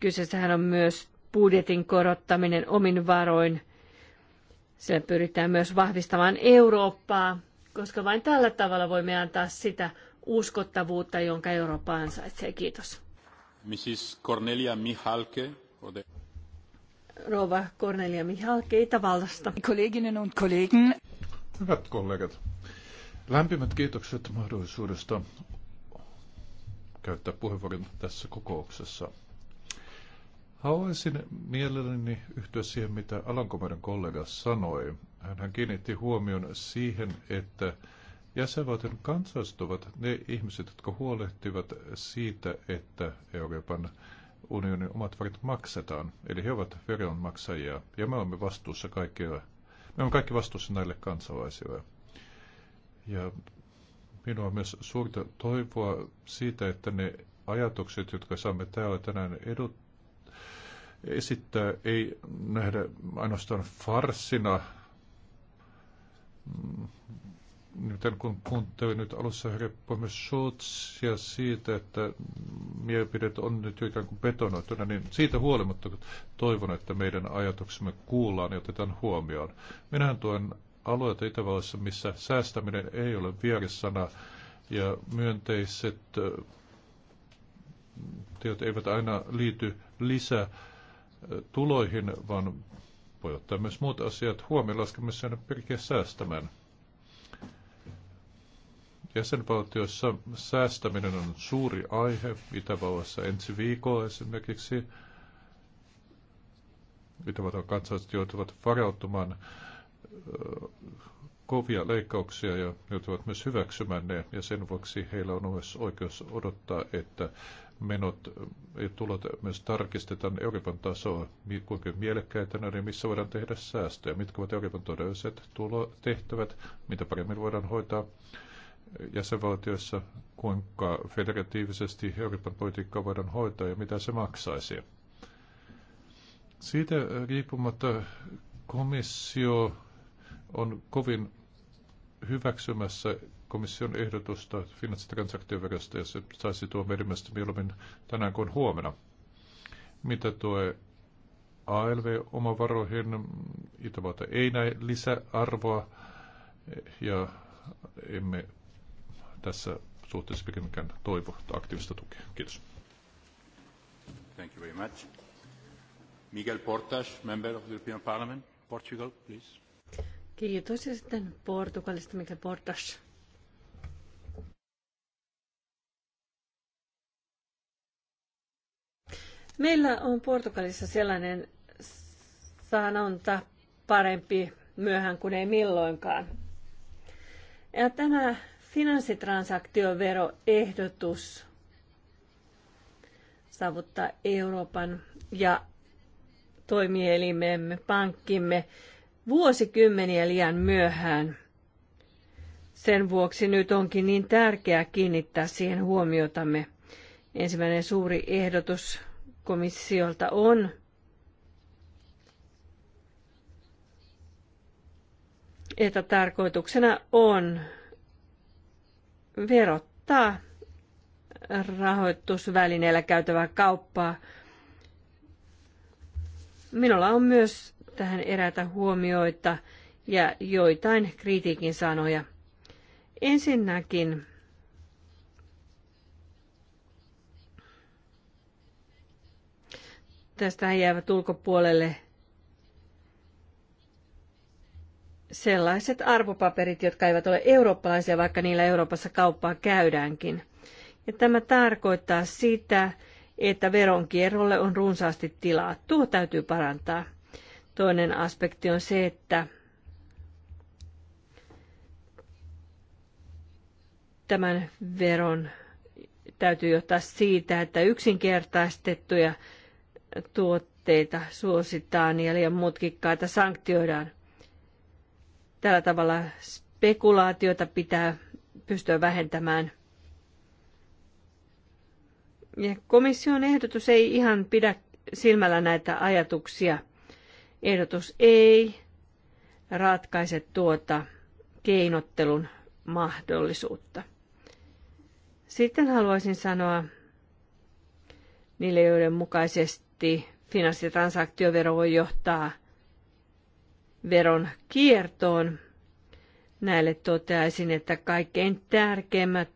Kyseessähän on myös budjetin korottaminen omin varoin. Sillä pyritään myös vahvistamaan Eurooppaa, koska vain tällä tavalla voimme antaa sitä uskottavuutta, jonka Eurooppa ansaitsee. Kiitos. Mrs. Cornelia Mihalke. Rova Cornelia Mihalke Itävallasta. Kolleginen und Kollegen. Hyvät kollegat, lämpimät kiitokset mahdollisuudesta käyttää puheenvuoron tässä kokouksessa. Haluaisin mielelläni yhtyä siihen, mitä Alankomaiden kollega sanoi. Hän kiinnitti huomion siihen, että Jäsenvaltion kansalaiset ne ihmiset, jotka huolehtivat siitä, että Euroopan unionin omat varat maksetaan. Eli he ovat veronmaksajia ja me olemme vastuussa kaikille. Me olemme kaikki vastuussa näille kansalaisille. Ja minulla on myös suurta toivoa siitä, että ne ajatukset, jotka saamme täällä tänään edut, esittää, ei nähdä ainoastaan farsina, mm, Nimittäin kun kuuntelin nyt alussa herra puhemies Schultzia siitä, että mielipidet on nyt jo ikään kuin betonoituna, niin siitä huolimatta toivon, että meidän ajatuksemme kuullaan ja otetaan huomioon. Minähän tuen alueita Itävallassa, missä säästäminen ei ole vierissana ja myönteiset äh, tiedot eivät aina liity lisätuloihin, tuloihin, vaan voi ottaa myös muut asiat huomioon laskemiseen ja pyrkiä säästämään jäsenvaltioissa säästäminen on suuri aihe. Itävallassa ensi viikolla esimerkiksi Itävallan kansalaiset joutuvat varautumaan kovia leikkauksia ja joutuvat myös hyväksymään ne. Ja sen vuoksi heillä on myös oikeus odottaa, että menot ja tulot myös tarkistetaan Euroopan tasoa, kuinka mielekkäitä ne on ja missä voidaan tehdä säästöjä, mitkä ovat Euroopan todelliset tulotehtävät, mitä paremmin voidaan hoitaa jäsenvaltioissa, kuinka federatiivisesti Euroopan politiikkaa voidaan hoitaa ja mitä se maksaisi. Siitä riippumatta komissio on kovin hyväksymässä komission ehdotusta finanssitransaktioverosta ja se saisi tuon merimästä mieluummin tänään kuin huomenna. Mitä tuo ALV-omavaroihin, Itävalta ei näe lisäarvoa ja emme tässä suhteessa pikemminkään toivo aktiivista tukea. Kiitos. Thank you very much. Miguel Portas, member of the European Parliament, Portugal, please. Kiitos. Ja sitten Portugalista Miguel Portas. Meillä on Portugalissa sellainen sanonta parempi myöhään kuin ei milloinkaan. Ja tämä finanssitransaktioveroehdotus saavuttaa Euroopan ja toimielimemme, pankkimme vuosikymmeniä liian myöhään. Sen vuoksi nyt onkin niin tärkeää kiinnittää siihen huomiotamme. Ensimmäinen suuri ehdotus komissiolta on että tarkoituksena on verottaa rahoitusvälineellä käytävää kauppaa. Minulla on myös tähän eräitä huomioita ja joitain kritiikin sanoja. Ensinnäkin tästä jäävät ulkopuolelle sellaiset arvopaperit, jotka eivät ole eurooppalaisia, vaikka niillä Euroopassa kauppaa käydäänkin. Ja tämä tarkoittaa sitä, että veronkierrolle on runsaasti tilaa. Tuo täytyy parantaa. Toinen aspekti on se, että tämän veron täytyy johtaa siitä, että yksinkertaistettuja tuotteita suositaan ja liian mutkikkaita sanktioidaan. Tällä tavalla spekulaatiota pitää pystyä vähentämään. Ja komission ehdotus ei ihan pidä silmällä näitä ajatuksia. Ehdotus ei ratkaise tuota keinottelun mahdollisuutta. Sitten haluaisin sanoa niille, joiden mukaisesti finanssitransaktiovero voi johtaa – veron kiertoon. Näille toteaisin, että kaikkein tärkeimmät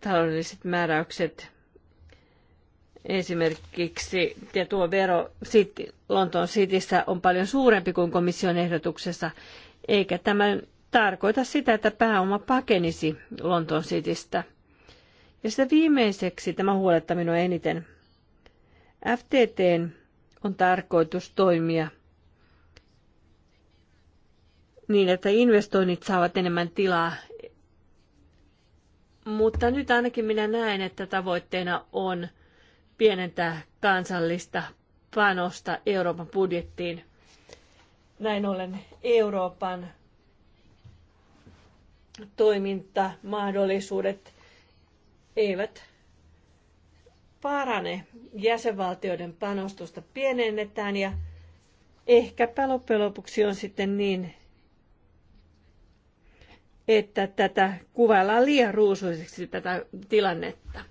taloudelliset määräykset esimerkiksi, ja tuo vero City, Lontoon Cityssä on paljon suurempi kuin komission ehdotuksessa, eikä tämä tarkoita sitä, että pääoma pakenisi Lontoon Citystä. Ja sitä viimeiseksi tämä huolettaa minua eniten. FTTn on tarkoitus toimia niin, että investoinnit saavat enemmän tilaa. Mutta nyt ainakin minä näen, että tavoitteena on pienentää kansallista panosta Euroopan budjettiin. Näin ollen Euroopan toimintamahdollisuudet eivät parane. Jäsenvaltioiden panostusta pienennetään ja ehkäpä loppujen lopuksi on sitten niin, että tätä kuvaillaan liian ruusuiseksi tätä tilannetta.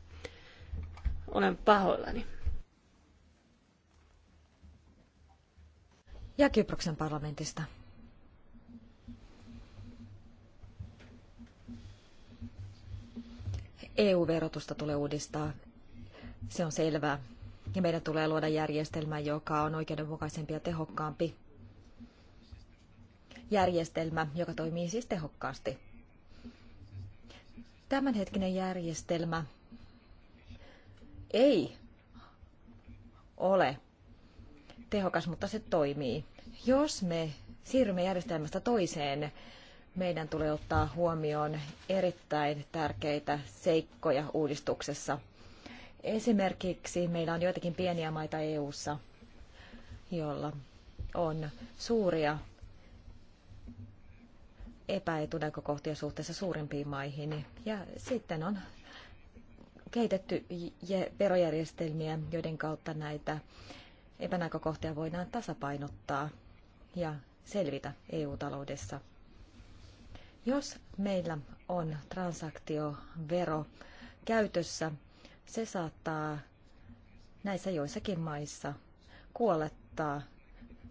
Olen pahoillani. Ja Kyproksen parlamentista. EU-verotusta tulee uudistaa se on selvää. Ja meidän tulee luoda järjestelmä, joka on oikeudenmukaisempi ja tehokkaampi. Järjestelmä, joka toimii siis tehokkaasti. Tämänhetkinen järjestelmä ei ole tehokas, mutta se toimii. Jos me siirrymme järjestelmästä toiseen, meidän tulee ottaa huomioon erittäin tärkeitä seikkoja uudistuksessa – Esimerkiksi meillä on joitakin pieniä maita EU:ssa, joilla on suuria epäetunäkökohtia suhteessa suurempiin maihin. Ja sitten on kehitetty verojärjestelmiä, joiden kautta näitä epänäkökohtia voidaan tasapainottaa ja selvitä EU-taloudessa. Jos meillä on transaktiovero käytössä, se saattaa näissä joissakin maissa kuolettaa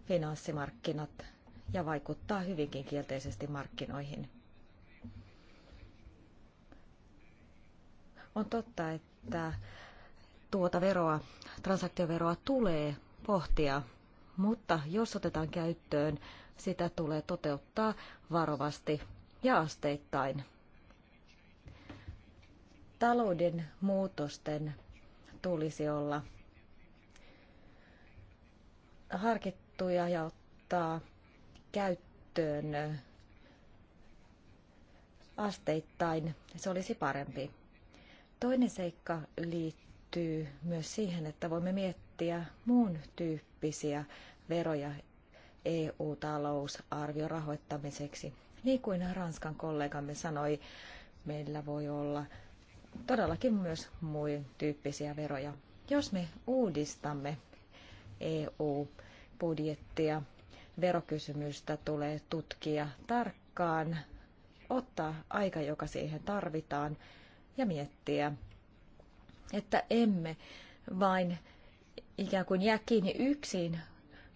finanssimarkkinat ja vaikuttaa hyvinkin kielteisesti markkinoihin. On totta, että tuota veroa, transaktioveroa tulee pohtia, mutta jos otetaan käyttöön, sitä tulee toteuttaa varovasti ja asteittain. Talouden muutosten tulisi olla harkittuja ja ottaa käyttöön asteittain. Se olisi parempi. Toinen seikka liittyy myös siihen, että voimme miettiä muun tyyppisiä veroja EU-talousarvio rahoittamiseksi. Niin kuin Ranskan kollegamme sanoi, meillä voi olla todellakin myös muun tyyppisiä veroja. Jos me uudistamme EU-budjettia, verokysymystä tulee tutkia tarkkaan, ottaa aika, joka siihen tarvitaan, ja miettiä, että emme vain ikään kuin jää kiinni yksin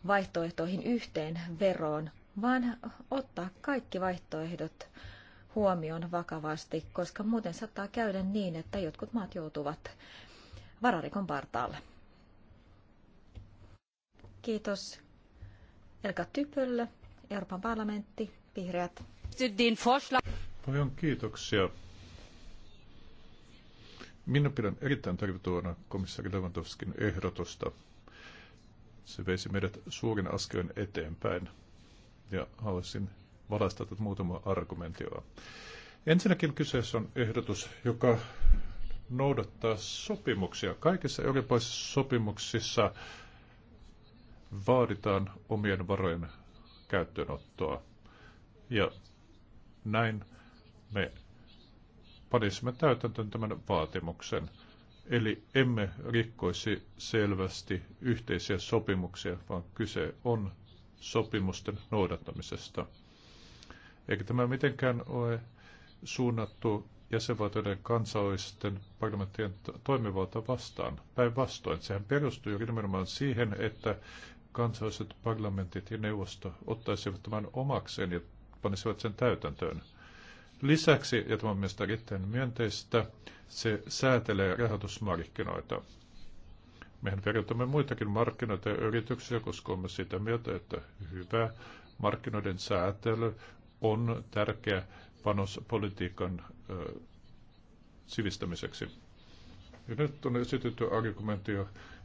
vaihtoehtoihin yhteen veroon, vaan ottaa kaikki vaihtoehdot huomioon vakavasti, koska muuten saattaa käydä niin, että jotkut maat joutuvat vararikon partaalle. Kiitos Elka Typöllö, Euroopan parlamentti, vihreät. Paljon kiitoksia. Minä pidän erittäin tervetuloa komissaari Lewandowskin ehdotusta. Se veisi meidät suurin askeleen eteenpäin. Ja haluaisin valaista muutama argumentioa. Ensinnäkin kyseessä on ehdotus, joka noudattaa sopimuksia. Kaikissa Euroopan sopimuksissa vaaditaan omien varojen käyttöönottoa. Ja näin me panisimme täytäntöön tämän vaatimuksen. Eli emme rikkoisi selvästi yhteisiä sopimuksia, vaan kyse on sopimusten noudattamisesta. Eikä tämä mitenkään ole suunnattu jäsenvaltioiden kansallisten parlamenttien toimivalta vastaan. Päinvastoin, sehän perustuu juuri nimenomaan siihen, että kansalliset parlamentit ja neuvosto ottaisivat tämän omakseen ja panisivat sen täytäntöön. Lisäksi, ja tämä on mielestäni erittäin myönteistä, se säätelee rahoitusmarkkinoita. Mehän verotamme muitakin markkinoita ja yrityksiä, koska olemme sitä mieltä, että hyvä markkinoiden säätely on tärkeä panos politiikan ö, sivistämiseksi. Ja nyt on esitetty argumentti,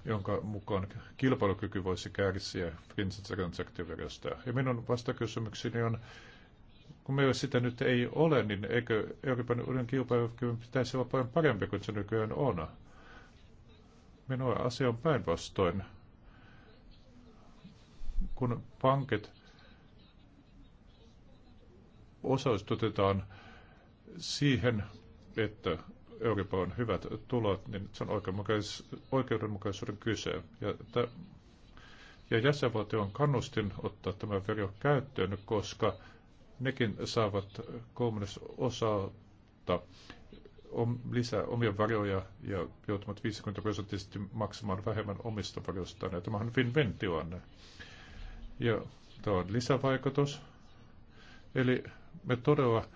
jonka mukaan kilpailukyky voisi kärsiä finanssitransaktioverosta. Ja minun vastakysymykseni on, kun meillä sitä nyt ei ole, niin eikö Euroopan uuden kilpailukyvyn pitäisi olla paljon parempi kuin se nykyään on? Minua asia on päinvastoin. Kun pankit osallistutetaan siihen, että Eurooppa on hyvät tulot, niin se on oikeudenmukaisuuden kyse. Ja, t- ja jäsenvaltio on kannustin ottaa tämä vero käyttöön, koska nekin saavat kolmannesosalta om, lisää omia varoja ja joutuvat 50 prosenttisesti maksamaan vähemmän omista varoistaan. tämä on win-win tilanne. Ja tämä on lisävaikutus. Eli me todella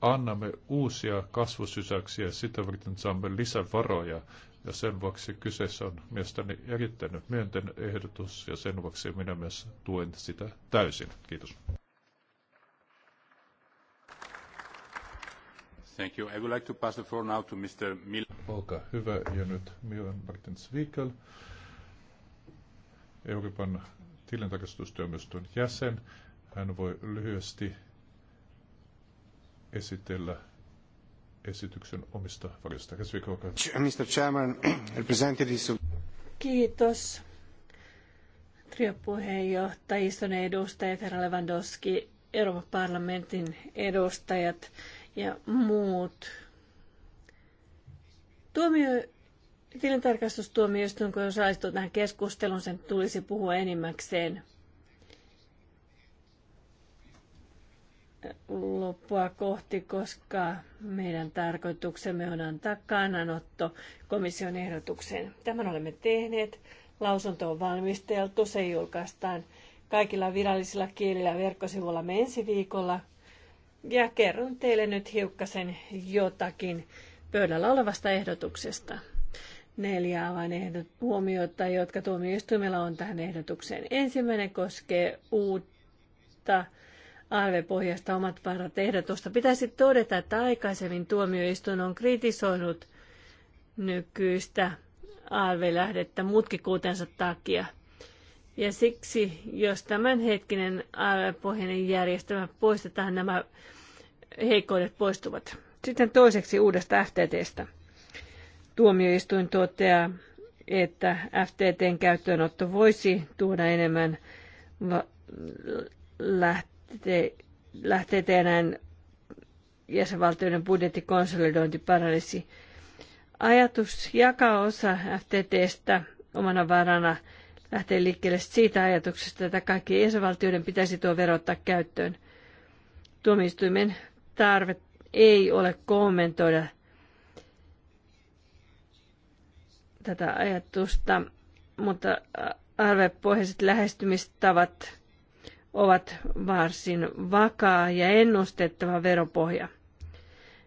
annamme uusia kasvusysäyksiä sitä varten saamme lisävaroja. Ja sen vuoksi kyseessä on mielestäni erittäin myönteinen ehdotus ja sen vuoksi minä myös tuen sitä täysin. Kiitos. Thank you. I would like to pass the floor now to Mr. Mil- Olkaa hyvä. Ja nyt Milan Martins Wiekel, Euroopan tilintarkastustyömyöstön jäsen. Hän voi lyhyesti esitellä esityksen omista varjosta. Mr. Chairman, [CLEARS THROAT] representatives Kiitos. Triopuheenjohtaja, iston edustaja herra Lewandowski, Euroopan parlamentin edustajat ja muut. Tuomio, tilintarkastustuomioistuin, kun osallistuu tähän keskusteluun, sen tulisi puhua enimmäkseen loppua kohti, koska meidän tarkoituksemme on antaa kannanotto komission ehdotukseen. Tämän olemme tehneet. Lausunto on valmisteltu. Se julkaistaan kaikilla virallisilla kielillä verkkosivulla me ensi viikolla. Ja kerron teille nyt hiukkasen jotakin pöydällä olevasta ehdotuksesta. Neljä avain huomiota, jotka tuomioistuimella on tähän ehdotukseen. Ensimmäinen koskee uutta alvepohjasta omat parat ehdotusta. Pitäisi todeta, että aikaisemmin tuomioistuin on kritisoinut nykyistä lähdettä mutkikuutensa takia. Ja siksi, jos tämänhetkinen alvepohjainen järjestelmä poistetaan, nämä heikkoudet poistuvat. Sitten toiseksi uudesta FTTstä. Tuomioistuin toteaa, että FTTn käyttöönotto voisi tuoda enemmän lähteä te, lähtee teidän jäsenvaltioiden budjettikonsolidointi paranisi. Ajatus jakaa osa FTTstä omana varana lähtee liikkeelle siitä ajatuksesta, että kaikki jäsenvaltioiden pitäisi tuo verottaa käyttöön. Tuomioistuimen tarve ei ole kommentoida tätä ajatusta, mutta arvepohjaiset lähestymistavat ovat varsin vakaa ja ennustettava veropohja.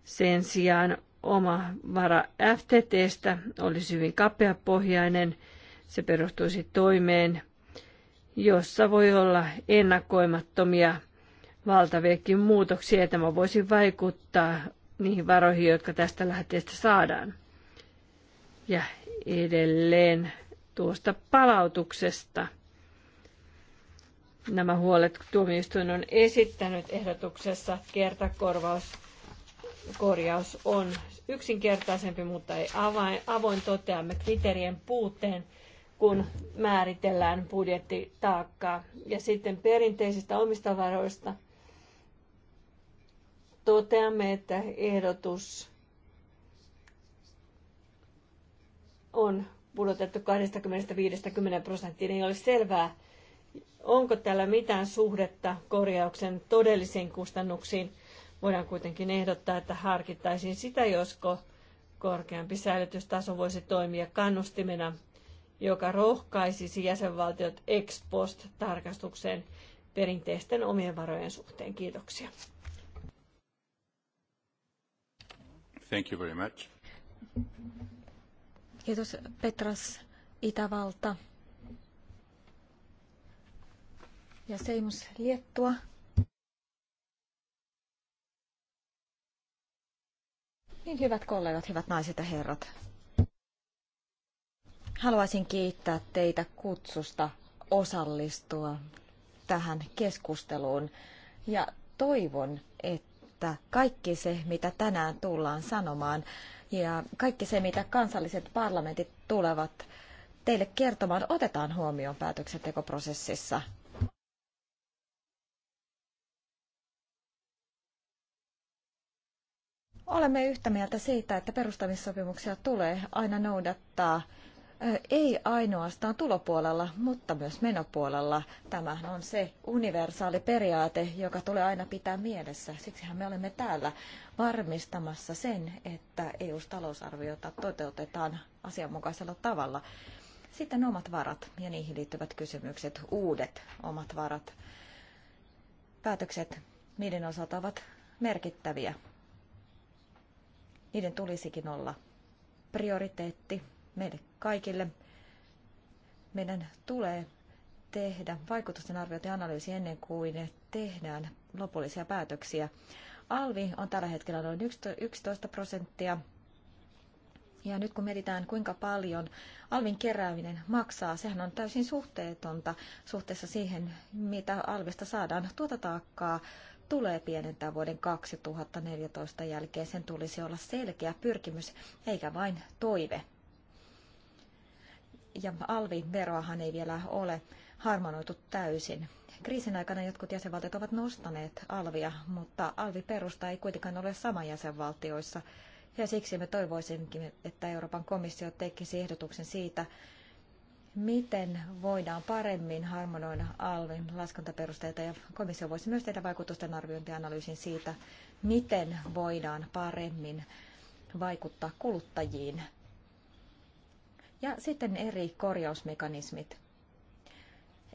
Sen sijaan oma vara FTTstä olisi hyvin kapeapohjainen. Se perustuisi toimeen, jossa voi olla ennakoimattomia valtaviakin muutoksia, ja tämä voisi vaikuttaa niihin varoihin, jotka tästä lähteestä saadaan. Ja edelleen tuosta palautuksesta – nämä huolet tuomioistuin on esittänyt ehdotuksessa. Kertakorvaus korjaus on yksinkertaisempi, mutta ei avain, avoin toteamme kriteerien puutteen, kun määritellään budjettitaakkaa. Ja sitten perinteisistä omista varoista toteamme, että ehdotus on pudotettu 25-10 prosenttiin. Ei ole selvää, Onko tällä mitään suhdetta korjauksen todellisiin kustannuksiin? Voidaan kuitenkin ehdottaa, että harkittaisiin sitä, josko korkeampi säilytystaso voisi toimia kannustimena, joka rohkaisisi jäsenvaltiot ex post tarkastukseen perinteisten omien varojen suhteen. Kiitoksia. Thank you very much. Kiitos Petras Itävalta. ja Seimus Liettua. Niin hyvät kollegat, hyvät naiset ja herrat. Haluaisin kiittää teitä kutsusta osallistua tähän keskusteluun ja toivon, että kaikki se, mitä tänään tullaan sanomaan ja kaikki se, mitä kansalliset parlamentit tulevat teille kertomaan, otetaan huomioon päätöksentekoprosessissa Olemme yhtä mieltä siitä, että perustamissopimuksia tulee aina noudattaa ei ainoastaan tulopuolella, mutta myös menopuolella. Tämä on se universaali periaate, joka tulee aina pitää mielessä. Siksihän me olemme täällä varmistamassa sen, että EU-talousarviota toteutetaan asianmukaisella tavalla. Sitten omat varat ja niihin liittyvät kysymykset, uudet omat varat. Päätökset niiden osalta ovat merkittäviä. Niiden tulisikin olla prioriteetti meille kaikille. Meidän tulee tehdä vaikutusten arviointi ja analyysi ennen kuin tehdään lopullisia päätöksiä. Alvi on tällä hetkellä noin 11 prosenttia. Ja nyt kun mietitään, kuinka paljon alvin kerääminen maksaa, sehän on täysin suhteetonta suhteessa siihen, mitä alvista saadaan tuota taakkaa tulee pienentää vuoden 2014 jälkeen. Sen tulisi olla selkeä pyrkimys eikä vain toive. Ja alviveroahan ei vielä ole harmonoitu täysin. Kriisin aikana jotkut jäsenvaltiot ovat nostaneet alvia, mutta alviperusta ei kuitenkaan ole sama jäsenvaltioissa. Ja siksi me toivoisinkin, että Euroopan komissio tekisi ehdotuksen siitä, miten voidaan paremmin harmonoida alvin laskentaperusteita ja komissio voisi myös tehdä vaikutusten arviointianalyysin siitä, miten voidaan paremmin vaikuttaa kuluttajiin. Ja sitten eri korjausmekanismit.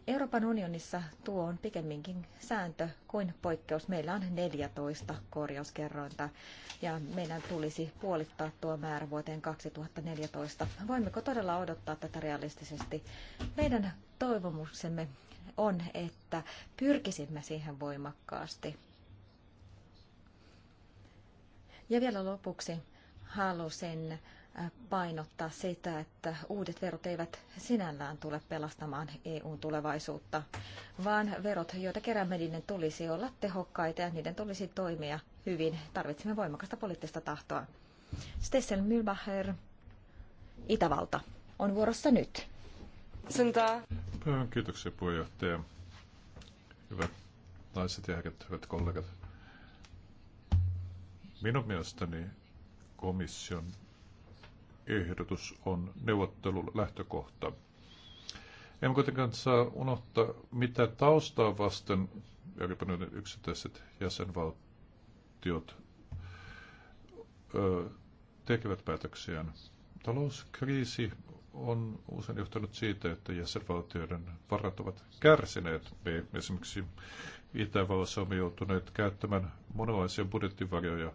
Euroopan unionissa tuo on pikemminkin sääntö kuin poikkeus. Meillä on 14 korjauskerrointa ja meidän tulisi puolittaa tuo määrä vuoteen 2014. Voimmeko todella odottaa tätä realistisesti? Meidän toivomuksemme on, että pyrkisimme siihen voimakkaasti. Ja vielä lopuksi halusin painottaa sitä, että uudet verot eivät sinällään tule pelastamaan EUn tulevaisuutta, vaan verot, joita keräämme, niiden tulisi olla tehokkaita ja niiden tulisi toimia hyvin. Tarvitsemme voimakasta poliittista tahtoa. Stessel Mühlbacher, Itävalta, on vuorossa nyt. Sentaa. Päivän kiitoksia puheenjohtaja. Hyvät naiset ja herrat, hyvät kollegat. Minun mielestäni komission ehdotus on neuvottelun lähtökohta. Emme kuitenkaan saa unohtaa, mitä taustaa vasten jopa yksittäiset jäsenvaltiot ö, tekevät päätöksiään. Talouskriisi on usein johtanut siitä, että jäsenvaltioiden varat ovat kärsineet. Me esimerkiksi Itävallassa olemme joutuneet käyttämään monenlaisia budjettivarjoja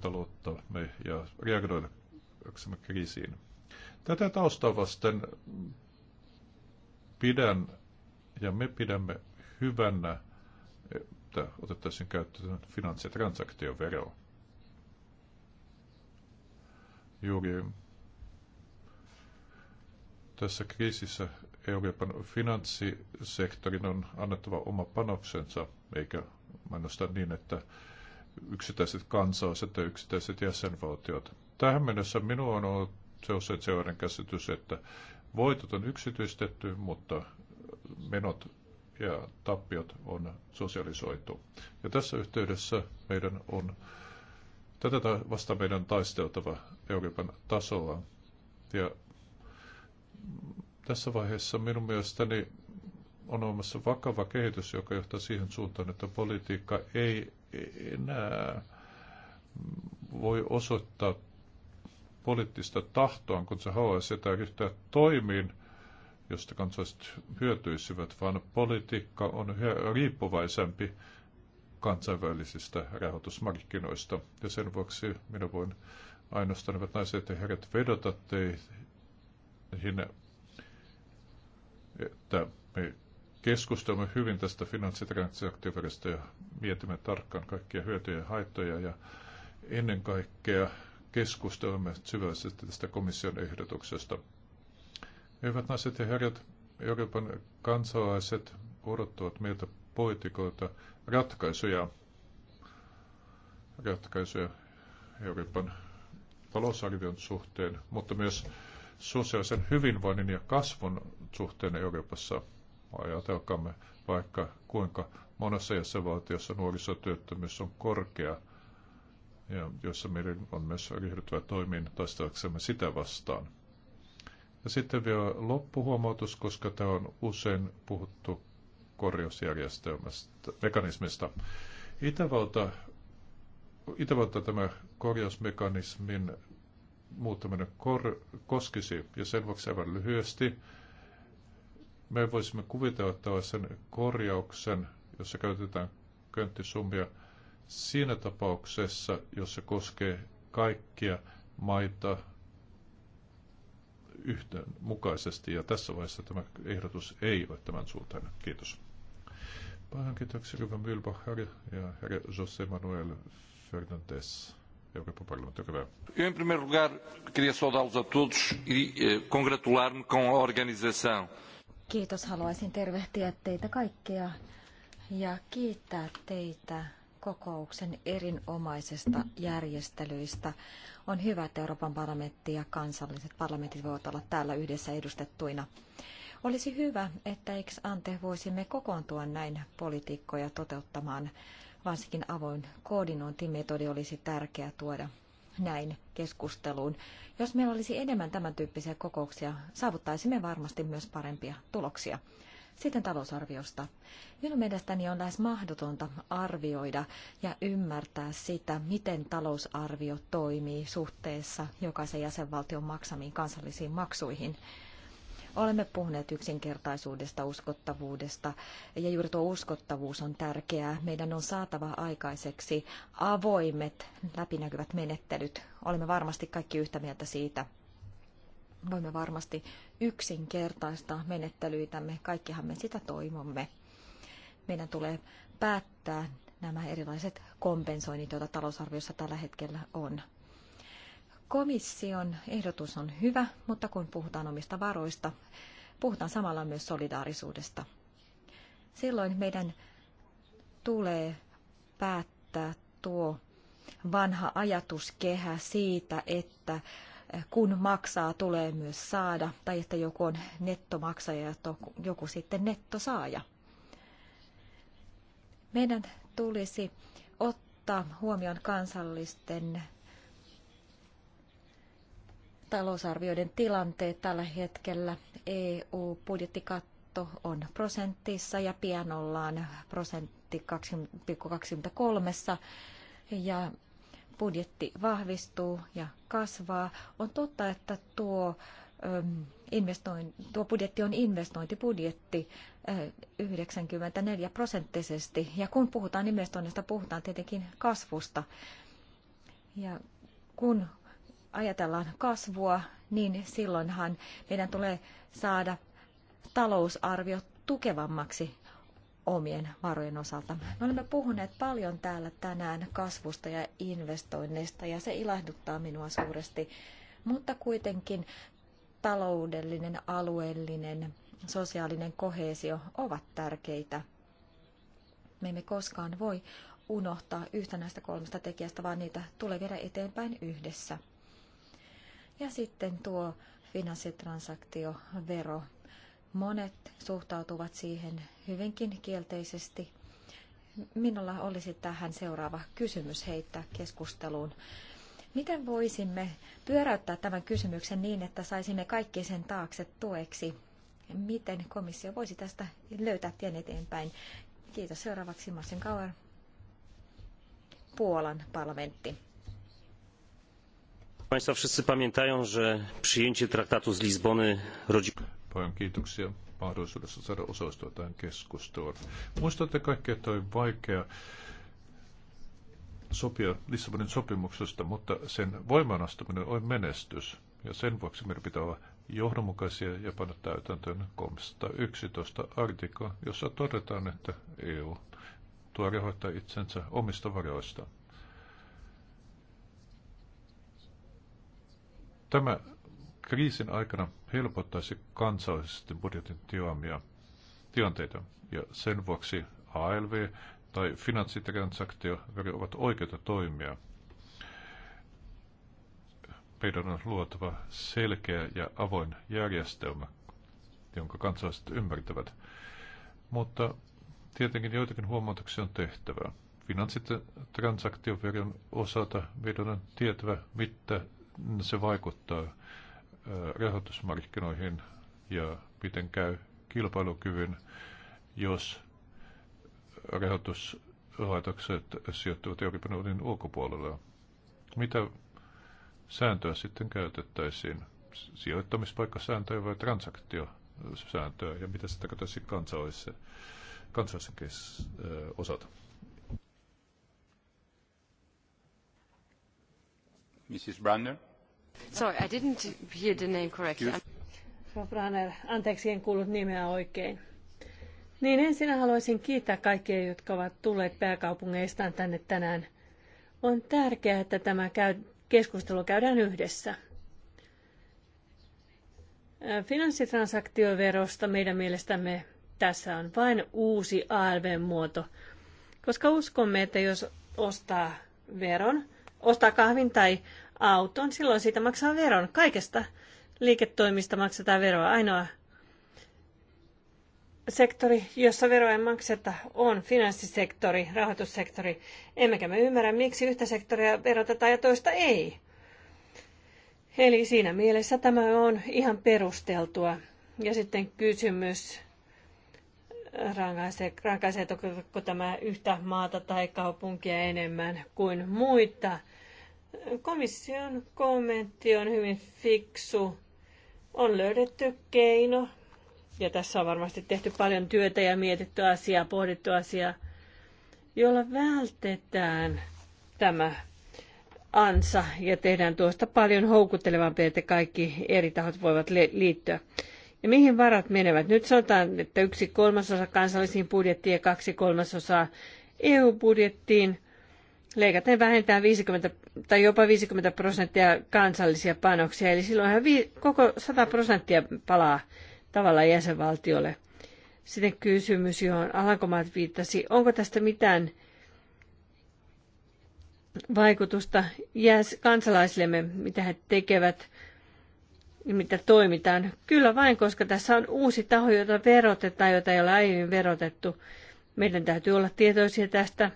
taloutta me ja reagoidaksemme kriisiin. Tätä taustaa vasten pidän ja me pidämme hyvänä, että otettaisiin käyttöön finanssitransaktiovero. Juuri tässä kriisissä Euroopan finanssisektorin on annettava oma panoksensa, eikä mainosta niin, että yksittäiset kansalaiset ja yksittäiset jäsenvaltiot. Tähän mennessä minua on ollut sellaisen seurainen käsitys, että voitot on yksityistetty, mutta menot ja tappiot on sosialisoitu. Ja tässä yhteydessä meidän on, tätä vasta meidän taisteltava Euroopan tasolla. Ja tässä vaiheessa minun mielestäni on olemassa vakava kehitys, joka johtaa siihen suuntaan, että politiikka ei enää voi osoittaa poliittista tahtoa, kun se haluaisi sitä yhtään toimiin, josta kansalaiset hyötyisivät, vaan politiikka on riippuvaisempi kansainvälisistä rahoitusmarkkinoista. Ja sen vuoksi minä voin ainoastaan, että naiset ja herrat, vedota teihin, että me keskustelemme hyvin tästä finanssitransaktioverosta ja mietimme tarkkaan kaikkia hyötyjä ja haittoja ja ennen kaikkea keskustelemme syvällisesti tästä komission ehdotuksesta. Hyvät naiset ja herrat, Euroopan kansalaiset odottavat meiltä poliitikoilta ratkaisuja, ratkaisuja Euroopan talousarvion suhteen, mutta myös sosiaalisen hyvinvoinnin ja kasvun suhteen Euroopassa – ajatelkaamme vaikka kuinka monessa jäsenvaltiossa nuorisotyöttömyys on korkea ja jossa meidän on myös ryhdyttävä toimiin taistelaksemme sitä vastaan. Ja sitten vielä loppuhuomautus, koska tämä on usein puhuttu korjausjärjestelmästä, mekanismista. Itävalta, Itävalta tämä korjausmekanismin muuttaminen kor, koskisi, ja sen vuoksi aivan lyhyesti, me voisimme kuvitella tällaisen korjauksen, jossa käytetään könttisumia siinä tapauksessa, jossa koskee kaikkia maita yhdenmukaisesti. Ja tässä vaiheessa tämä ehdotus ei ole tämän suuntainen. Kiitos. Paljon kiitoksia Ruben Wilbacher ja herra José Manuel Fernandes. Euroopan parlamentti, olkaa Eu, em primeiro lugar, queria saudá-los a todos e eh, congratular-me com a organização Kiitos, haluaisin tervehtiä teitä kaikkia ja kiittää teitä kokouksen erinomaisesta järjestelyistä. On hyvä, että Euroopan parlamentti ja kansalliset parlamentit voivat olla täällä yhdessä edustettuina. Olisi hyvä, että eikö ante voisimme kokoontua näin poliitikkoja toteuttamaan, varsinkin avoin koordinointimetodi olisi tärkeä tuoda näin keskusteluun. Jos meillä olisi enemmän tämän tyyppisiä kokouksia, saavuttaisimme varmasti myös parempia tuloksia. Sitten talousarviosta. Minun mielestäni on lähes mahdotonta arvioida ja ymmärtää sitä, miten talousarvio toimii suhteessa jokaisen jäsenvaltion maksamiin kansallisiin maksuihin. Olemme puhuneet yksinkertaisuudesta, uskottavuudesta ja juuri tuo uskottavuus on tärkeää. Meidän on saatava aikaiseksi avoimet, läpinäkyvät menettelyt. Olemme varmasti kaikki yhtä mieltä siitä. Voimme varmasti yksinkertaista menettelyitämme. Kaikkihan me sitä toivomme. Meidän tulee päättää nämä erilaiset kompensoinnit, joita talousarviossa tällä hetkellä on. Komission ehdotus on hyvä, mutta kun puhutaan omista varoista, puhutaan samalla myös solidaarisuudesta. Silloin meidän tulee päättää tuo vanha ajatuskehä siitä, että kun maksaa, tulee myös saada, tai että joku on nettomaksaja ja joku sitten nettosaaja. Meidän tulisi ottaa huomioon kansallisten talousarvioiden tilanteet tällä hetkellä. EU-budjettikatto on prosentissa ja pian ollaan prosentti 2,23 ja budjetti vahvistuu ja kasvaa. On totta, että tuo, ähm, investoin, tuo budjetti on investointibudjetti 94 äh, prosenttisesti. Ja kun puhutaan investoinnista, puhutaan tietenkin kasvusta. Ja kun ajatellaan kasvua, niin silloinhan meidän tulee saada talousarvio tukevammaksi omien varojen osalta. Me olemme puhuneet paljon täällä tänään kasvusta ja investoinneista ja se ilahduttaa minua suuresti, mutta kuitenkin taloudellinen, alueellinen, sosiaalinen kohesio ovat tärkeitä. Me emme koskaan voi unohtaa yhtä näistä kolmesta tekijästä, vaan niitä tulee viedä eteenpäin yhdessä. Ja sitten tuo finanssitransaktiovero. Monet suhtautuvat siihen hyvinkin kielteisesti. Minulla olisi tähän seuraava kysymys heittää keskusteluun. Miten voisimme pyöräyttää tämän kysymyksen niin, että saisimme kaikki sen taakse tueksi? Miten komissio voisi tästä löytää tien eteenpäin? Kiitos. Seuraavaksi Marcin Kauer, Puolan parlamentti. Państwa wszyscy pamiętają, że przyjęcie traktatu z Lizbony rodzi... kiitoksia saada osallistua tähän keskusteluun. Muistatte kaikki, että oli vaikea sopia Lissabonin sopimuksesta, mutta sen voimaanastuminen on menestys. Ja sen vuoksi meidän pitää olla johdonmukaisia ja panna täytäntöön 311 artikla, jossa todetaan, että EU tuo rahoittaa itsensä omista varoistaan. Tämä kriisin aikana helpottaisi kansallisesti budjetin tilaamia tilanteita ja sen vuoksi ALV tai finanssitransaktiovero ovat oikeita toimia. Meidän on luotava selkeä ja avoin järjestelmä, jonka kansalaiset ymmärtävät. Mutta tietenkin joitakin huomautuksia on tehtävä. Finanssitransaktioveron osalta meidän on tietävä, mitä se vaikuttaa rahoitusmarkkinoihin ja miten käy kilpailukyvyn, jos rahoituslaitokset sijoittuvat Euroopan unionin ulkopuolelle. Mitä sääntöä sitten käytettäisiin? Sijoittamispaikkasääntöä vai transaktiosääntöä? Ja mitä se tarkoittaisi kansallisen kes- osalta? Mrs. Brandner. anteeksi, en kuullut nimeä oikein. Niin ensin haluaisin kiittää kaikkia, jotka ovat tulleet pääkaupungeistaan tänne tänään. On tärkeää, että tämä käy, keskustelu käydään yhdessä. Äh, finanssitransaktioverosta meidän mielestämme tässä on vain uusi ALV-muoto, koska uskomme, että jos ostaa veron, ostaa kahvin tai auton, silloin siitä maksaa veron. Kaikesta liiketoimista maksetaan veroa. Ainoa sektori, jossa veroa ei makseta, on finanssisektori, rahoitussektori. Emmekä me ymmärrä, miksi yhtä sektoria verotetaan ja toista ei. Eli siinä mielessä tämä on ihan perusteltua. Ja sitten kysymys, rankaiseeko tämä yhtä maata tai kaupunkia enemmän kuin muita – Komission kommentti on hyvin fiksu. On löydetty keino, ja tässä on varmasti tehty paljon työtä ja mietitty asiaa, pohdittu asiaa, jolla vältetään tämä ansa ja tehdään tuosta paljon houkuttelevampi, että kaikki eri tahot voivat liittyä. Ja mihin varat menevät? Nyt sanotaan, että yksi kolmasosa kansallisiin budjettiin ja kaksi kolmasosaa EU-budjettiin leikaten vähintään 50 tai jopa 50 prosenttia kansallisia panoksia, eli silloinhan vi- koko 100 prosenttia palaa tavalla jäsenvaltiolle. Sitten kysymys, johon Alankomaat viittasi, onko tästä mitään vaikutusta jäs- kansalaisillemme, mitä he tekevät ja mitä toimitaan. Kyllä vain, koska tässä on uusi taho, jota verotetaan, jota ei ole aiemmin verotettu. Meidän täytyy olla tietoisia tästä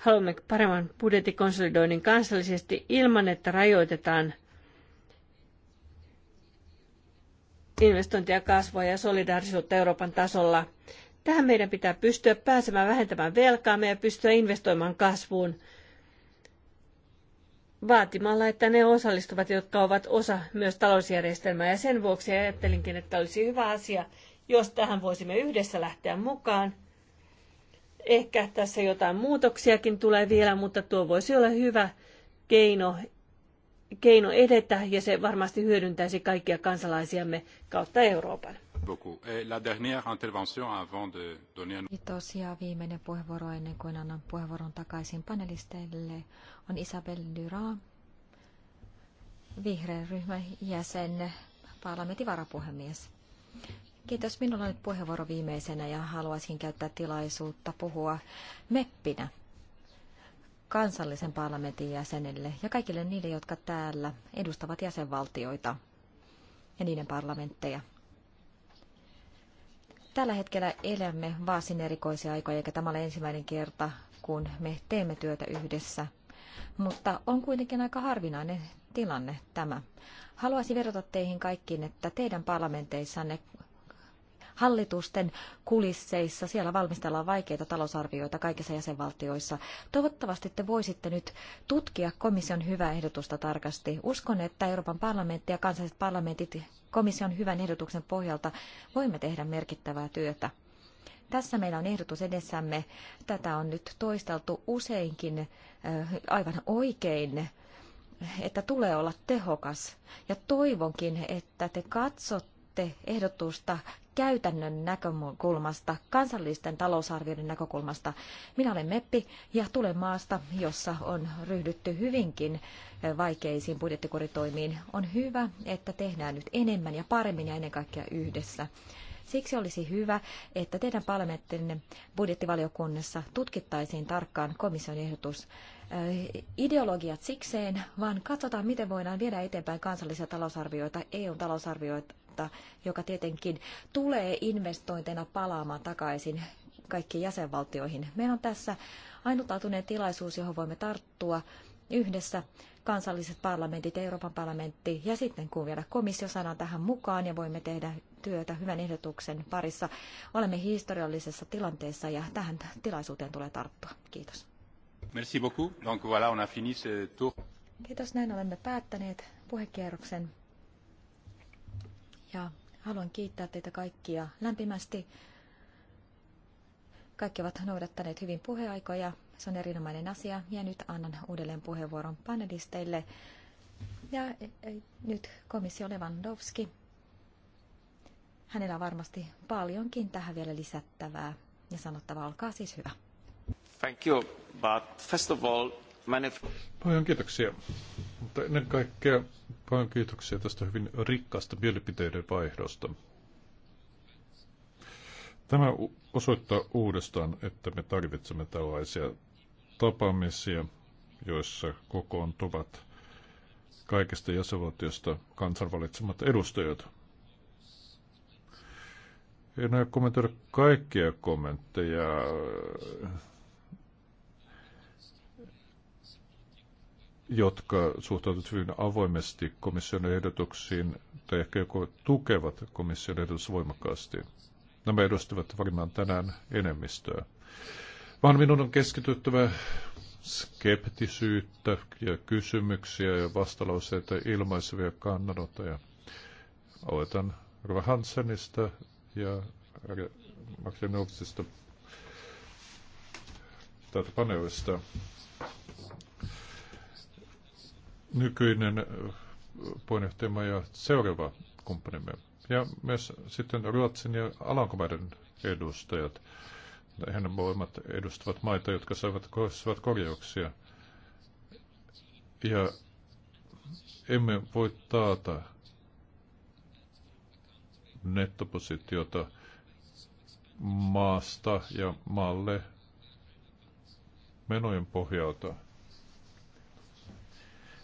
haluamme paremman budjettikonsolidoinnin kansallisesti ilman, että rajoitetaan investointia, kasvua ja solidaarisuutta Euroopan tasolla. Tähän meidän pitää pystyä pääsemään vähentämään velkaamme ja pystyä investoimaan kasvuun vaatimalla, että ne osallistuvat, jotka ovat osa myös talousjärjestelmää. Ja sen vuoksi ajattelinkin, että olisi hyvä asia, jos tähän voisimme yhdessä lähteä mukaan – Ehkä tässä jotain muutoksiakin tulee vielä, mutta tuo voisi olla hyvä keino, keino edetä ja se varmasti hyödyntäisi kaikkia kansalaisiamme kautta Euroopan. Kiitos ja viimeinen puheenvuoro ennen kuin annan puheenvuoron takaisin panelisteille on Isabel Dura, vihreän ryhmän jäsen, parlamentin varapuhemies. Kiitos. Minulla on nyt puheenvuoro viimeisenä ja haluaisin käyttää tilaisuutta puhua meppinä kansallisen parlamentin jäsenille ja kaikille niille, jotka täällä edustavat jäsenvaltioita ja niiden parlamentteja. Tällä hetkellä elämme varsin erikoisia aikoja, eikä tämä ole ensimmäinen kerta, kun me teemme työtä yhdessä. Mutta on kuitenkin aika harvinainen tilanne tämä. Haluaisin vedota teihin kaikkiin, että teidän parlamenteissanne hallitusten kulisseissa. Siellä valmistellaan vaikeita talousarvioita kaikissa jäsenvaltioissa. Toivottavasti te voisitte nyt tutkia komission hyvää ehdotusta tarkasti. Uskon, että Euroopan parlamentti ja kansalliset parlamentit komission hyvän ehdotuksen pohjalta voimme tehdä merkittävää työtä. Tässä meillä on ehdotus edessämme. Tätä on nyt toisteltu useinkin äh, aivan oikein että tulee olla tehokas. Ja toivonkin, että te katsotte ehdotusta käytännön näkökulmasta, kansallisten talousarvioiden näkökulmasta. Minä olen Meppi ja tulen maasta, jossa on ryhdytty hyvinkin vaikeisiin budjettikuritoimiin. On hyvä, että tehdään nyt enemmän ja paremmin ja ennen kaikkea yhdessä. Siksi olisi hyvä, että teidän parlamenttinne budjettivaliokunnassa tutkittaisiin tarkkaan komission ehdotus ideologiat sikseen, vaan katsotaan, miten voidaan viedä eteenpäin kansallisia talousarvioita, EUn talousarvioita vuotta, joka tietenkin tulee investointeina palaamaan takaisin kaikkiin jäsenvaltioihin. Meillä on tässä ainutlaatuinen tilaisuus, johon voimme tarttua yhdessä kansalliset parlamentit, Euroopan parlamentti ja sitten kun vielä komissio saadaan tähän mukaan ja voimme tehdä työtä hyvän ehdotuksen parissa. Olemme historiallisessa tilanteessa ja tähän tilaisuuteen tulee tarttua. Kiitos. Merci beaucoup. Donc voilà, on a fini ce tour. Kiitos, näin olemme päättäneet puhekierroksen ja haluan kiittää teitä kaikkia lämpimästi. Kaikki ovat noudattaneet hyvin puheaikoja. Se on erinomainen asia. Ja nyt annan uudelleen puheenvuoron panelisteille. Ja e, e, nyt komissio Lewandowski. Hänellä on varmasti paljonkin tähän vielä lisättävää ja sanottavaa. Olkaa siis hyvä. Thank you, but first of all, Paljon kiitoksia. Mutta ennen kaikkea paljon kiitoksia tästä hyvin rikkaasta mielipiteiden vaihdosta. Tämä osoittaa uudestaan, että me tarvitsemme tällaisia tapaamisia, joissa kokoontuvat kaikista jäsenvaltiosta kansanvalitsemat edustajat. En aio kommentoida kaikkia kommentteja jotka suhtautuvat hyvin avoimesti komission ehdotuksiin tai ehkä joko tukevat komission ehdotus voimakkaasti. Nämä edustavat varmaan tänään enemmistöä. Vaan minun on keskityttävä skeptisyyttä ja kysymyksiä ja vastalauseita ilmaisevia kannanottoja. Aloitan Rova Hansenista ja Martinovsista tätä paneelista nykyinen äh, puheenjohtajamme ja seuraava kumppanimme. Ja myös sitten Ruotsin ja Alankomaiden edustajat. Heidän molemmat edustavat maita, jotka saivat saivat korjauksia. Ja emme voi taata nettopositiota maasta ja maalle menojen pohjalta.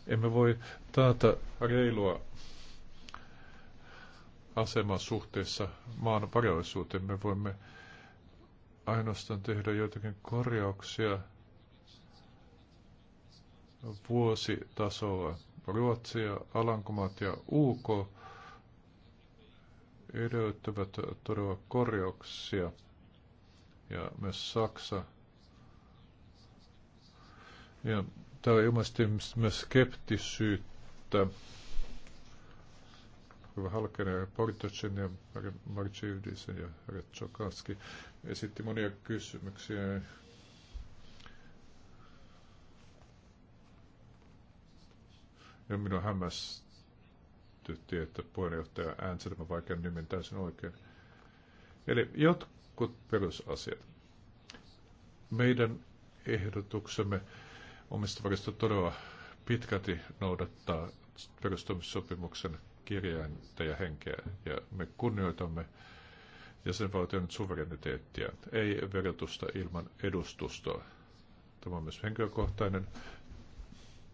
Emme voi taata reilua asemaa suhteessa maan varallisuuteen. Me voimme ainoastaan tehdä joitakin korjauksia vuositasolla. Ruotsi ja Alankomaat ja UK edellyttävät todella korjauksia ja myös Saksa. Ja Täällä ilmaistiin myös skeptisyyttä. Hyvä Halkenen, Portocen ja Marciudisen ja Retsokanski esitti monia kysymyksiä. Ja minua hämmästytti, että puheenjohtaja äänselemä vaikean nimen täysin oikein. Eli jotkut perusasiat. Meidän ehdotuksemme omistavaristo todella pitkälti noudattaa perustamissopimuksen kirjainta ja henkeä, ja me kunnioitamme jäsenvaltion suvereniteettia, ei verotusta ilman edustustoa. Tämä on myös henkilökohtainen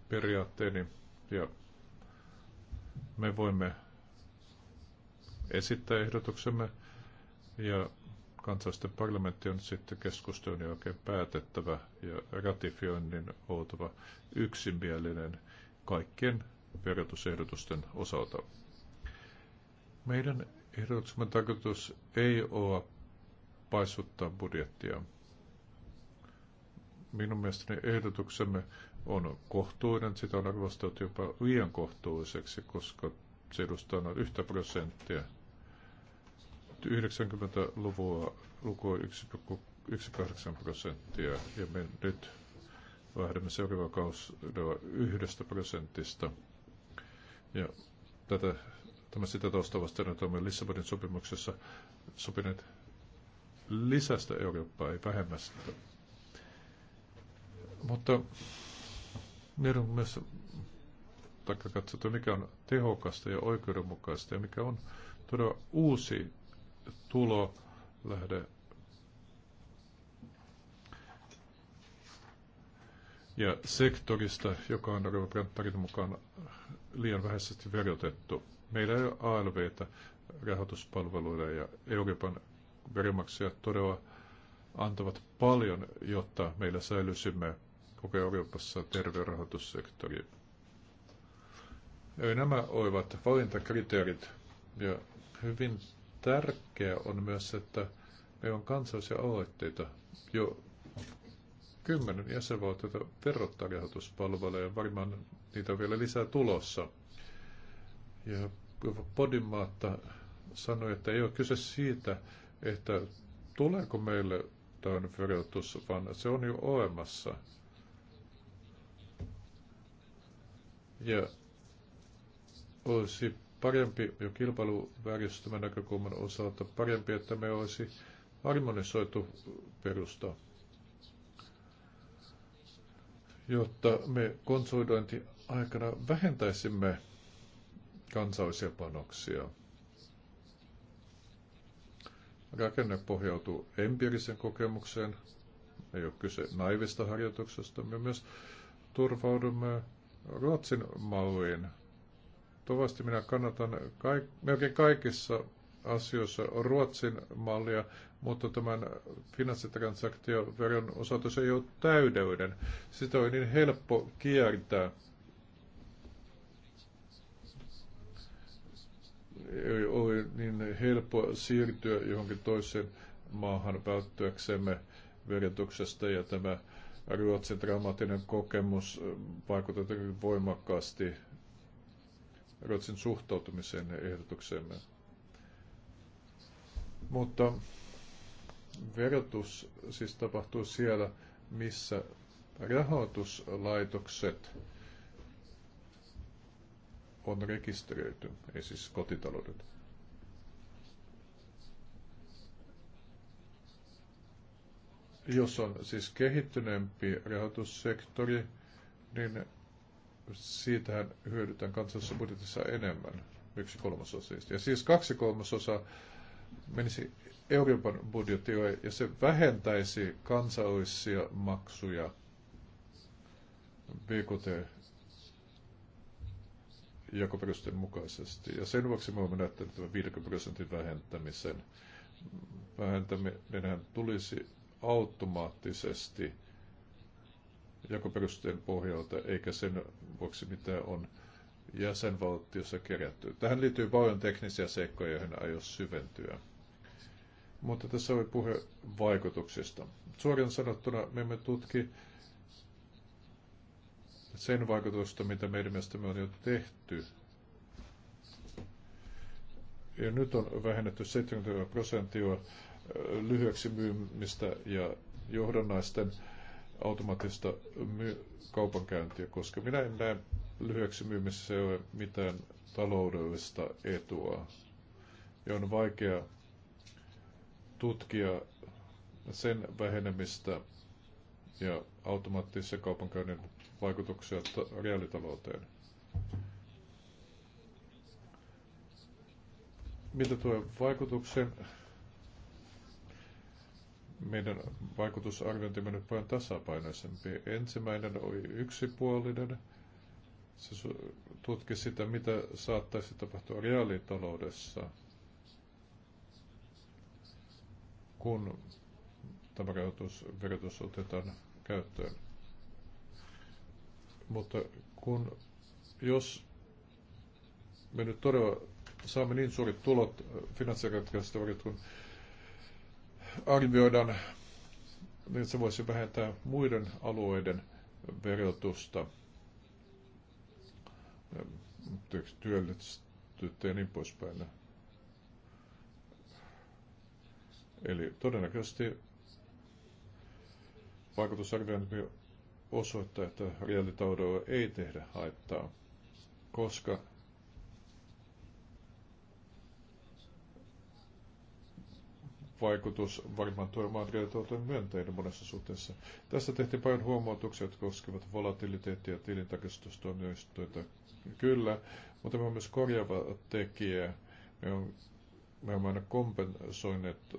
periaatteeni, ja me voimme esittää ehdotuksemme, ja kansallisten parlamentti on sitten keskustelun jälkeen päätettävä ja ratifioinnin oltava yksimielinen kaikkien verotusehdotusten osalta. Meidän ehdotuksemme tarkoitus ei ole paisuttaa budjettia. Minun mielestäni ehdotuksemme on kohtuuden, sitä on arvosteltu jopa liian kohtuulliseksi, koska se edustaa noin yhtä prosenttia 90-luvua luku on 1,8 prosenttia ja me nyt lähdemme seuraava kaudella yhdestä prosentista. Ja tätä, tämä sitä tausta vasten olemme Lissabonin sopimuksessa sopineet lisästä Eurooppaa, ei vähemmästä. Mutta meidän myös taikka katsotaan, mikä on tehokasta ja oikeudenmukaista ja mikä on todella uusi tulo lähde ja sektorista, joka on Rova Brenttarin mukaan liian vähäisesti verotettu. Meillä ei ole ALVtä rahoituspalveluille ja Euroopan verimaksajat todella antavat paljon, jotta meillä säilyisimme koko Euroopassa terveen rahoitussektori. Eli nämä olivat valintakriteerit ja hyvin Tärkeää on myös, että meillä on kansallisia aloitteita jo kymmenen jäsenvaltiota verottaa rahoituspalveluja. Varmaan niitä on vielä lisää tulossa. Ja Podimaatta sanoi, että ei ole kyse siitä, että tuleeko meille tämmöinen verotus, vaan se on jo olemassa. Ja olisi parempi jo kilpailuvääristymän näkökulman osalta, parempi, että me olisi harmonisoitu perusta, jotta me konsolidointi aikana vähentäisimme kansallisia panoksia. Rakenne pohjautuu empiirisen kokemukseen, ei ole kyse naivista harjoituksesta. Me myös turvaudumme Ruotsin malliin ehdottomasti minä kannatan kaik, melkein kaikissa asioissa Ruotsin mallia, mutta tämän finanssitransaktioveron osalta se ei ole täydellinen. Sitä on niin helppo kiertää. Ei ole niin helppo siirtyä johonkin toiseen maahan välttyäksemme verotuksesta ja tämä Ruotsin dramaattinen kokemus vaikuttaa voimakkaasti Ruotsin suhtautumiseen ja ehdotukseemme. Mutta verotus siis tapahtuu siellä, missä rahoituslaitokset on rekisteröity, ei siis kotitaloudet. Jos on siis kehittyneempi rahoitussektori, niin siitähän hyödytään kansallisessa budjetissa enemmän, yksi kolmasosa siis. Ja siis kaksi kolmasosa menisi Euroopan budjettiin ja se vähentäisi kansallisia maksuja BKT jakoperusten mukaisesti. Ja sen vuoksi me olemme näyttäneet tämän 50 prosentin vähentämisen. Vähentäminen tulisi automaattisesti jakoperusteen pohjalta, eikä sen vuoksi mitä on jäsenvaltiossa kerätty. Tähän liittyy paljon teknisiä seikkoja, joihin aio syventyä. Mutta tässä oli puhe vaikutuksista. Suoraan sanottuna me emme tutki sen vaikutusta, mitä meidän mielestämme on jo tehty. Ja nyt on vähennetty 70 prosenttia lyhyeksi myymistä ja äh, automaattista my- kaupankäyntiä, koska minä en näe lyhyeksi myymisessä ei ole mitään taloudellista etua. Ja on vaikea tutkia sen vähenemistä ja automaattisen kaupankäynnin vaikutuksia reaalitalouteen. Mitä tulee vaikutuksen meidän vaikutusarviointimme nyt paljon tasapainoisempi. Ensimmäinen oli yksipuolinen. Se tutki sitä, mitä saattaisi tapahtua reaalitaloudessa, kun tämä rahoitusverotus otetaan käyttöön. Mutta kun, jos me nyt todella saamme niin suuret tulot eh, finanssiratkaisusta, kun arvioidaan, niin se voisi vähentää muiden alueiden verotusta, työllistyttä ja niin poispäin. Eli todennäköisesti vaikutusarviointi osoittaa, että reaalitaloudella ei tehdä haittaa, koska vaikutus varmaan materiaalituotoon myönteinen monessa suhteessa. Tässä tehtiin paljon huomautuksia, jotka koskevat volatiliteettia ja tilintarkastustuomioistuinta. Kyllä, mutta me on myös korjaava tekijä. Me, on, me olemme aina kompensoineet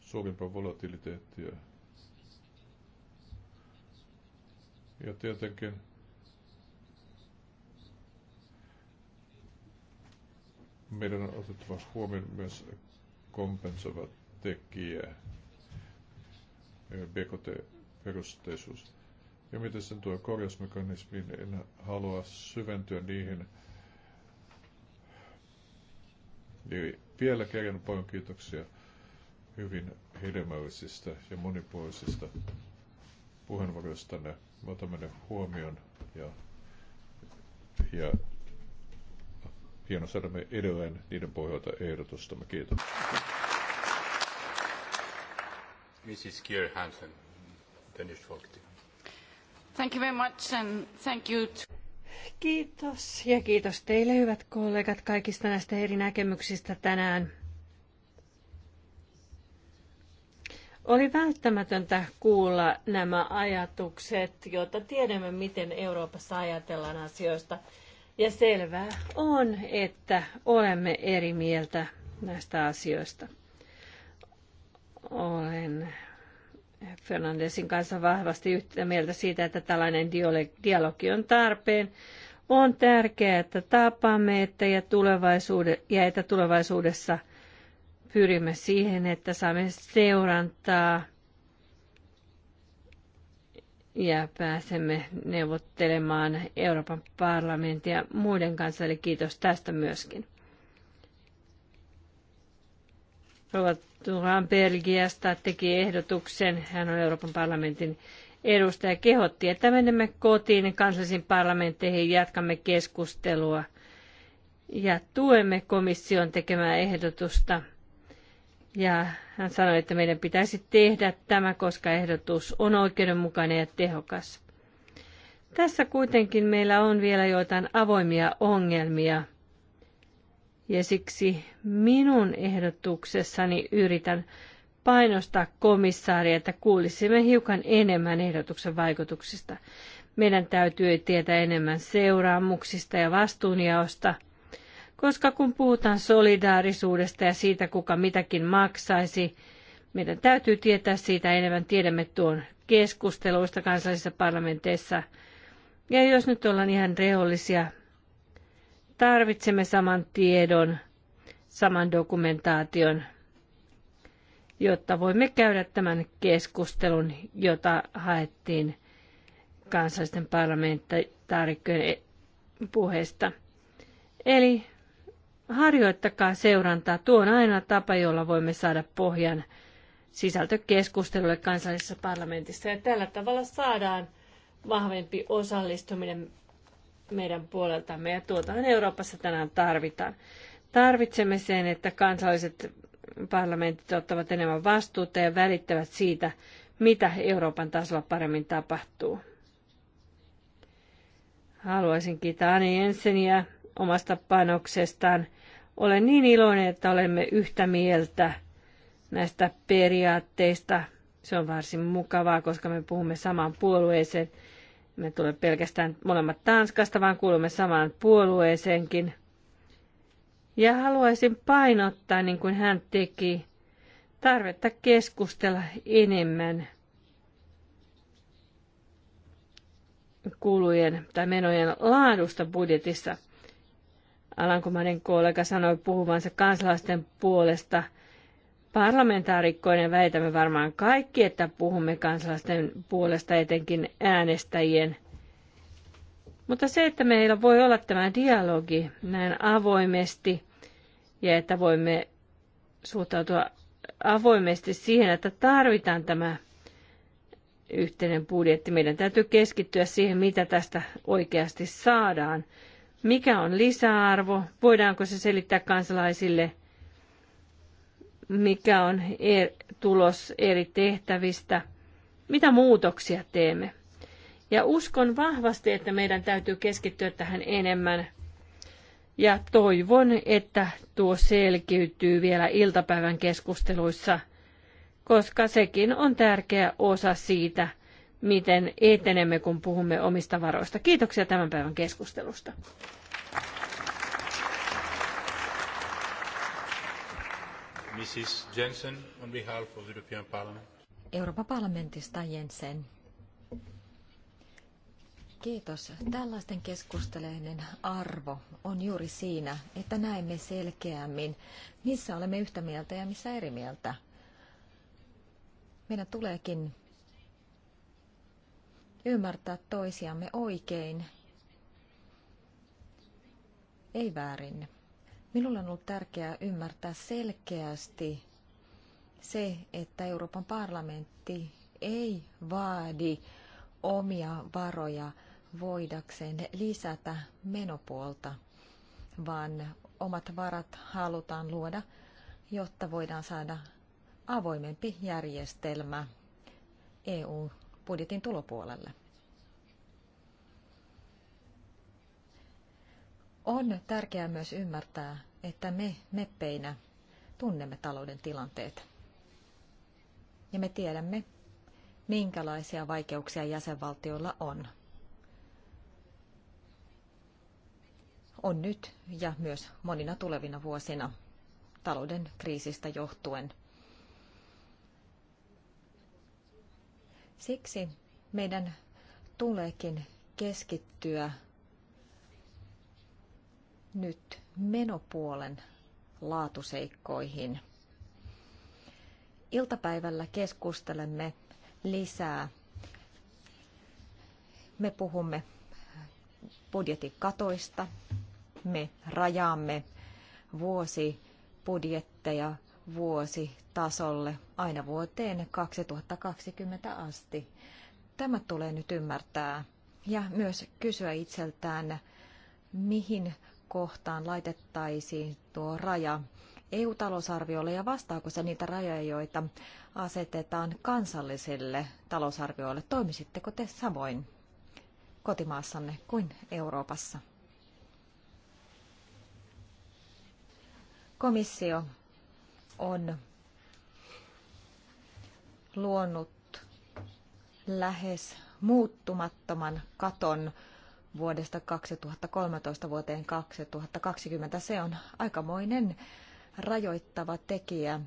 suurimpaa volatiliteettia. Ja tietenkin meidän on otettava huomioon myös kompensoiva tekijä, BKT-perusteisuus. Ja miten sen tuo korjausmekanismiin, niin en halua syventyä niihin. Eli vielä kerran paljon kiitoksia hyvin hedelmällisistä ja monipuolisista puheenvuoroista. Mä otamme ne huomioon ja, ja me edelleen niiden pohjalta ehdotustamme. Kiitos. Mrs. Kier Hansen, Danish Folketing. Thank you very much and thank you to... Kiitos ja kiitos teille hyvät kollegat kaikista näistä eri näkemyksistä tänään. Oli välttämätöntä kuulla nämä ajatukset, jotta tiedämme, miten Euroopassa ajatellaan asioista. Ja selvää on, että olemme eri mieltä näistä asioista. Olen Fernandesin kanssa vahvasti yhtä mieltä siitä, että tällainen dialogi on tarpeen. On tärkeää, että tapaamme että ja, ja että tulevaisuudessa pyrimme siihen, että saamme seurantaa – ja pääsemme neuvottelemaan Euroopan parlamentin ja muiden kanssa, eli kiitos tästä myöskin. Rova Turan Belgiasta teki ehdotuksen, hän on Euroopan parlamentin edustaja, kehotti, että menemme kotiin kansallisiin parlamentteihin, jatkamme keskustelua ja tuemme komission tekemää ehdotusta – ja hän sanoi, että meidän pitäisi tehdä tämä, koska ehdotus on oikeudenmukainen ja tehokas. Tässä kuitenkin meillä on vielä joitain avoimia ongelmia. Ja siksi minun ehdotuksessani yritän painostaa komissaaria, että kuulisimme hiukan enemmän ehdotuksen vaikutuksista. Meidän täytyy tietää enemmän seuraamuksista ja vastuunjaosta – koska kun puhutaan solidaarisuudesta ja siitä, kuka mitäkin maksaisi, meidän täytyy tietää siitä enemmän. Tiedämme tuon keskusteluista kansallisissa parlamenteissa. Ja jos nyt ollaan ihan rehollisia, tarvitsemme saman tiedon, saman dokumentaation, jotta voimme käydä tämän keskustelun, jota haettiin kansallisten parlamentaarikkojen e- puheesta. Eli harjoittakaa seurantaa. Tuo on aina tapa, jolla voimme saada pohjan sisältökeskustelulle kansallisessa parlamentissa. Ja tällä tavalla saadaan vahvempi osallistuminen meidän puoleltamme. Ja tuotahan Euroopassa tänään tarvitaan. Tarvitsemme sen, että kansalliset parlamentit ottavat enemmän vastuuta ja välittävät siitä, mitä Euroopan tasolla paremmin tapahtuu. Haluaisin kiittää Ani ja omasta panoksestaan – olen niin iloinen, että olemme yhtä mieltä näistä periaatteista. Se on varsin mukavaa, koska me puhumme samaan puolueeseen. Me tulee pelkästään molemmat Tanskasta, vaan kuulumme samaan puolueeseenkin. Ja haluaisin painottaa, niin kuin hän teki, tarvetta keskustella enemmän kulujen tai menojen laadusta budjetissa – Alankomainen kollega sanoi puhuvansa kansalaisten puolesta. Parlamentaarikkoinen väitämme varmaan kaikki, että puhumme kansalaisten puolesta, etenkin äänestäjien. Mutta se, että meillä voi olla tämä dialogi näin avoimesti ja että voimme suhtautua avoimesti siihen, että tarvitaan tämä yhteinen budjetti. Meidän täytyy keskittyä siihen, mitä tästä oikeasti saadaan. Mikä on lisäarvo? Voidaanko se selittää kansalaisille? Mikä on er, tulos eri tehtävistä? Mitä muutoksia teemme? Ja uskon vahvasti, että meidän täytyy keskittyä tähän enemmän. Ja toivon, että tuo selkiytyy vielä iltapäivän keskusteluissa, koska sekin on tärkeä osa siitä – miten etenemme, kun puhumme omista varoista. Kiitoksia tämän päivän keskustelusta. Mrs. Jensen, on behalf of European Parliament. Euroopan parlamentista Jensen. Kiitos. Tällaisten keskustelujen arvo on juuri siinä, että näemme selkeämmin, missä olemme yhtä mieltä ja missä eri mieltä. Meidän tuleekin ymmärtää toisiamme oikein, ei väärin. Minulle on ollut tärkeää ymmärtää selkeästi se, että Euroopan parlamentti ei vaadi omia varoja voidakseen lisätä menopuolta, vaan omat varat halutaan luoda, jotta voidaan saada avoimempi järjestelmä EU budjetin tulopuolelle. On tärkeää myös ymmärtää, että me meppeinä tunnemme talouden tilanteet. Ja me tiedämme, minkälaisia vaikeuksia jäsenvaltioilla on. On nyt ja myös monina tulevina vuosina talouden kriisistä johtuen. Siksi meidän tuleekin keskittyä nyt menopuolen laatuseikkoihin. Iltapäivällä keskustelemme lisää. Me puhumme budjetikatoista, me rajaamme vuosibudjetteja vuositasolle aina vuoteen 2020 asti. Tämä tulee nyt ymmärtää ja myös kysyä itseltään, mihin kohtaan laitettaisiin tuo raja EU-talousarviolle ja vastaako se niitä rajoja, joita asetetaan kansallisille talousarvioille? Toimisitteko te samoin kotimaassanne kuin Euroopassa? Komissio on luonut lähes muuttumattoman katon vuodesta 2013 vuoteen 2020. Se on aikamoinen rajoittava tekijä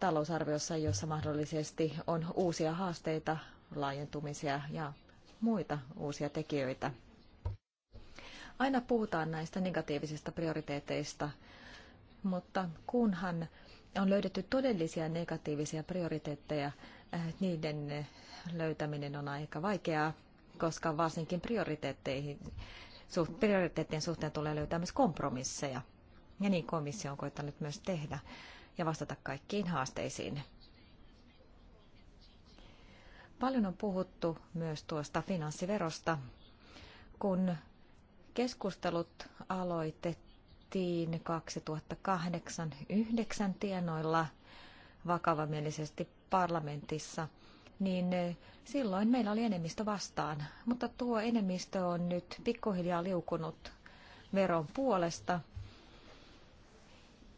talousarviossa, jossa mahdollisesti on uusia haasteita, laajentumisia ja muita uusia tekijöitä. Aina puhutaan näistä negatiivisista prioriteeteista, mutta kunhan on löydetty todellisia negatiivisia prioriteetteja. Äh, Niiden löytäminen on aika vaikeaa, koska varsinkin prioriteetteihin, prioriteettien suhteen tulee löytää myös kompromisseja. Ja niin komissio on koittanut myös tehdä ja vastata kaikkiin haasteisiin. Paljon on puhuttu myös tuosta finanssiverosta, kun keskustelut aloitettiin tehtiin 2008-2009 tienoilla vakavamielisesti parlamentissa, niin eh, silloin meillä oli enemmistö vastaan. Mutta tuo enemmistö on nyt pikkuhiljaa liukunut veron puolesta.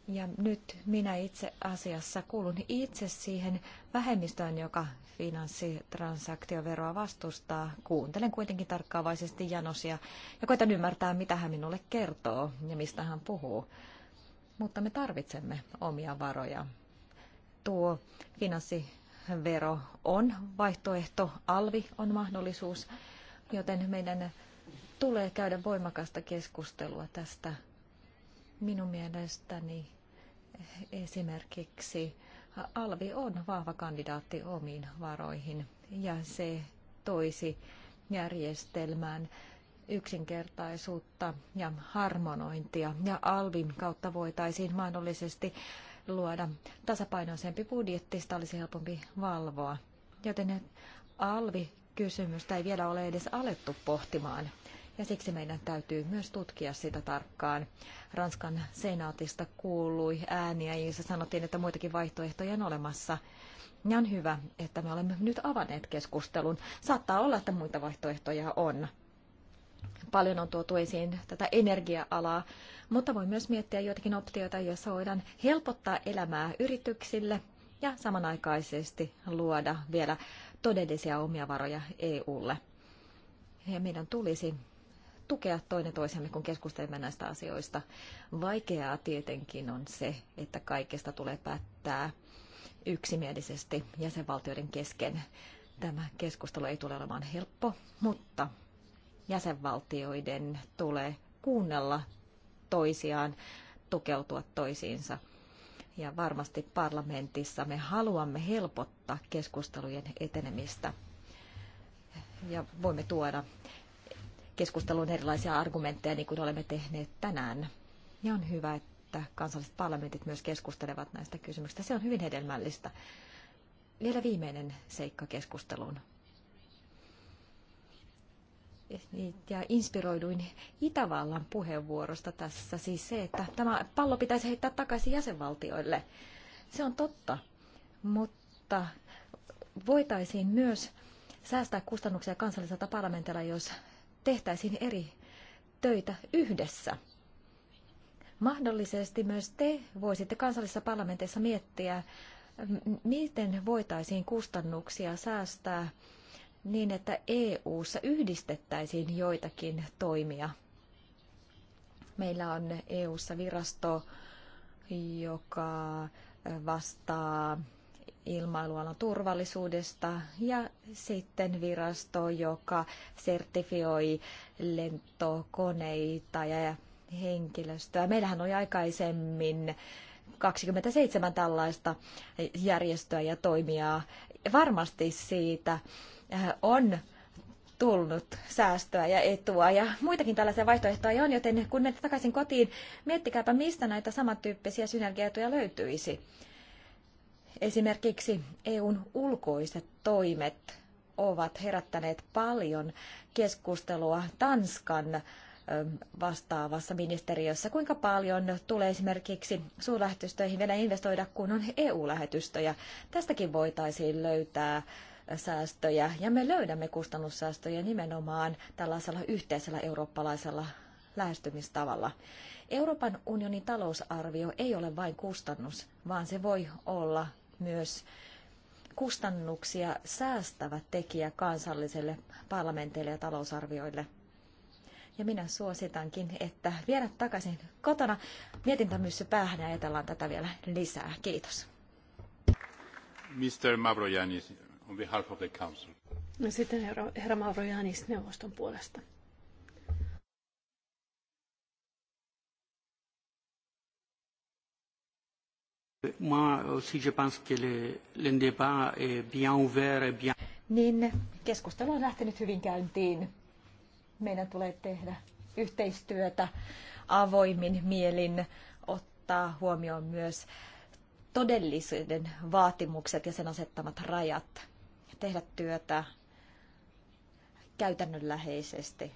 Ja nyt minä itse asiassa kuulun itse siihen vähemmistöön, joka finanssitransaktioveroa vastustaa, kuuntelen kuitenkin tarkkaavaisesti Janosia ja koitan ymmärtää, mitä hän minulle kertoo ja mistä hän puhuu. Mutta me tarvitsemme omia varoja. Tuo finanssivero on vaihtoehto, alvi on mahdollisuus, joten meidän tulee käydä voimakasta keskustelua tästä. Minun mielestäni esimerkiksi Alvi on vahva kandidaatti omiin varoihin ja se toisi järjestelmään yksinkertaisuutta ja harmonointia. Ja Alvin kautta voitaisiin mahdollisesti luoda tasapainoisempi budjetti, sitä olisi helpompi valvoa. Joten Alvi-kysymystä ei vielä ole edes alettu pohtimaan ja siksi meidän täytyy myös tutkia sitä tarkkaan. Ranskan senaatista kuului ääniä, joissa sanottiin, että muitakin vaihtoehtoja on olemassa. Ja on hyvä, että me olemme nyt avanneet keskustelun. Saattaa olla, että muita vaihtoehtoja on. Paljon on tuotu esiin tätä energia-alaa, mutta voi myös miettiä joitakin optioita, joissa voidaan helpottaa elämää yrityksille ja samanaikaisesti luoda vielä todellisia omia varoja EUlle. Ja meidän tulisi tukea toinen toisemme, kun keskustelemme näistä asioista. Vaikeaa tietenkin on se, että kaikesta tulee päättää yksimielisesti jäsenvaltioiden kesken. Tämä keskustelu ei tule olemaan helppo, mutta jäsenvaltioiden tulee kuunnella toisiaan, tukeutua toisiinsa. Ja varmasti parlamentissa me haluamme helpottaa keskustelujen etenemistä ja voimme tuoda keskusteluun erilaisia argumentteja, niin kuin olemme tehneet tänään. Ja on hyvä, että kansalliset parlamentit myös keskustelevat näistä kysymyksistä. Se on hyvin hedelmällistä. Vielä viimeinen seikka keskusteluun. Ja inspiroiduin Itävallan puheenvuorosta tässä siis se, että tämä pallo pitäisi heittää takaisin jäsenvaltioille. Se on totta, mutta voitaisiin myös säästää kustannuksia kansallisilta parlamentilla, jos tehtäisiin eri töitä yhdessä. Mahdollisesti myös te voisitte kansallisessa parlamentissa miettiä, miten voitaisiin kustannuksia säästää niin, että EU-ssa yhdistettäisiin joitakin toimia. Meillä on EU-ssa virasto, joka vastaa ilmailualan turvallisuudesta ja sitten virasto, joka sertifioi lentokoneita ja henkilöstöä. Meillähän oli aikaisemmin 27 tällaista järjestöä ja toimijaa. Varmasti siitä äh, on tullut säästöä ja etua ja muitakin tällaisia vaihtoehtoja on, joten kun menette takaisin kotiin, miettikääpä mistä näitä samantyyppisiä synergiaetuja löytyisi. Esimerkiksi EUn ulkoiset toimet ovat herättäneet paljon keskustelua Tanskan vastaavassa ministeriössä. Kuinka paljon tulee esimerkiksi suurlähetystöihin vielä investoida, kun on EU-lähetystöjä? Tästäkin voitaisiin löytää säästöjä, ja me löydämme kustannussäästöjä nimenomaan tällaisella yhteisellä eurooppalaisella lähestymistavalla. Euroopan unionin talousarvio ei ole vain kustannus, vaan se voi olla myös kustannuksia säästävä tekijä kansalliselle parlamenteille ja talousarvioille. Ja minä suositankin, että viedä takaisin kotona mietintämyssy päähän ja ajatellaan tätä vielä lisää. Kiitos. Mr. Mavrojanis, on behalf of the council. No sitten herra, herra Mavrojanis neuvoston puolesta. Niin keskustelu on lähtenyt hyvin käyntiin. Meidän tulee tehdä yhteistyötä avoimin mielin, ottaa huomioon myös todellisuuden vaatimukset ja sen asettamat rajat. Tehdä työtä käytännönläheisesti.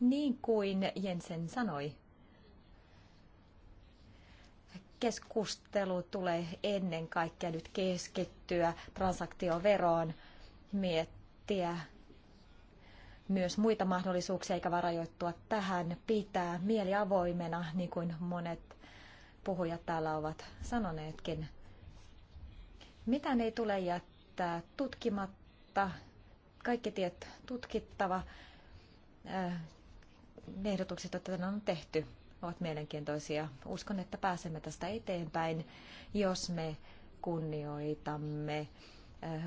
Niin kuin Jensen sanoi, keskustelu tulee ennen kaikkea nyt keskittyä transaktioveroon, miettiä myös muita mahdollisuuksia eikä varajoittua tähän. Pitää mieli avoimena, niin kuin monet puhujat täällä ovat sanoneetkin. Mitä ei tule jättää tutkimatta, kaikki tiet tutkittava, äh, ne ehdotukset, joita on tehty ovat mielenkiintoisia. Uskon, että pääsemme tästä eteenpäin, jos me kunnioitamme eh,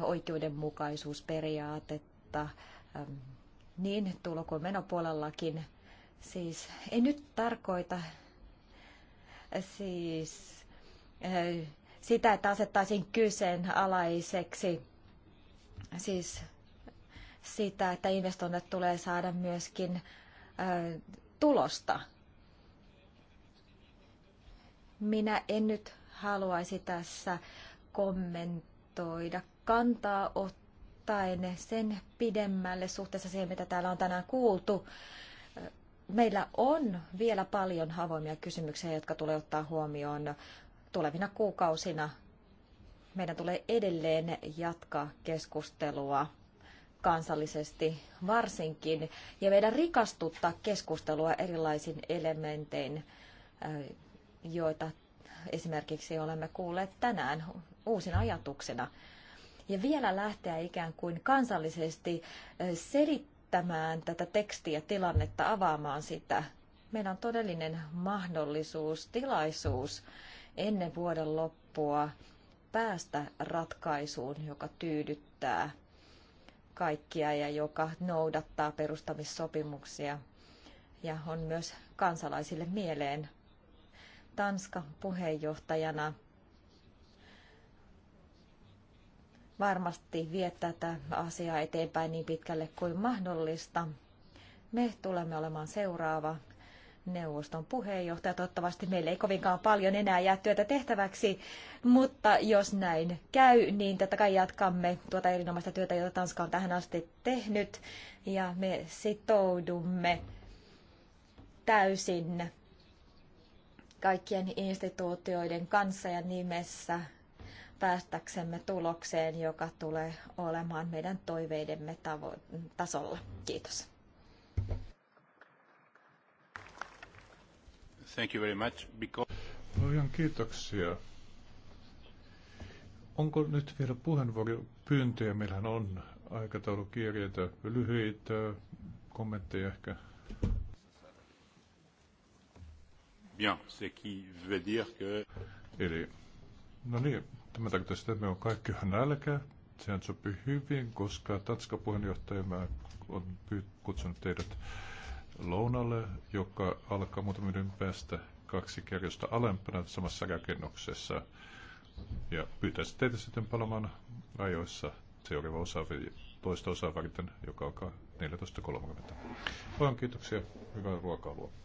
oikeudenmukaisuusperiaatetta eh, niin tulo- kuin menopuolellakin. Siis ei nyt tarkoita eh, siis sitä, että asettaisin kyseenalaiseksi siis sitä, että investoinnit tulee saada myöskin tulosta. Minä en nyt haluaisi tässä kommentoida kantaa ottaen sen pidemmälle suhteessa siihen, mitä täällä on tänään kuultu. Meillä on vielä paljon avoimia kysymyksiä, jotka tulee ottaa huomioon tulevina kuukausina. Meidän tulee edelleen jatkaa keskustelua kansallisesti varsinkin ja meidän rikastuttaa keskustelua erilaisin elementein joita esimerkiksi olemme kuulleet tänään uusina ajatuksena. Ja vielä lähteä ikään kuin kansallisesti eh, selittämään tätä tekstiä, tilannetta, avaamaan sitä. Meillä on todellinen mahdollisuus, tilaisuus ennen vuoden loppua päästä ratkaisuun, joka tyydyttää kaikkia ja joka noudattaa perustamissopimuksia ja on myös kansalaisille mieleen Tanska puheenjohtajana varmasti vie tätä asiaa eteenpäin niin pitkälle kuin mahdollista. Me tulemme olemaan seuraava neuvoston puheenjohtaja. Toivottavasti meillä ei kovinkaan paljon enää jää työtä tehtäväksi, mutta jos näin käy, niin tätä kai jatkamme tuota erinomaista työtä, jota Tanska on tähän asti tehnyt, ja me sitoudumme täysin kaikkien instituutioiden kanssa ja nimessä päästäksemme tulokseen, joka tulee olemaan meidän toiveidemme tavo- tasolla. Kiitos. Thank you very much. Because... No kiitoksia. Onko nyt vielä puheenvuoropyyntöjä? Meillähän on aikataulukirjeitä, lyhyitä kommentteja ehkä. Bien, ce qui veut dire que... Eli, no niin, tämä tarkoittaa sitä, että me on kaikki nälkä. Sehän sopii hyvin, koska Tanska puheenjohtajamme on kutsunut teidät lounalle, joka alkaa muutaminen päästä kaksi kerrosta alempana samassa rakennuksessa. Ja pyytäisin teitä sitten palamaan ajoissa seuraava osa, toista osaa varten, joka alkaa 14.30. Paljon kiitoksia, hyvää ruokailua.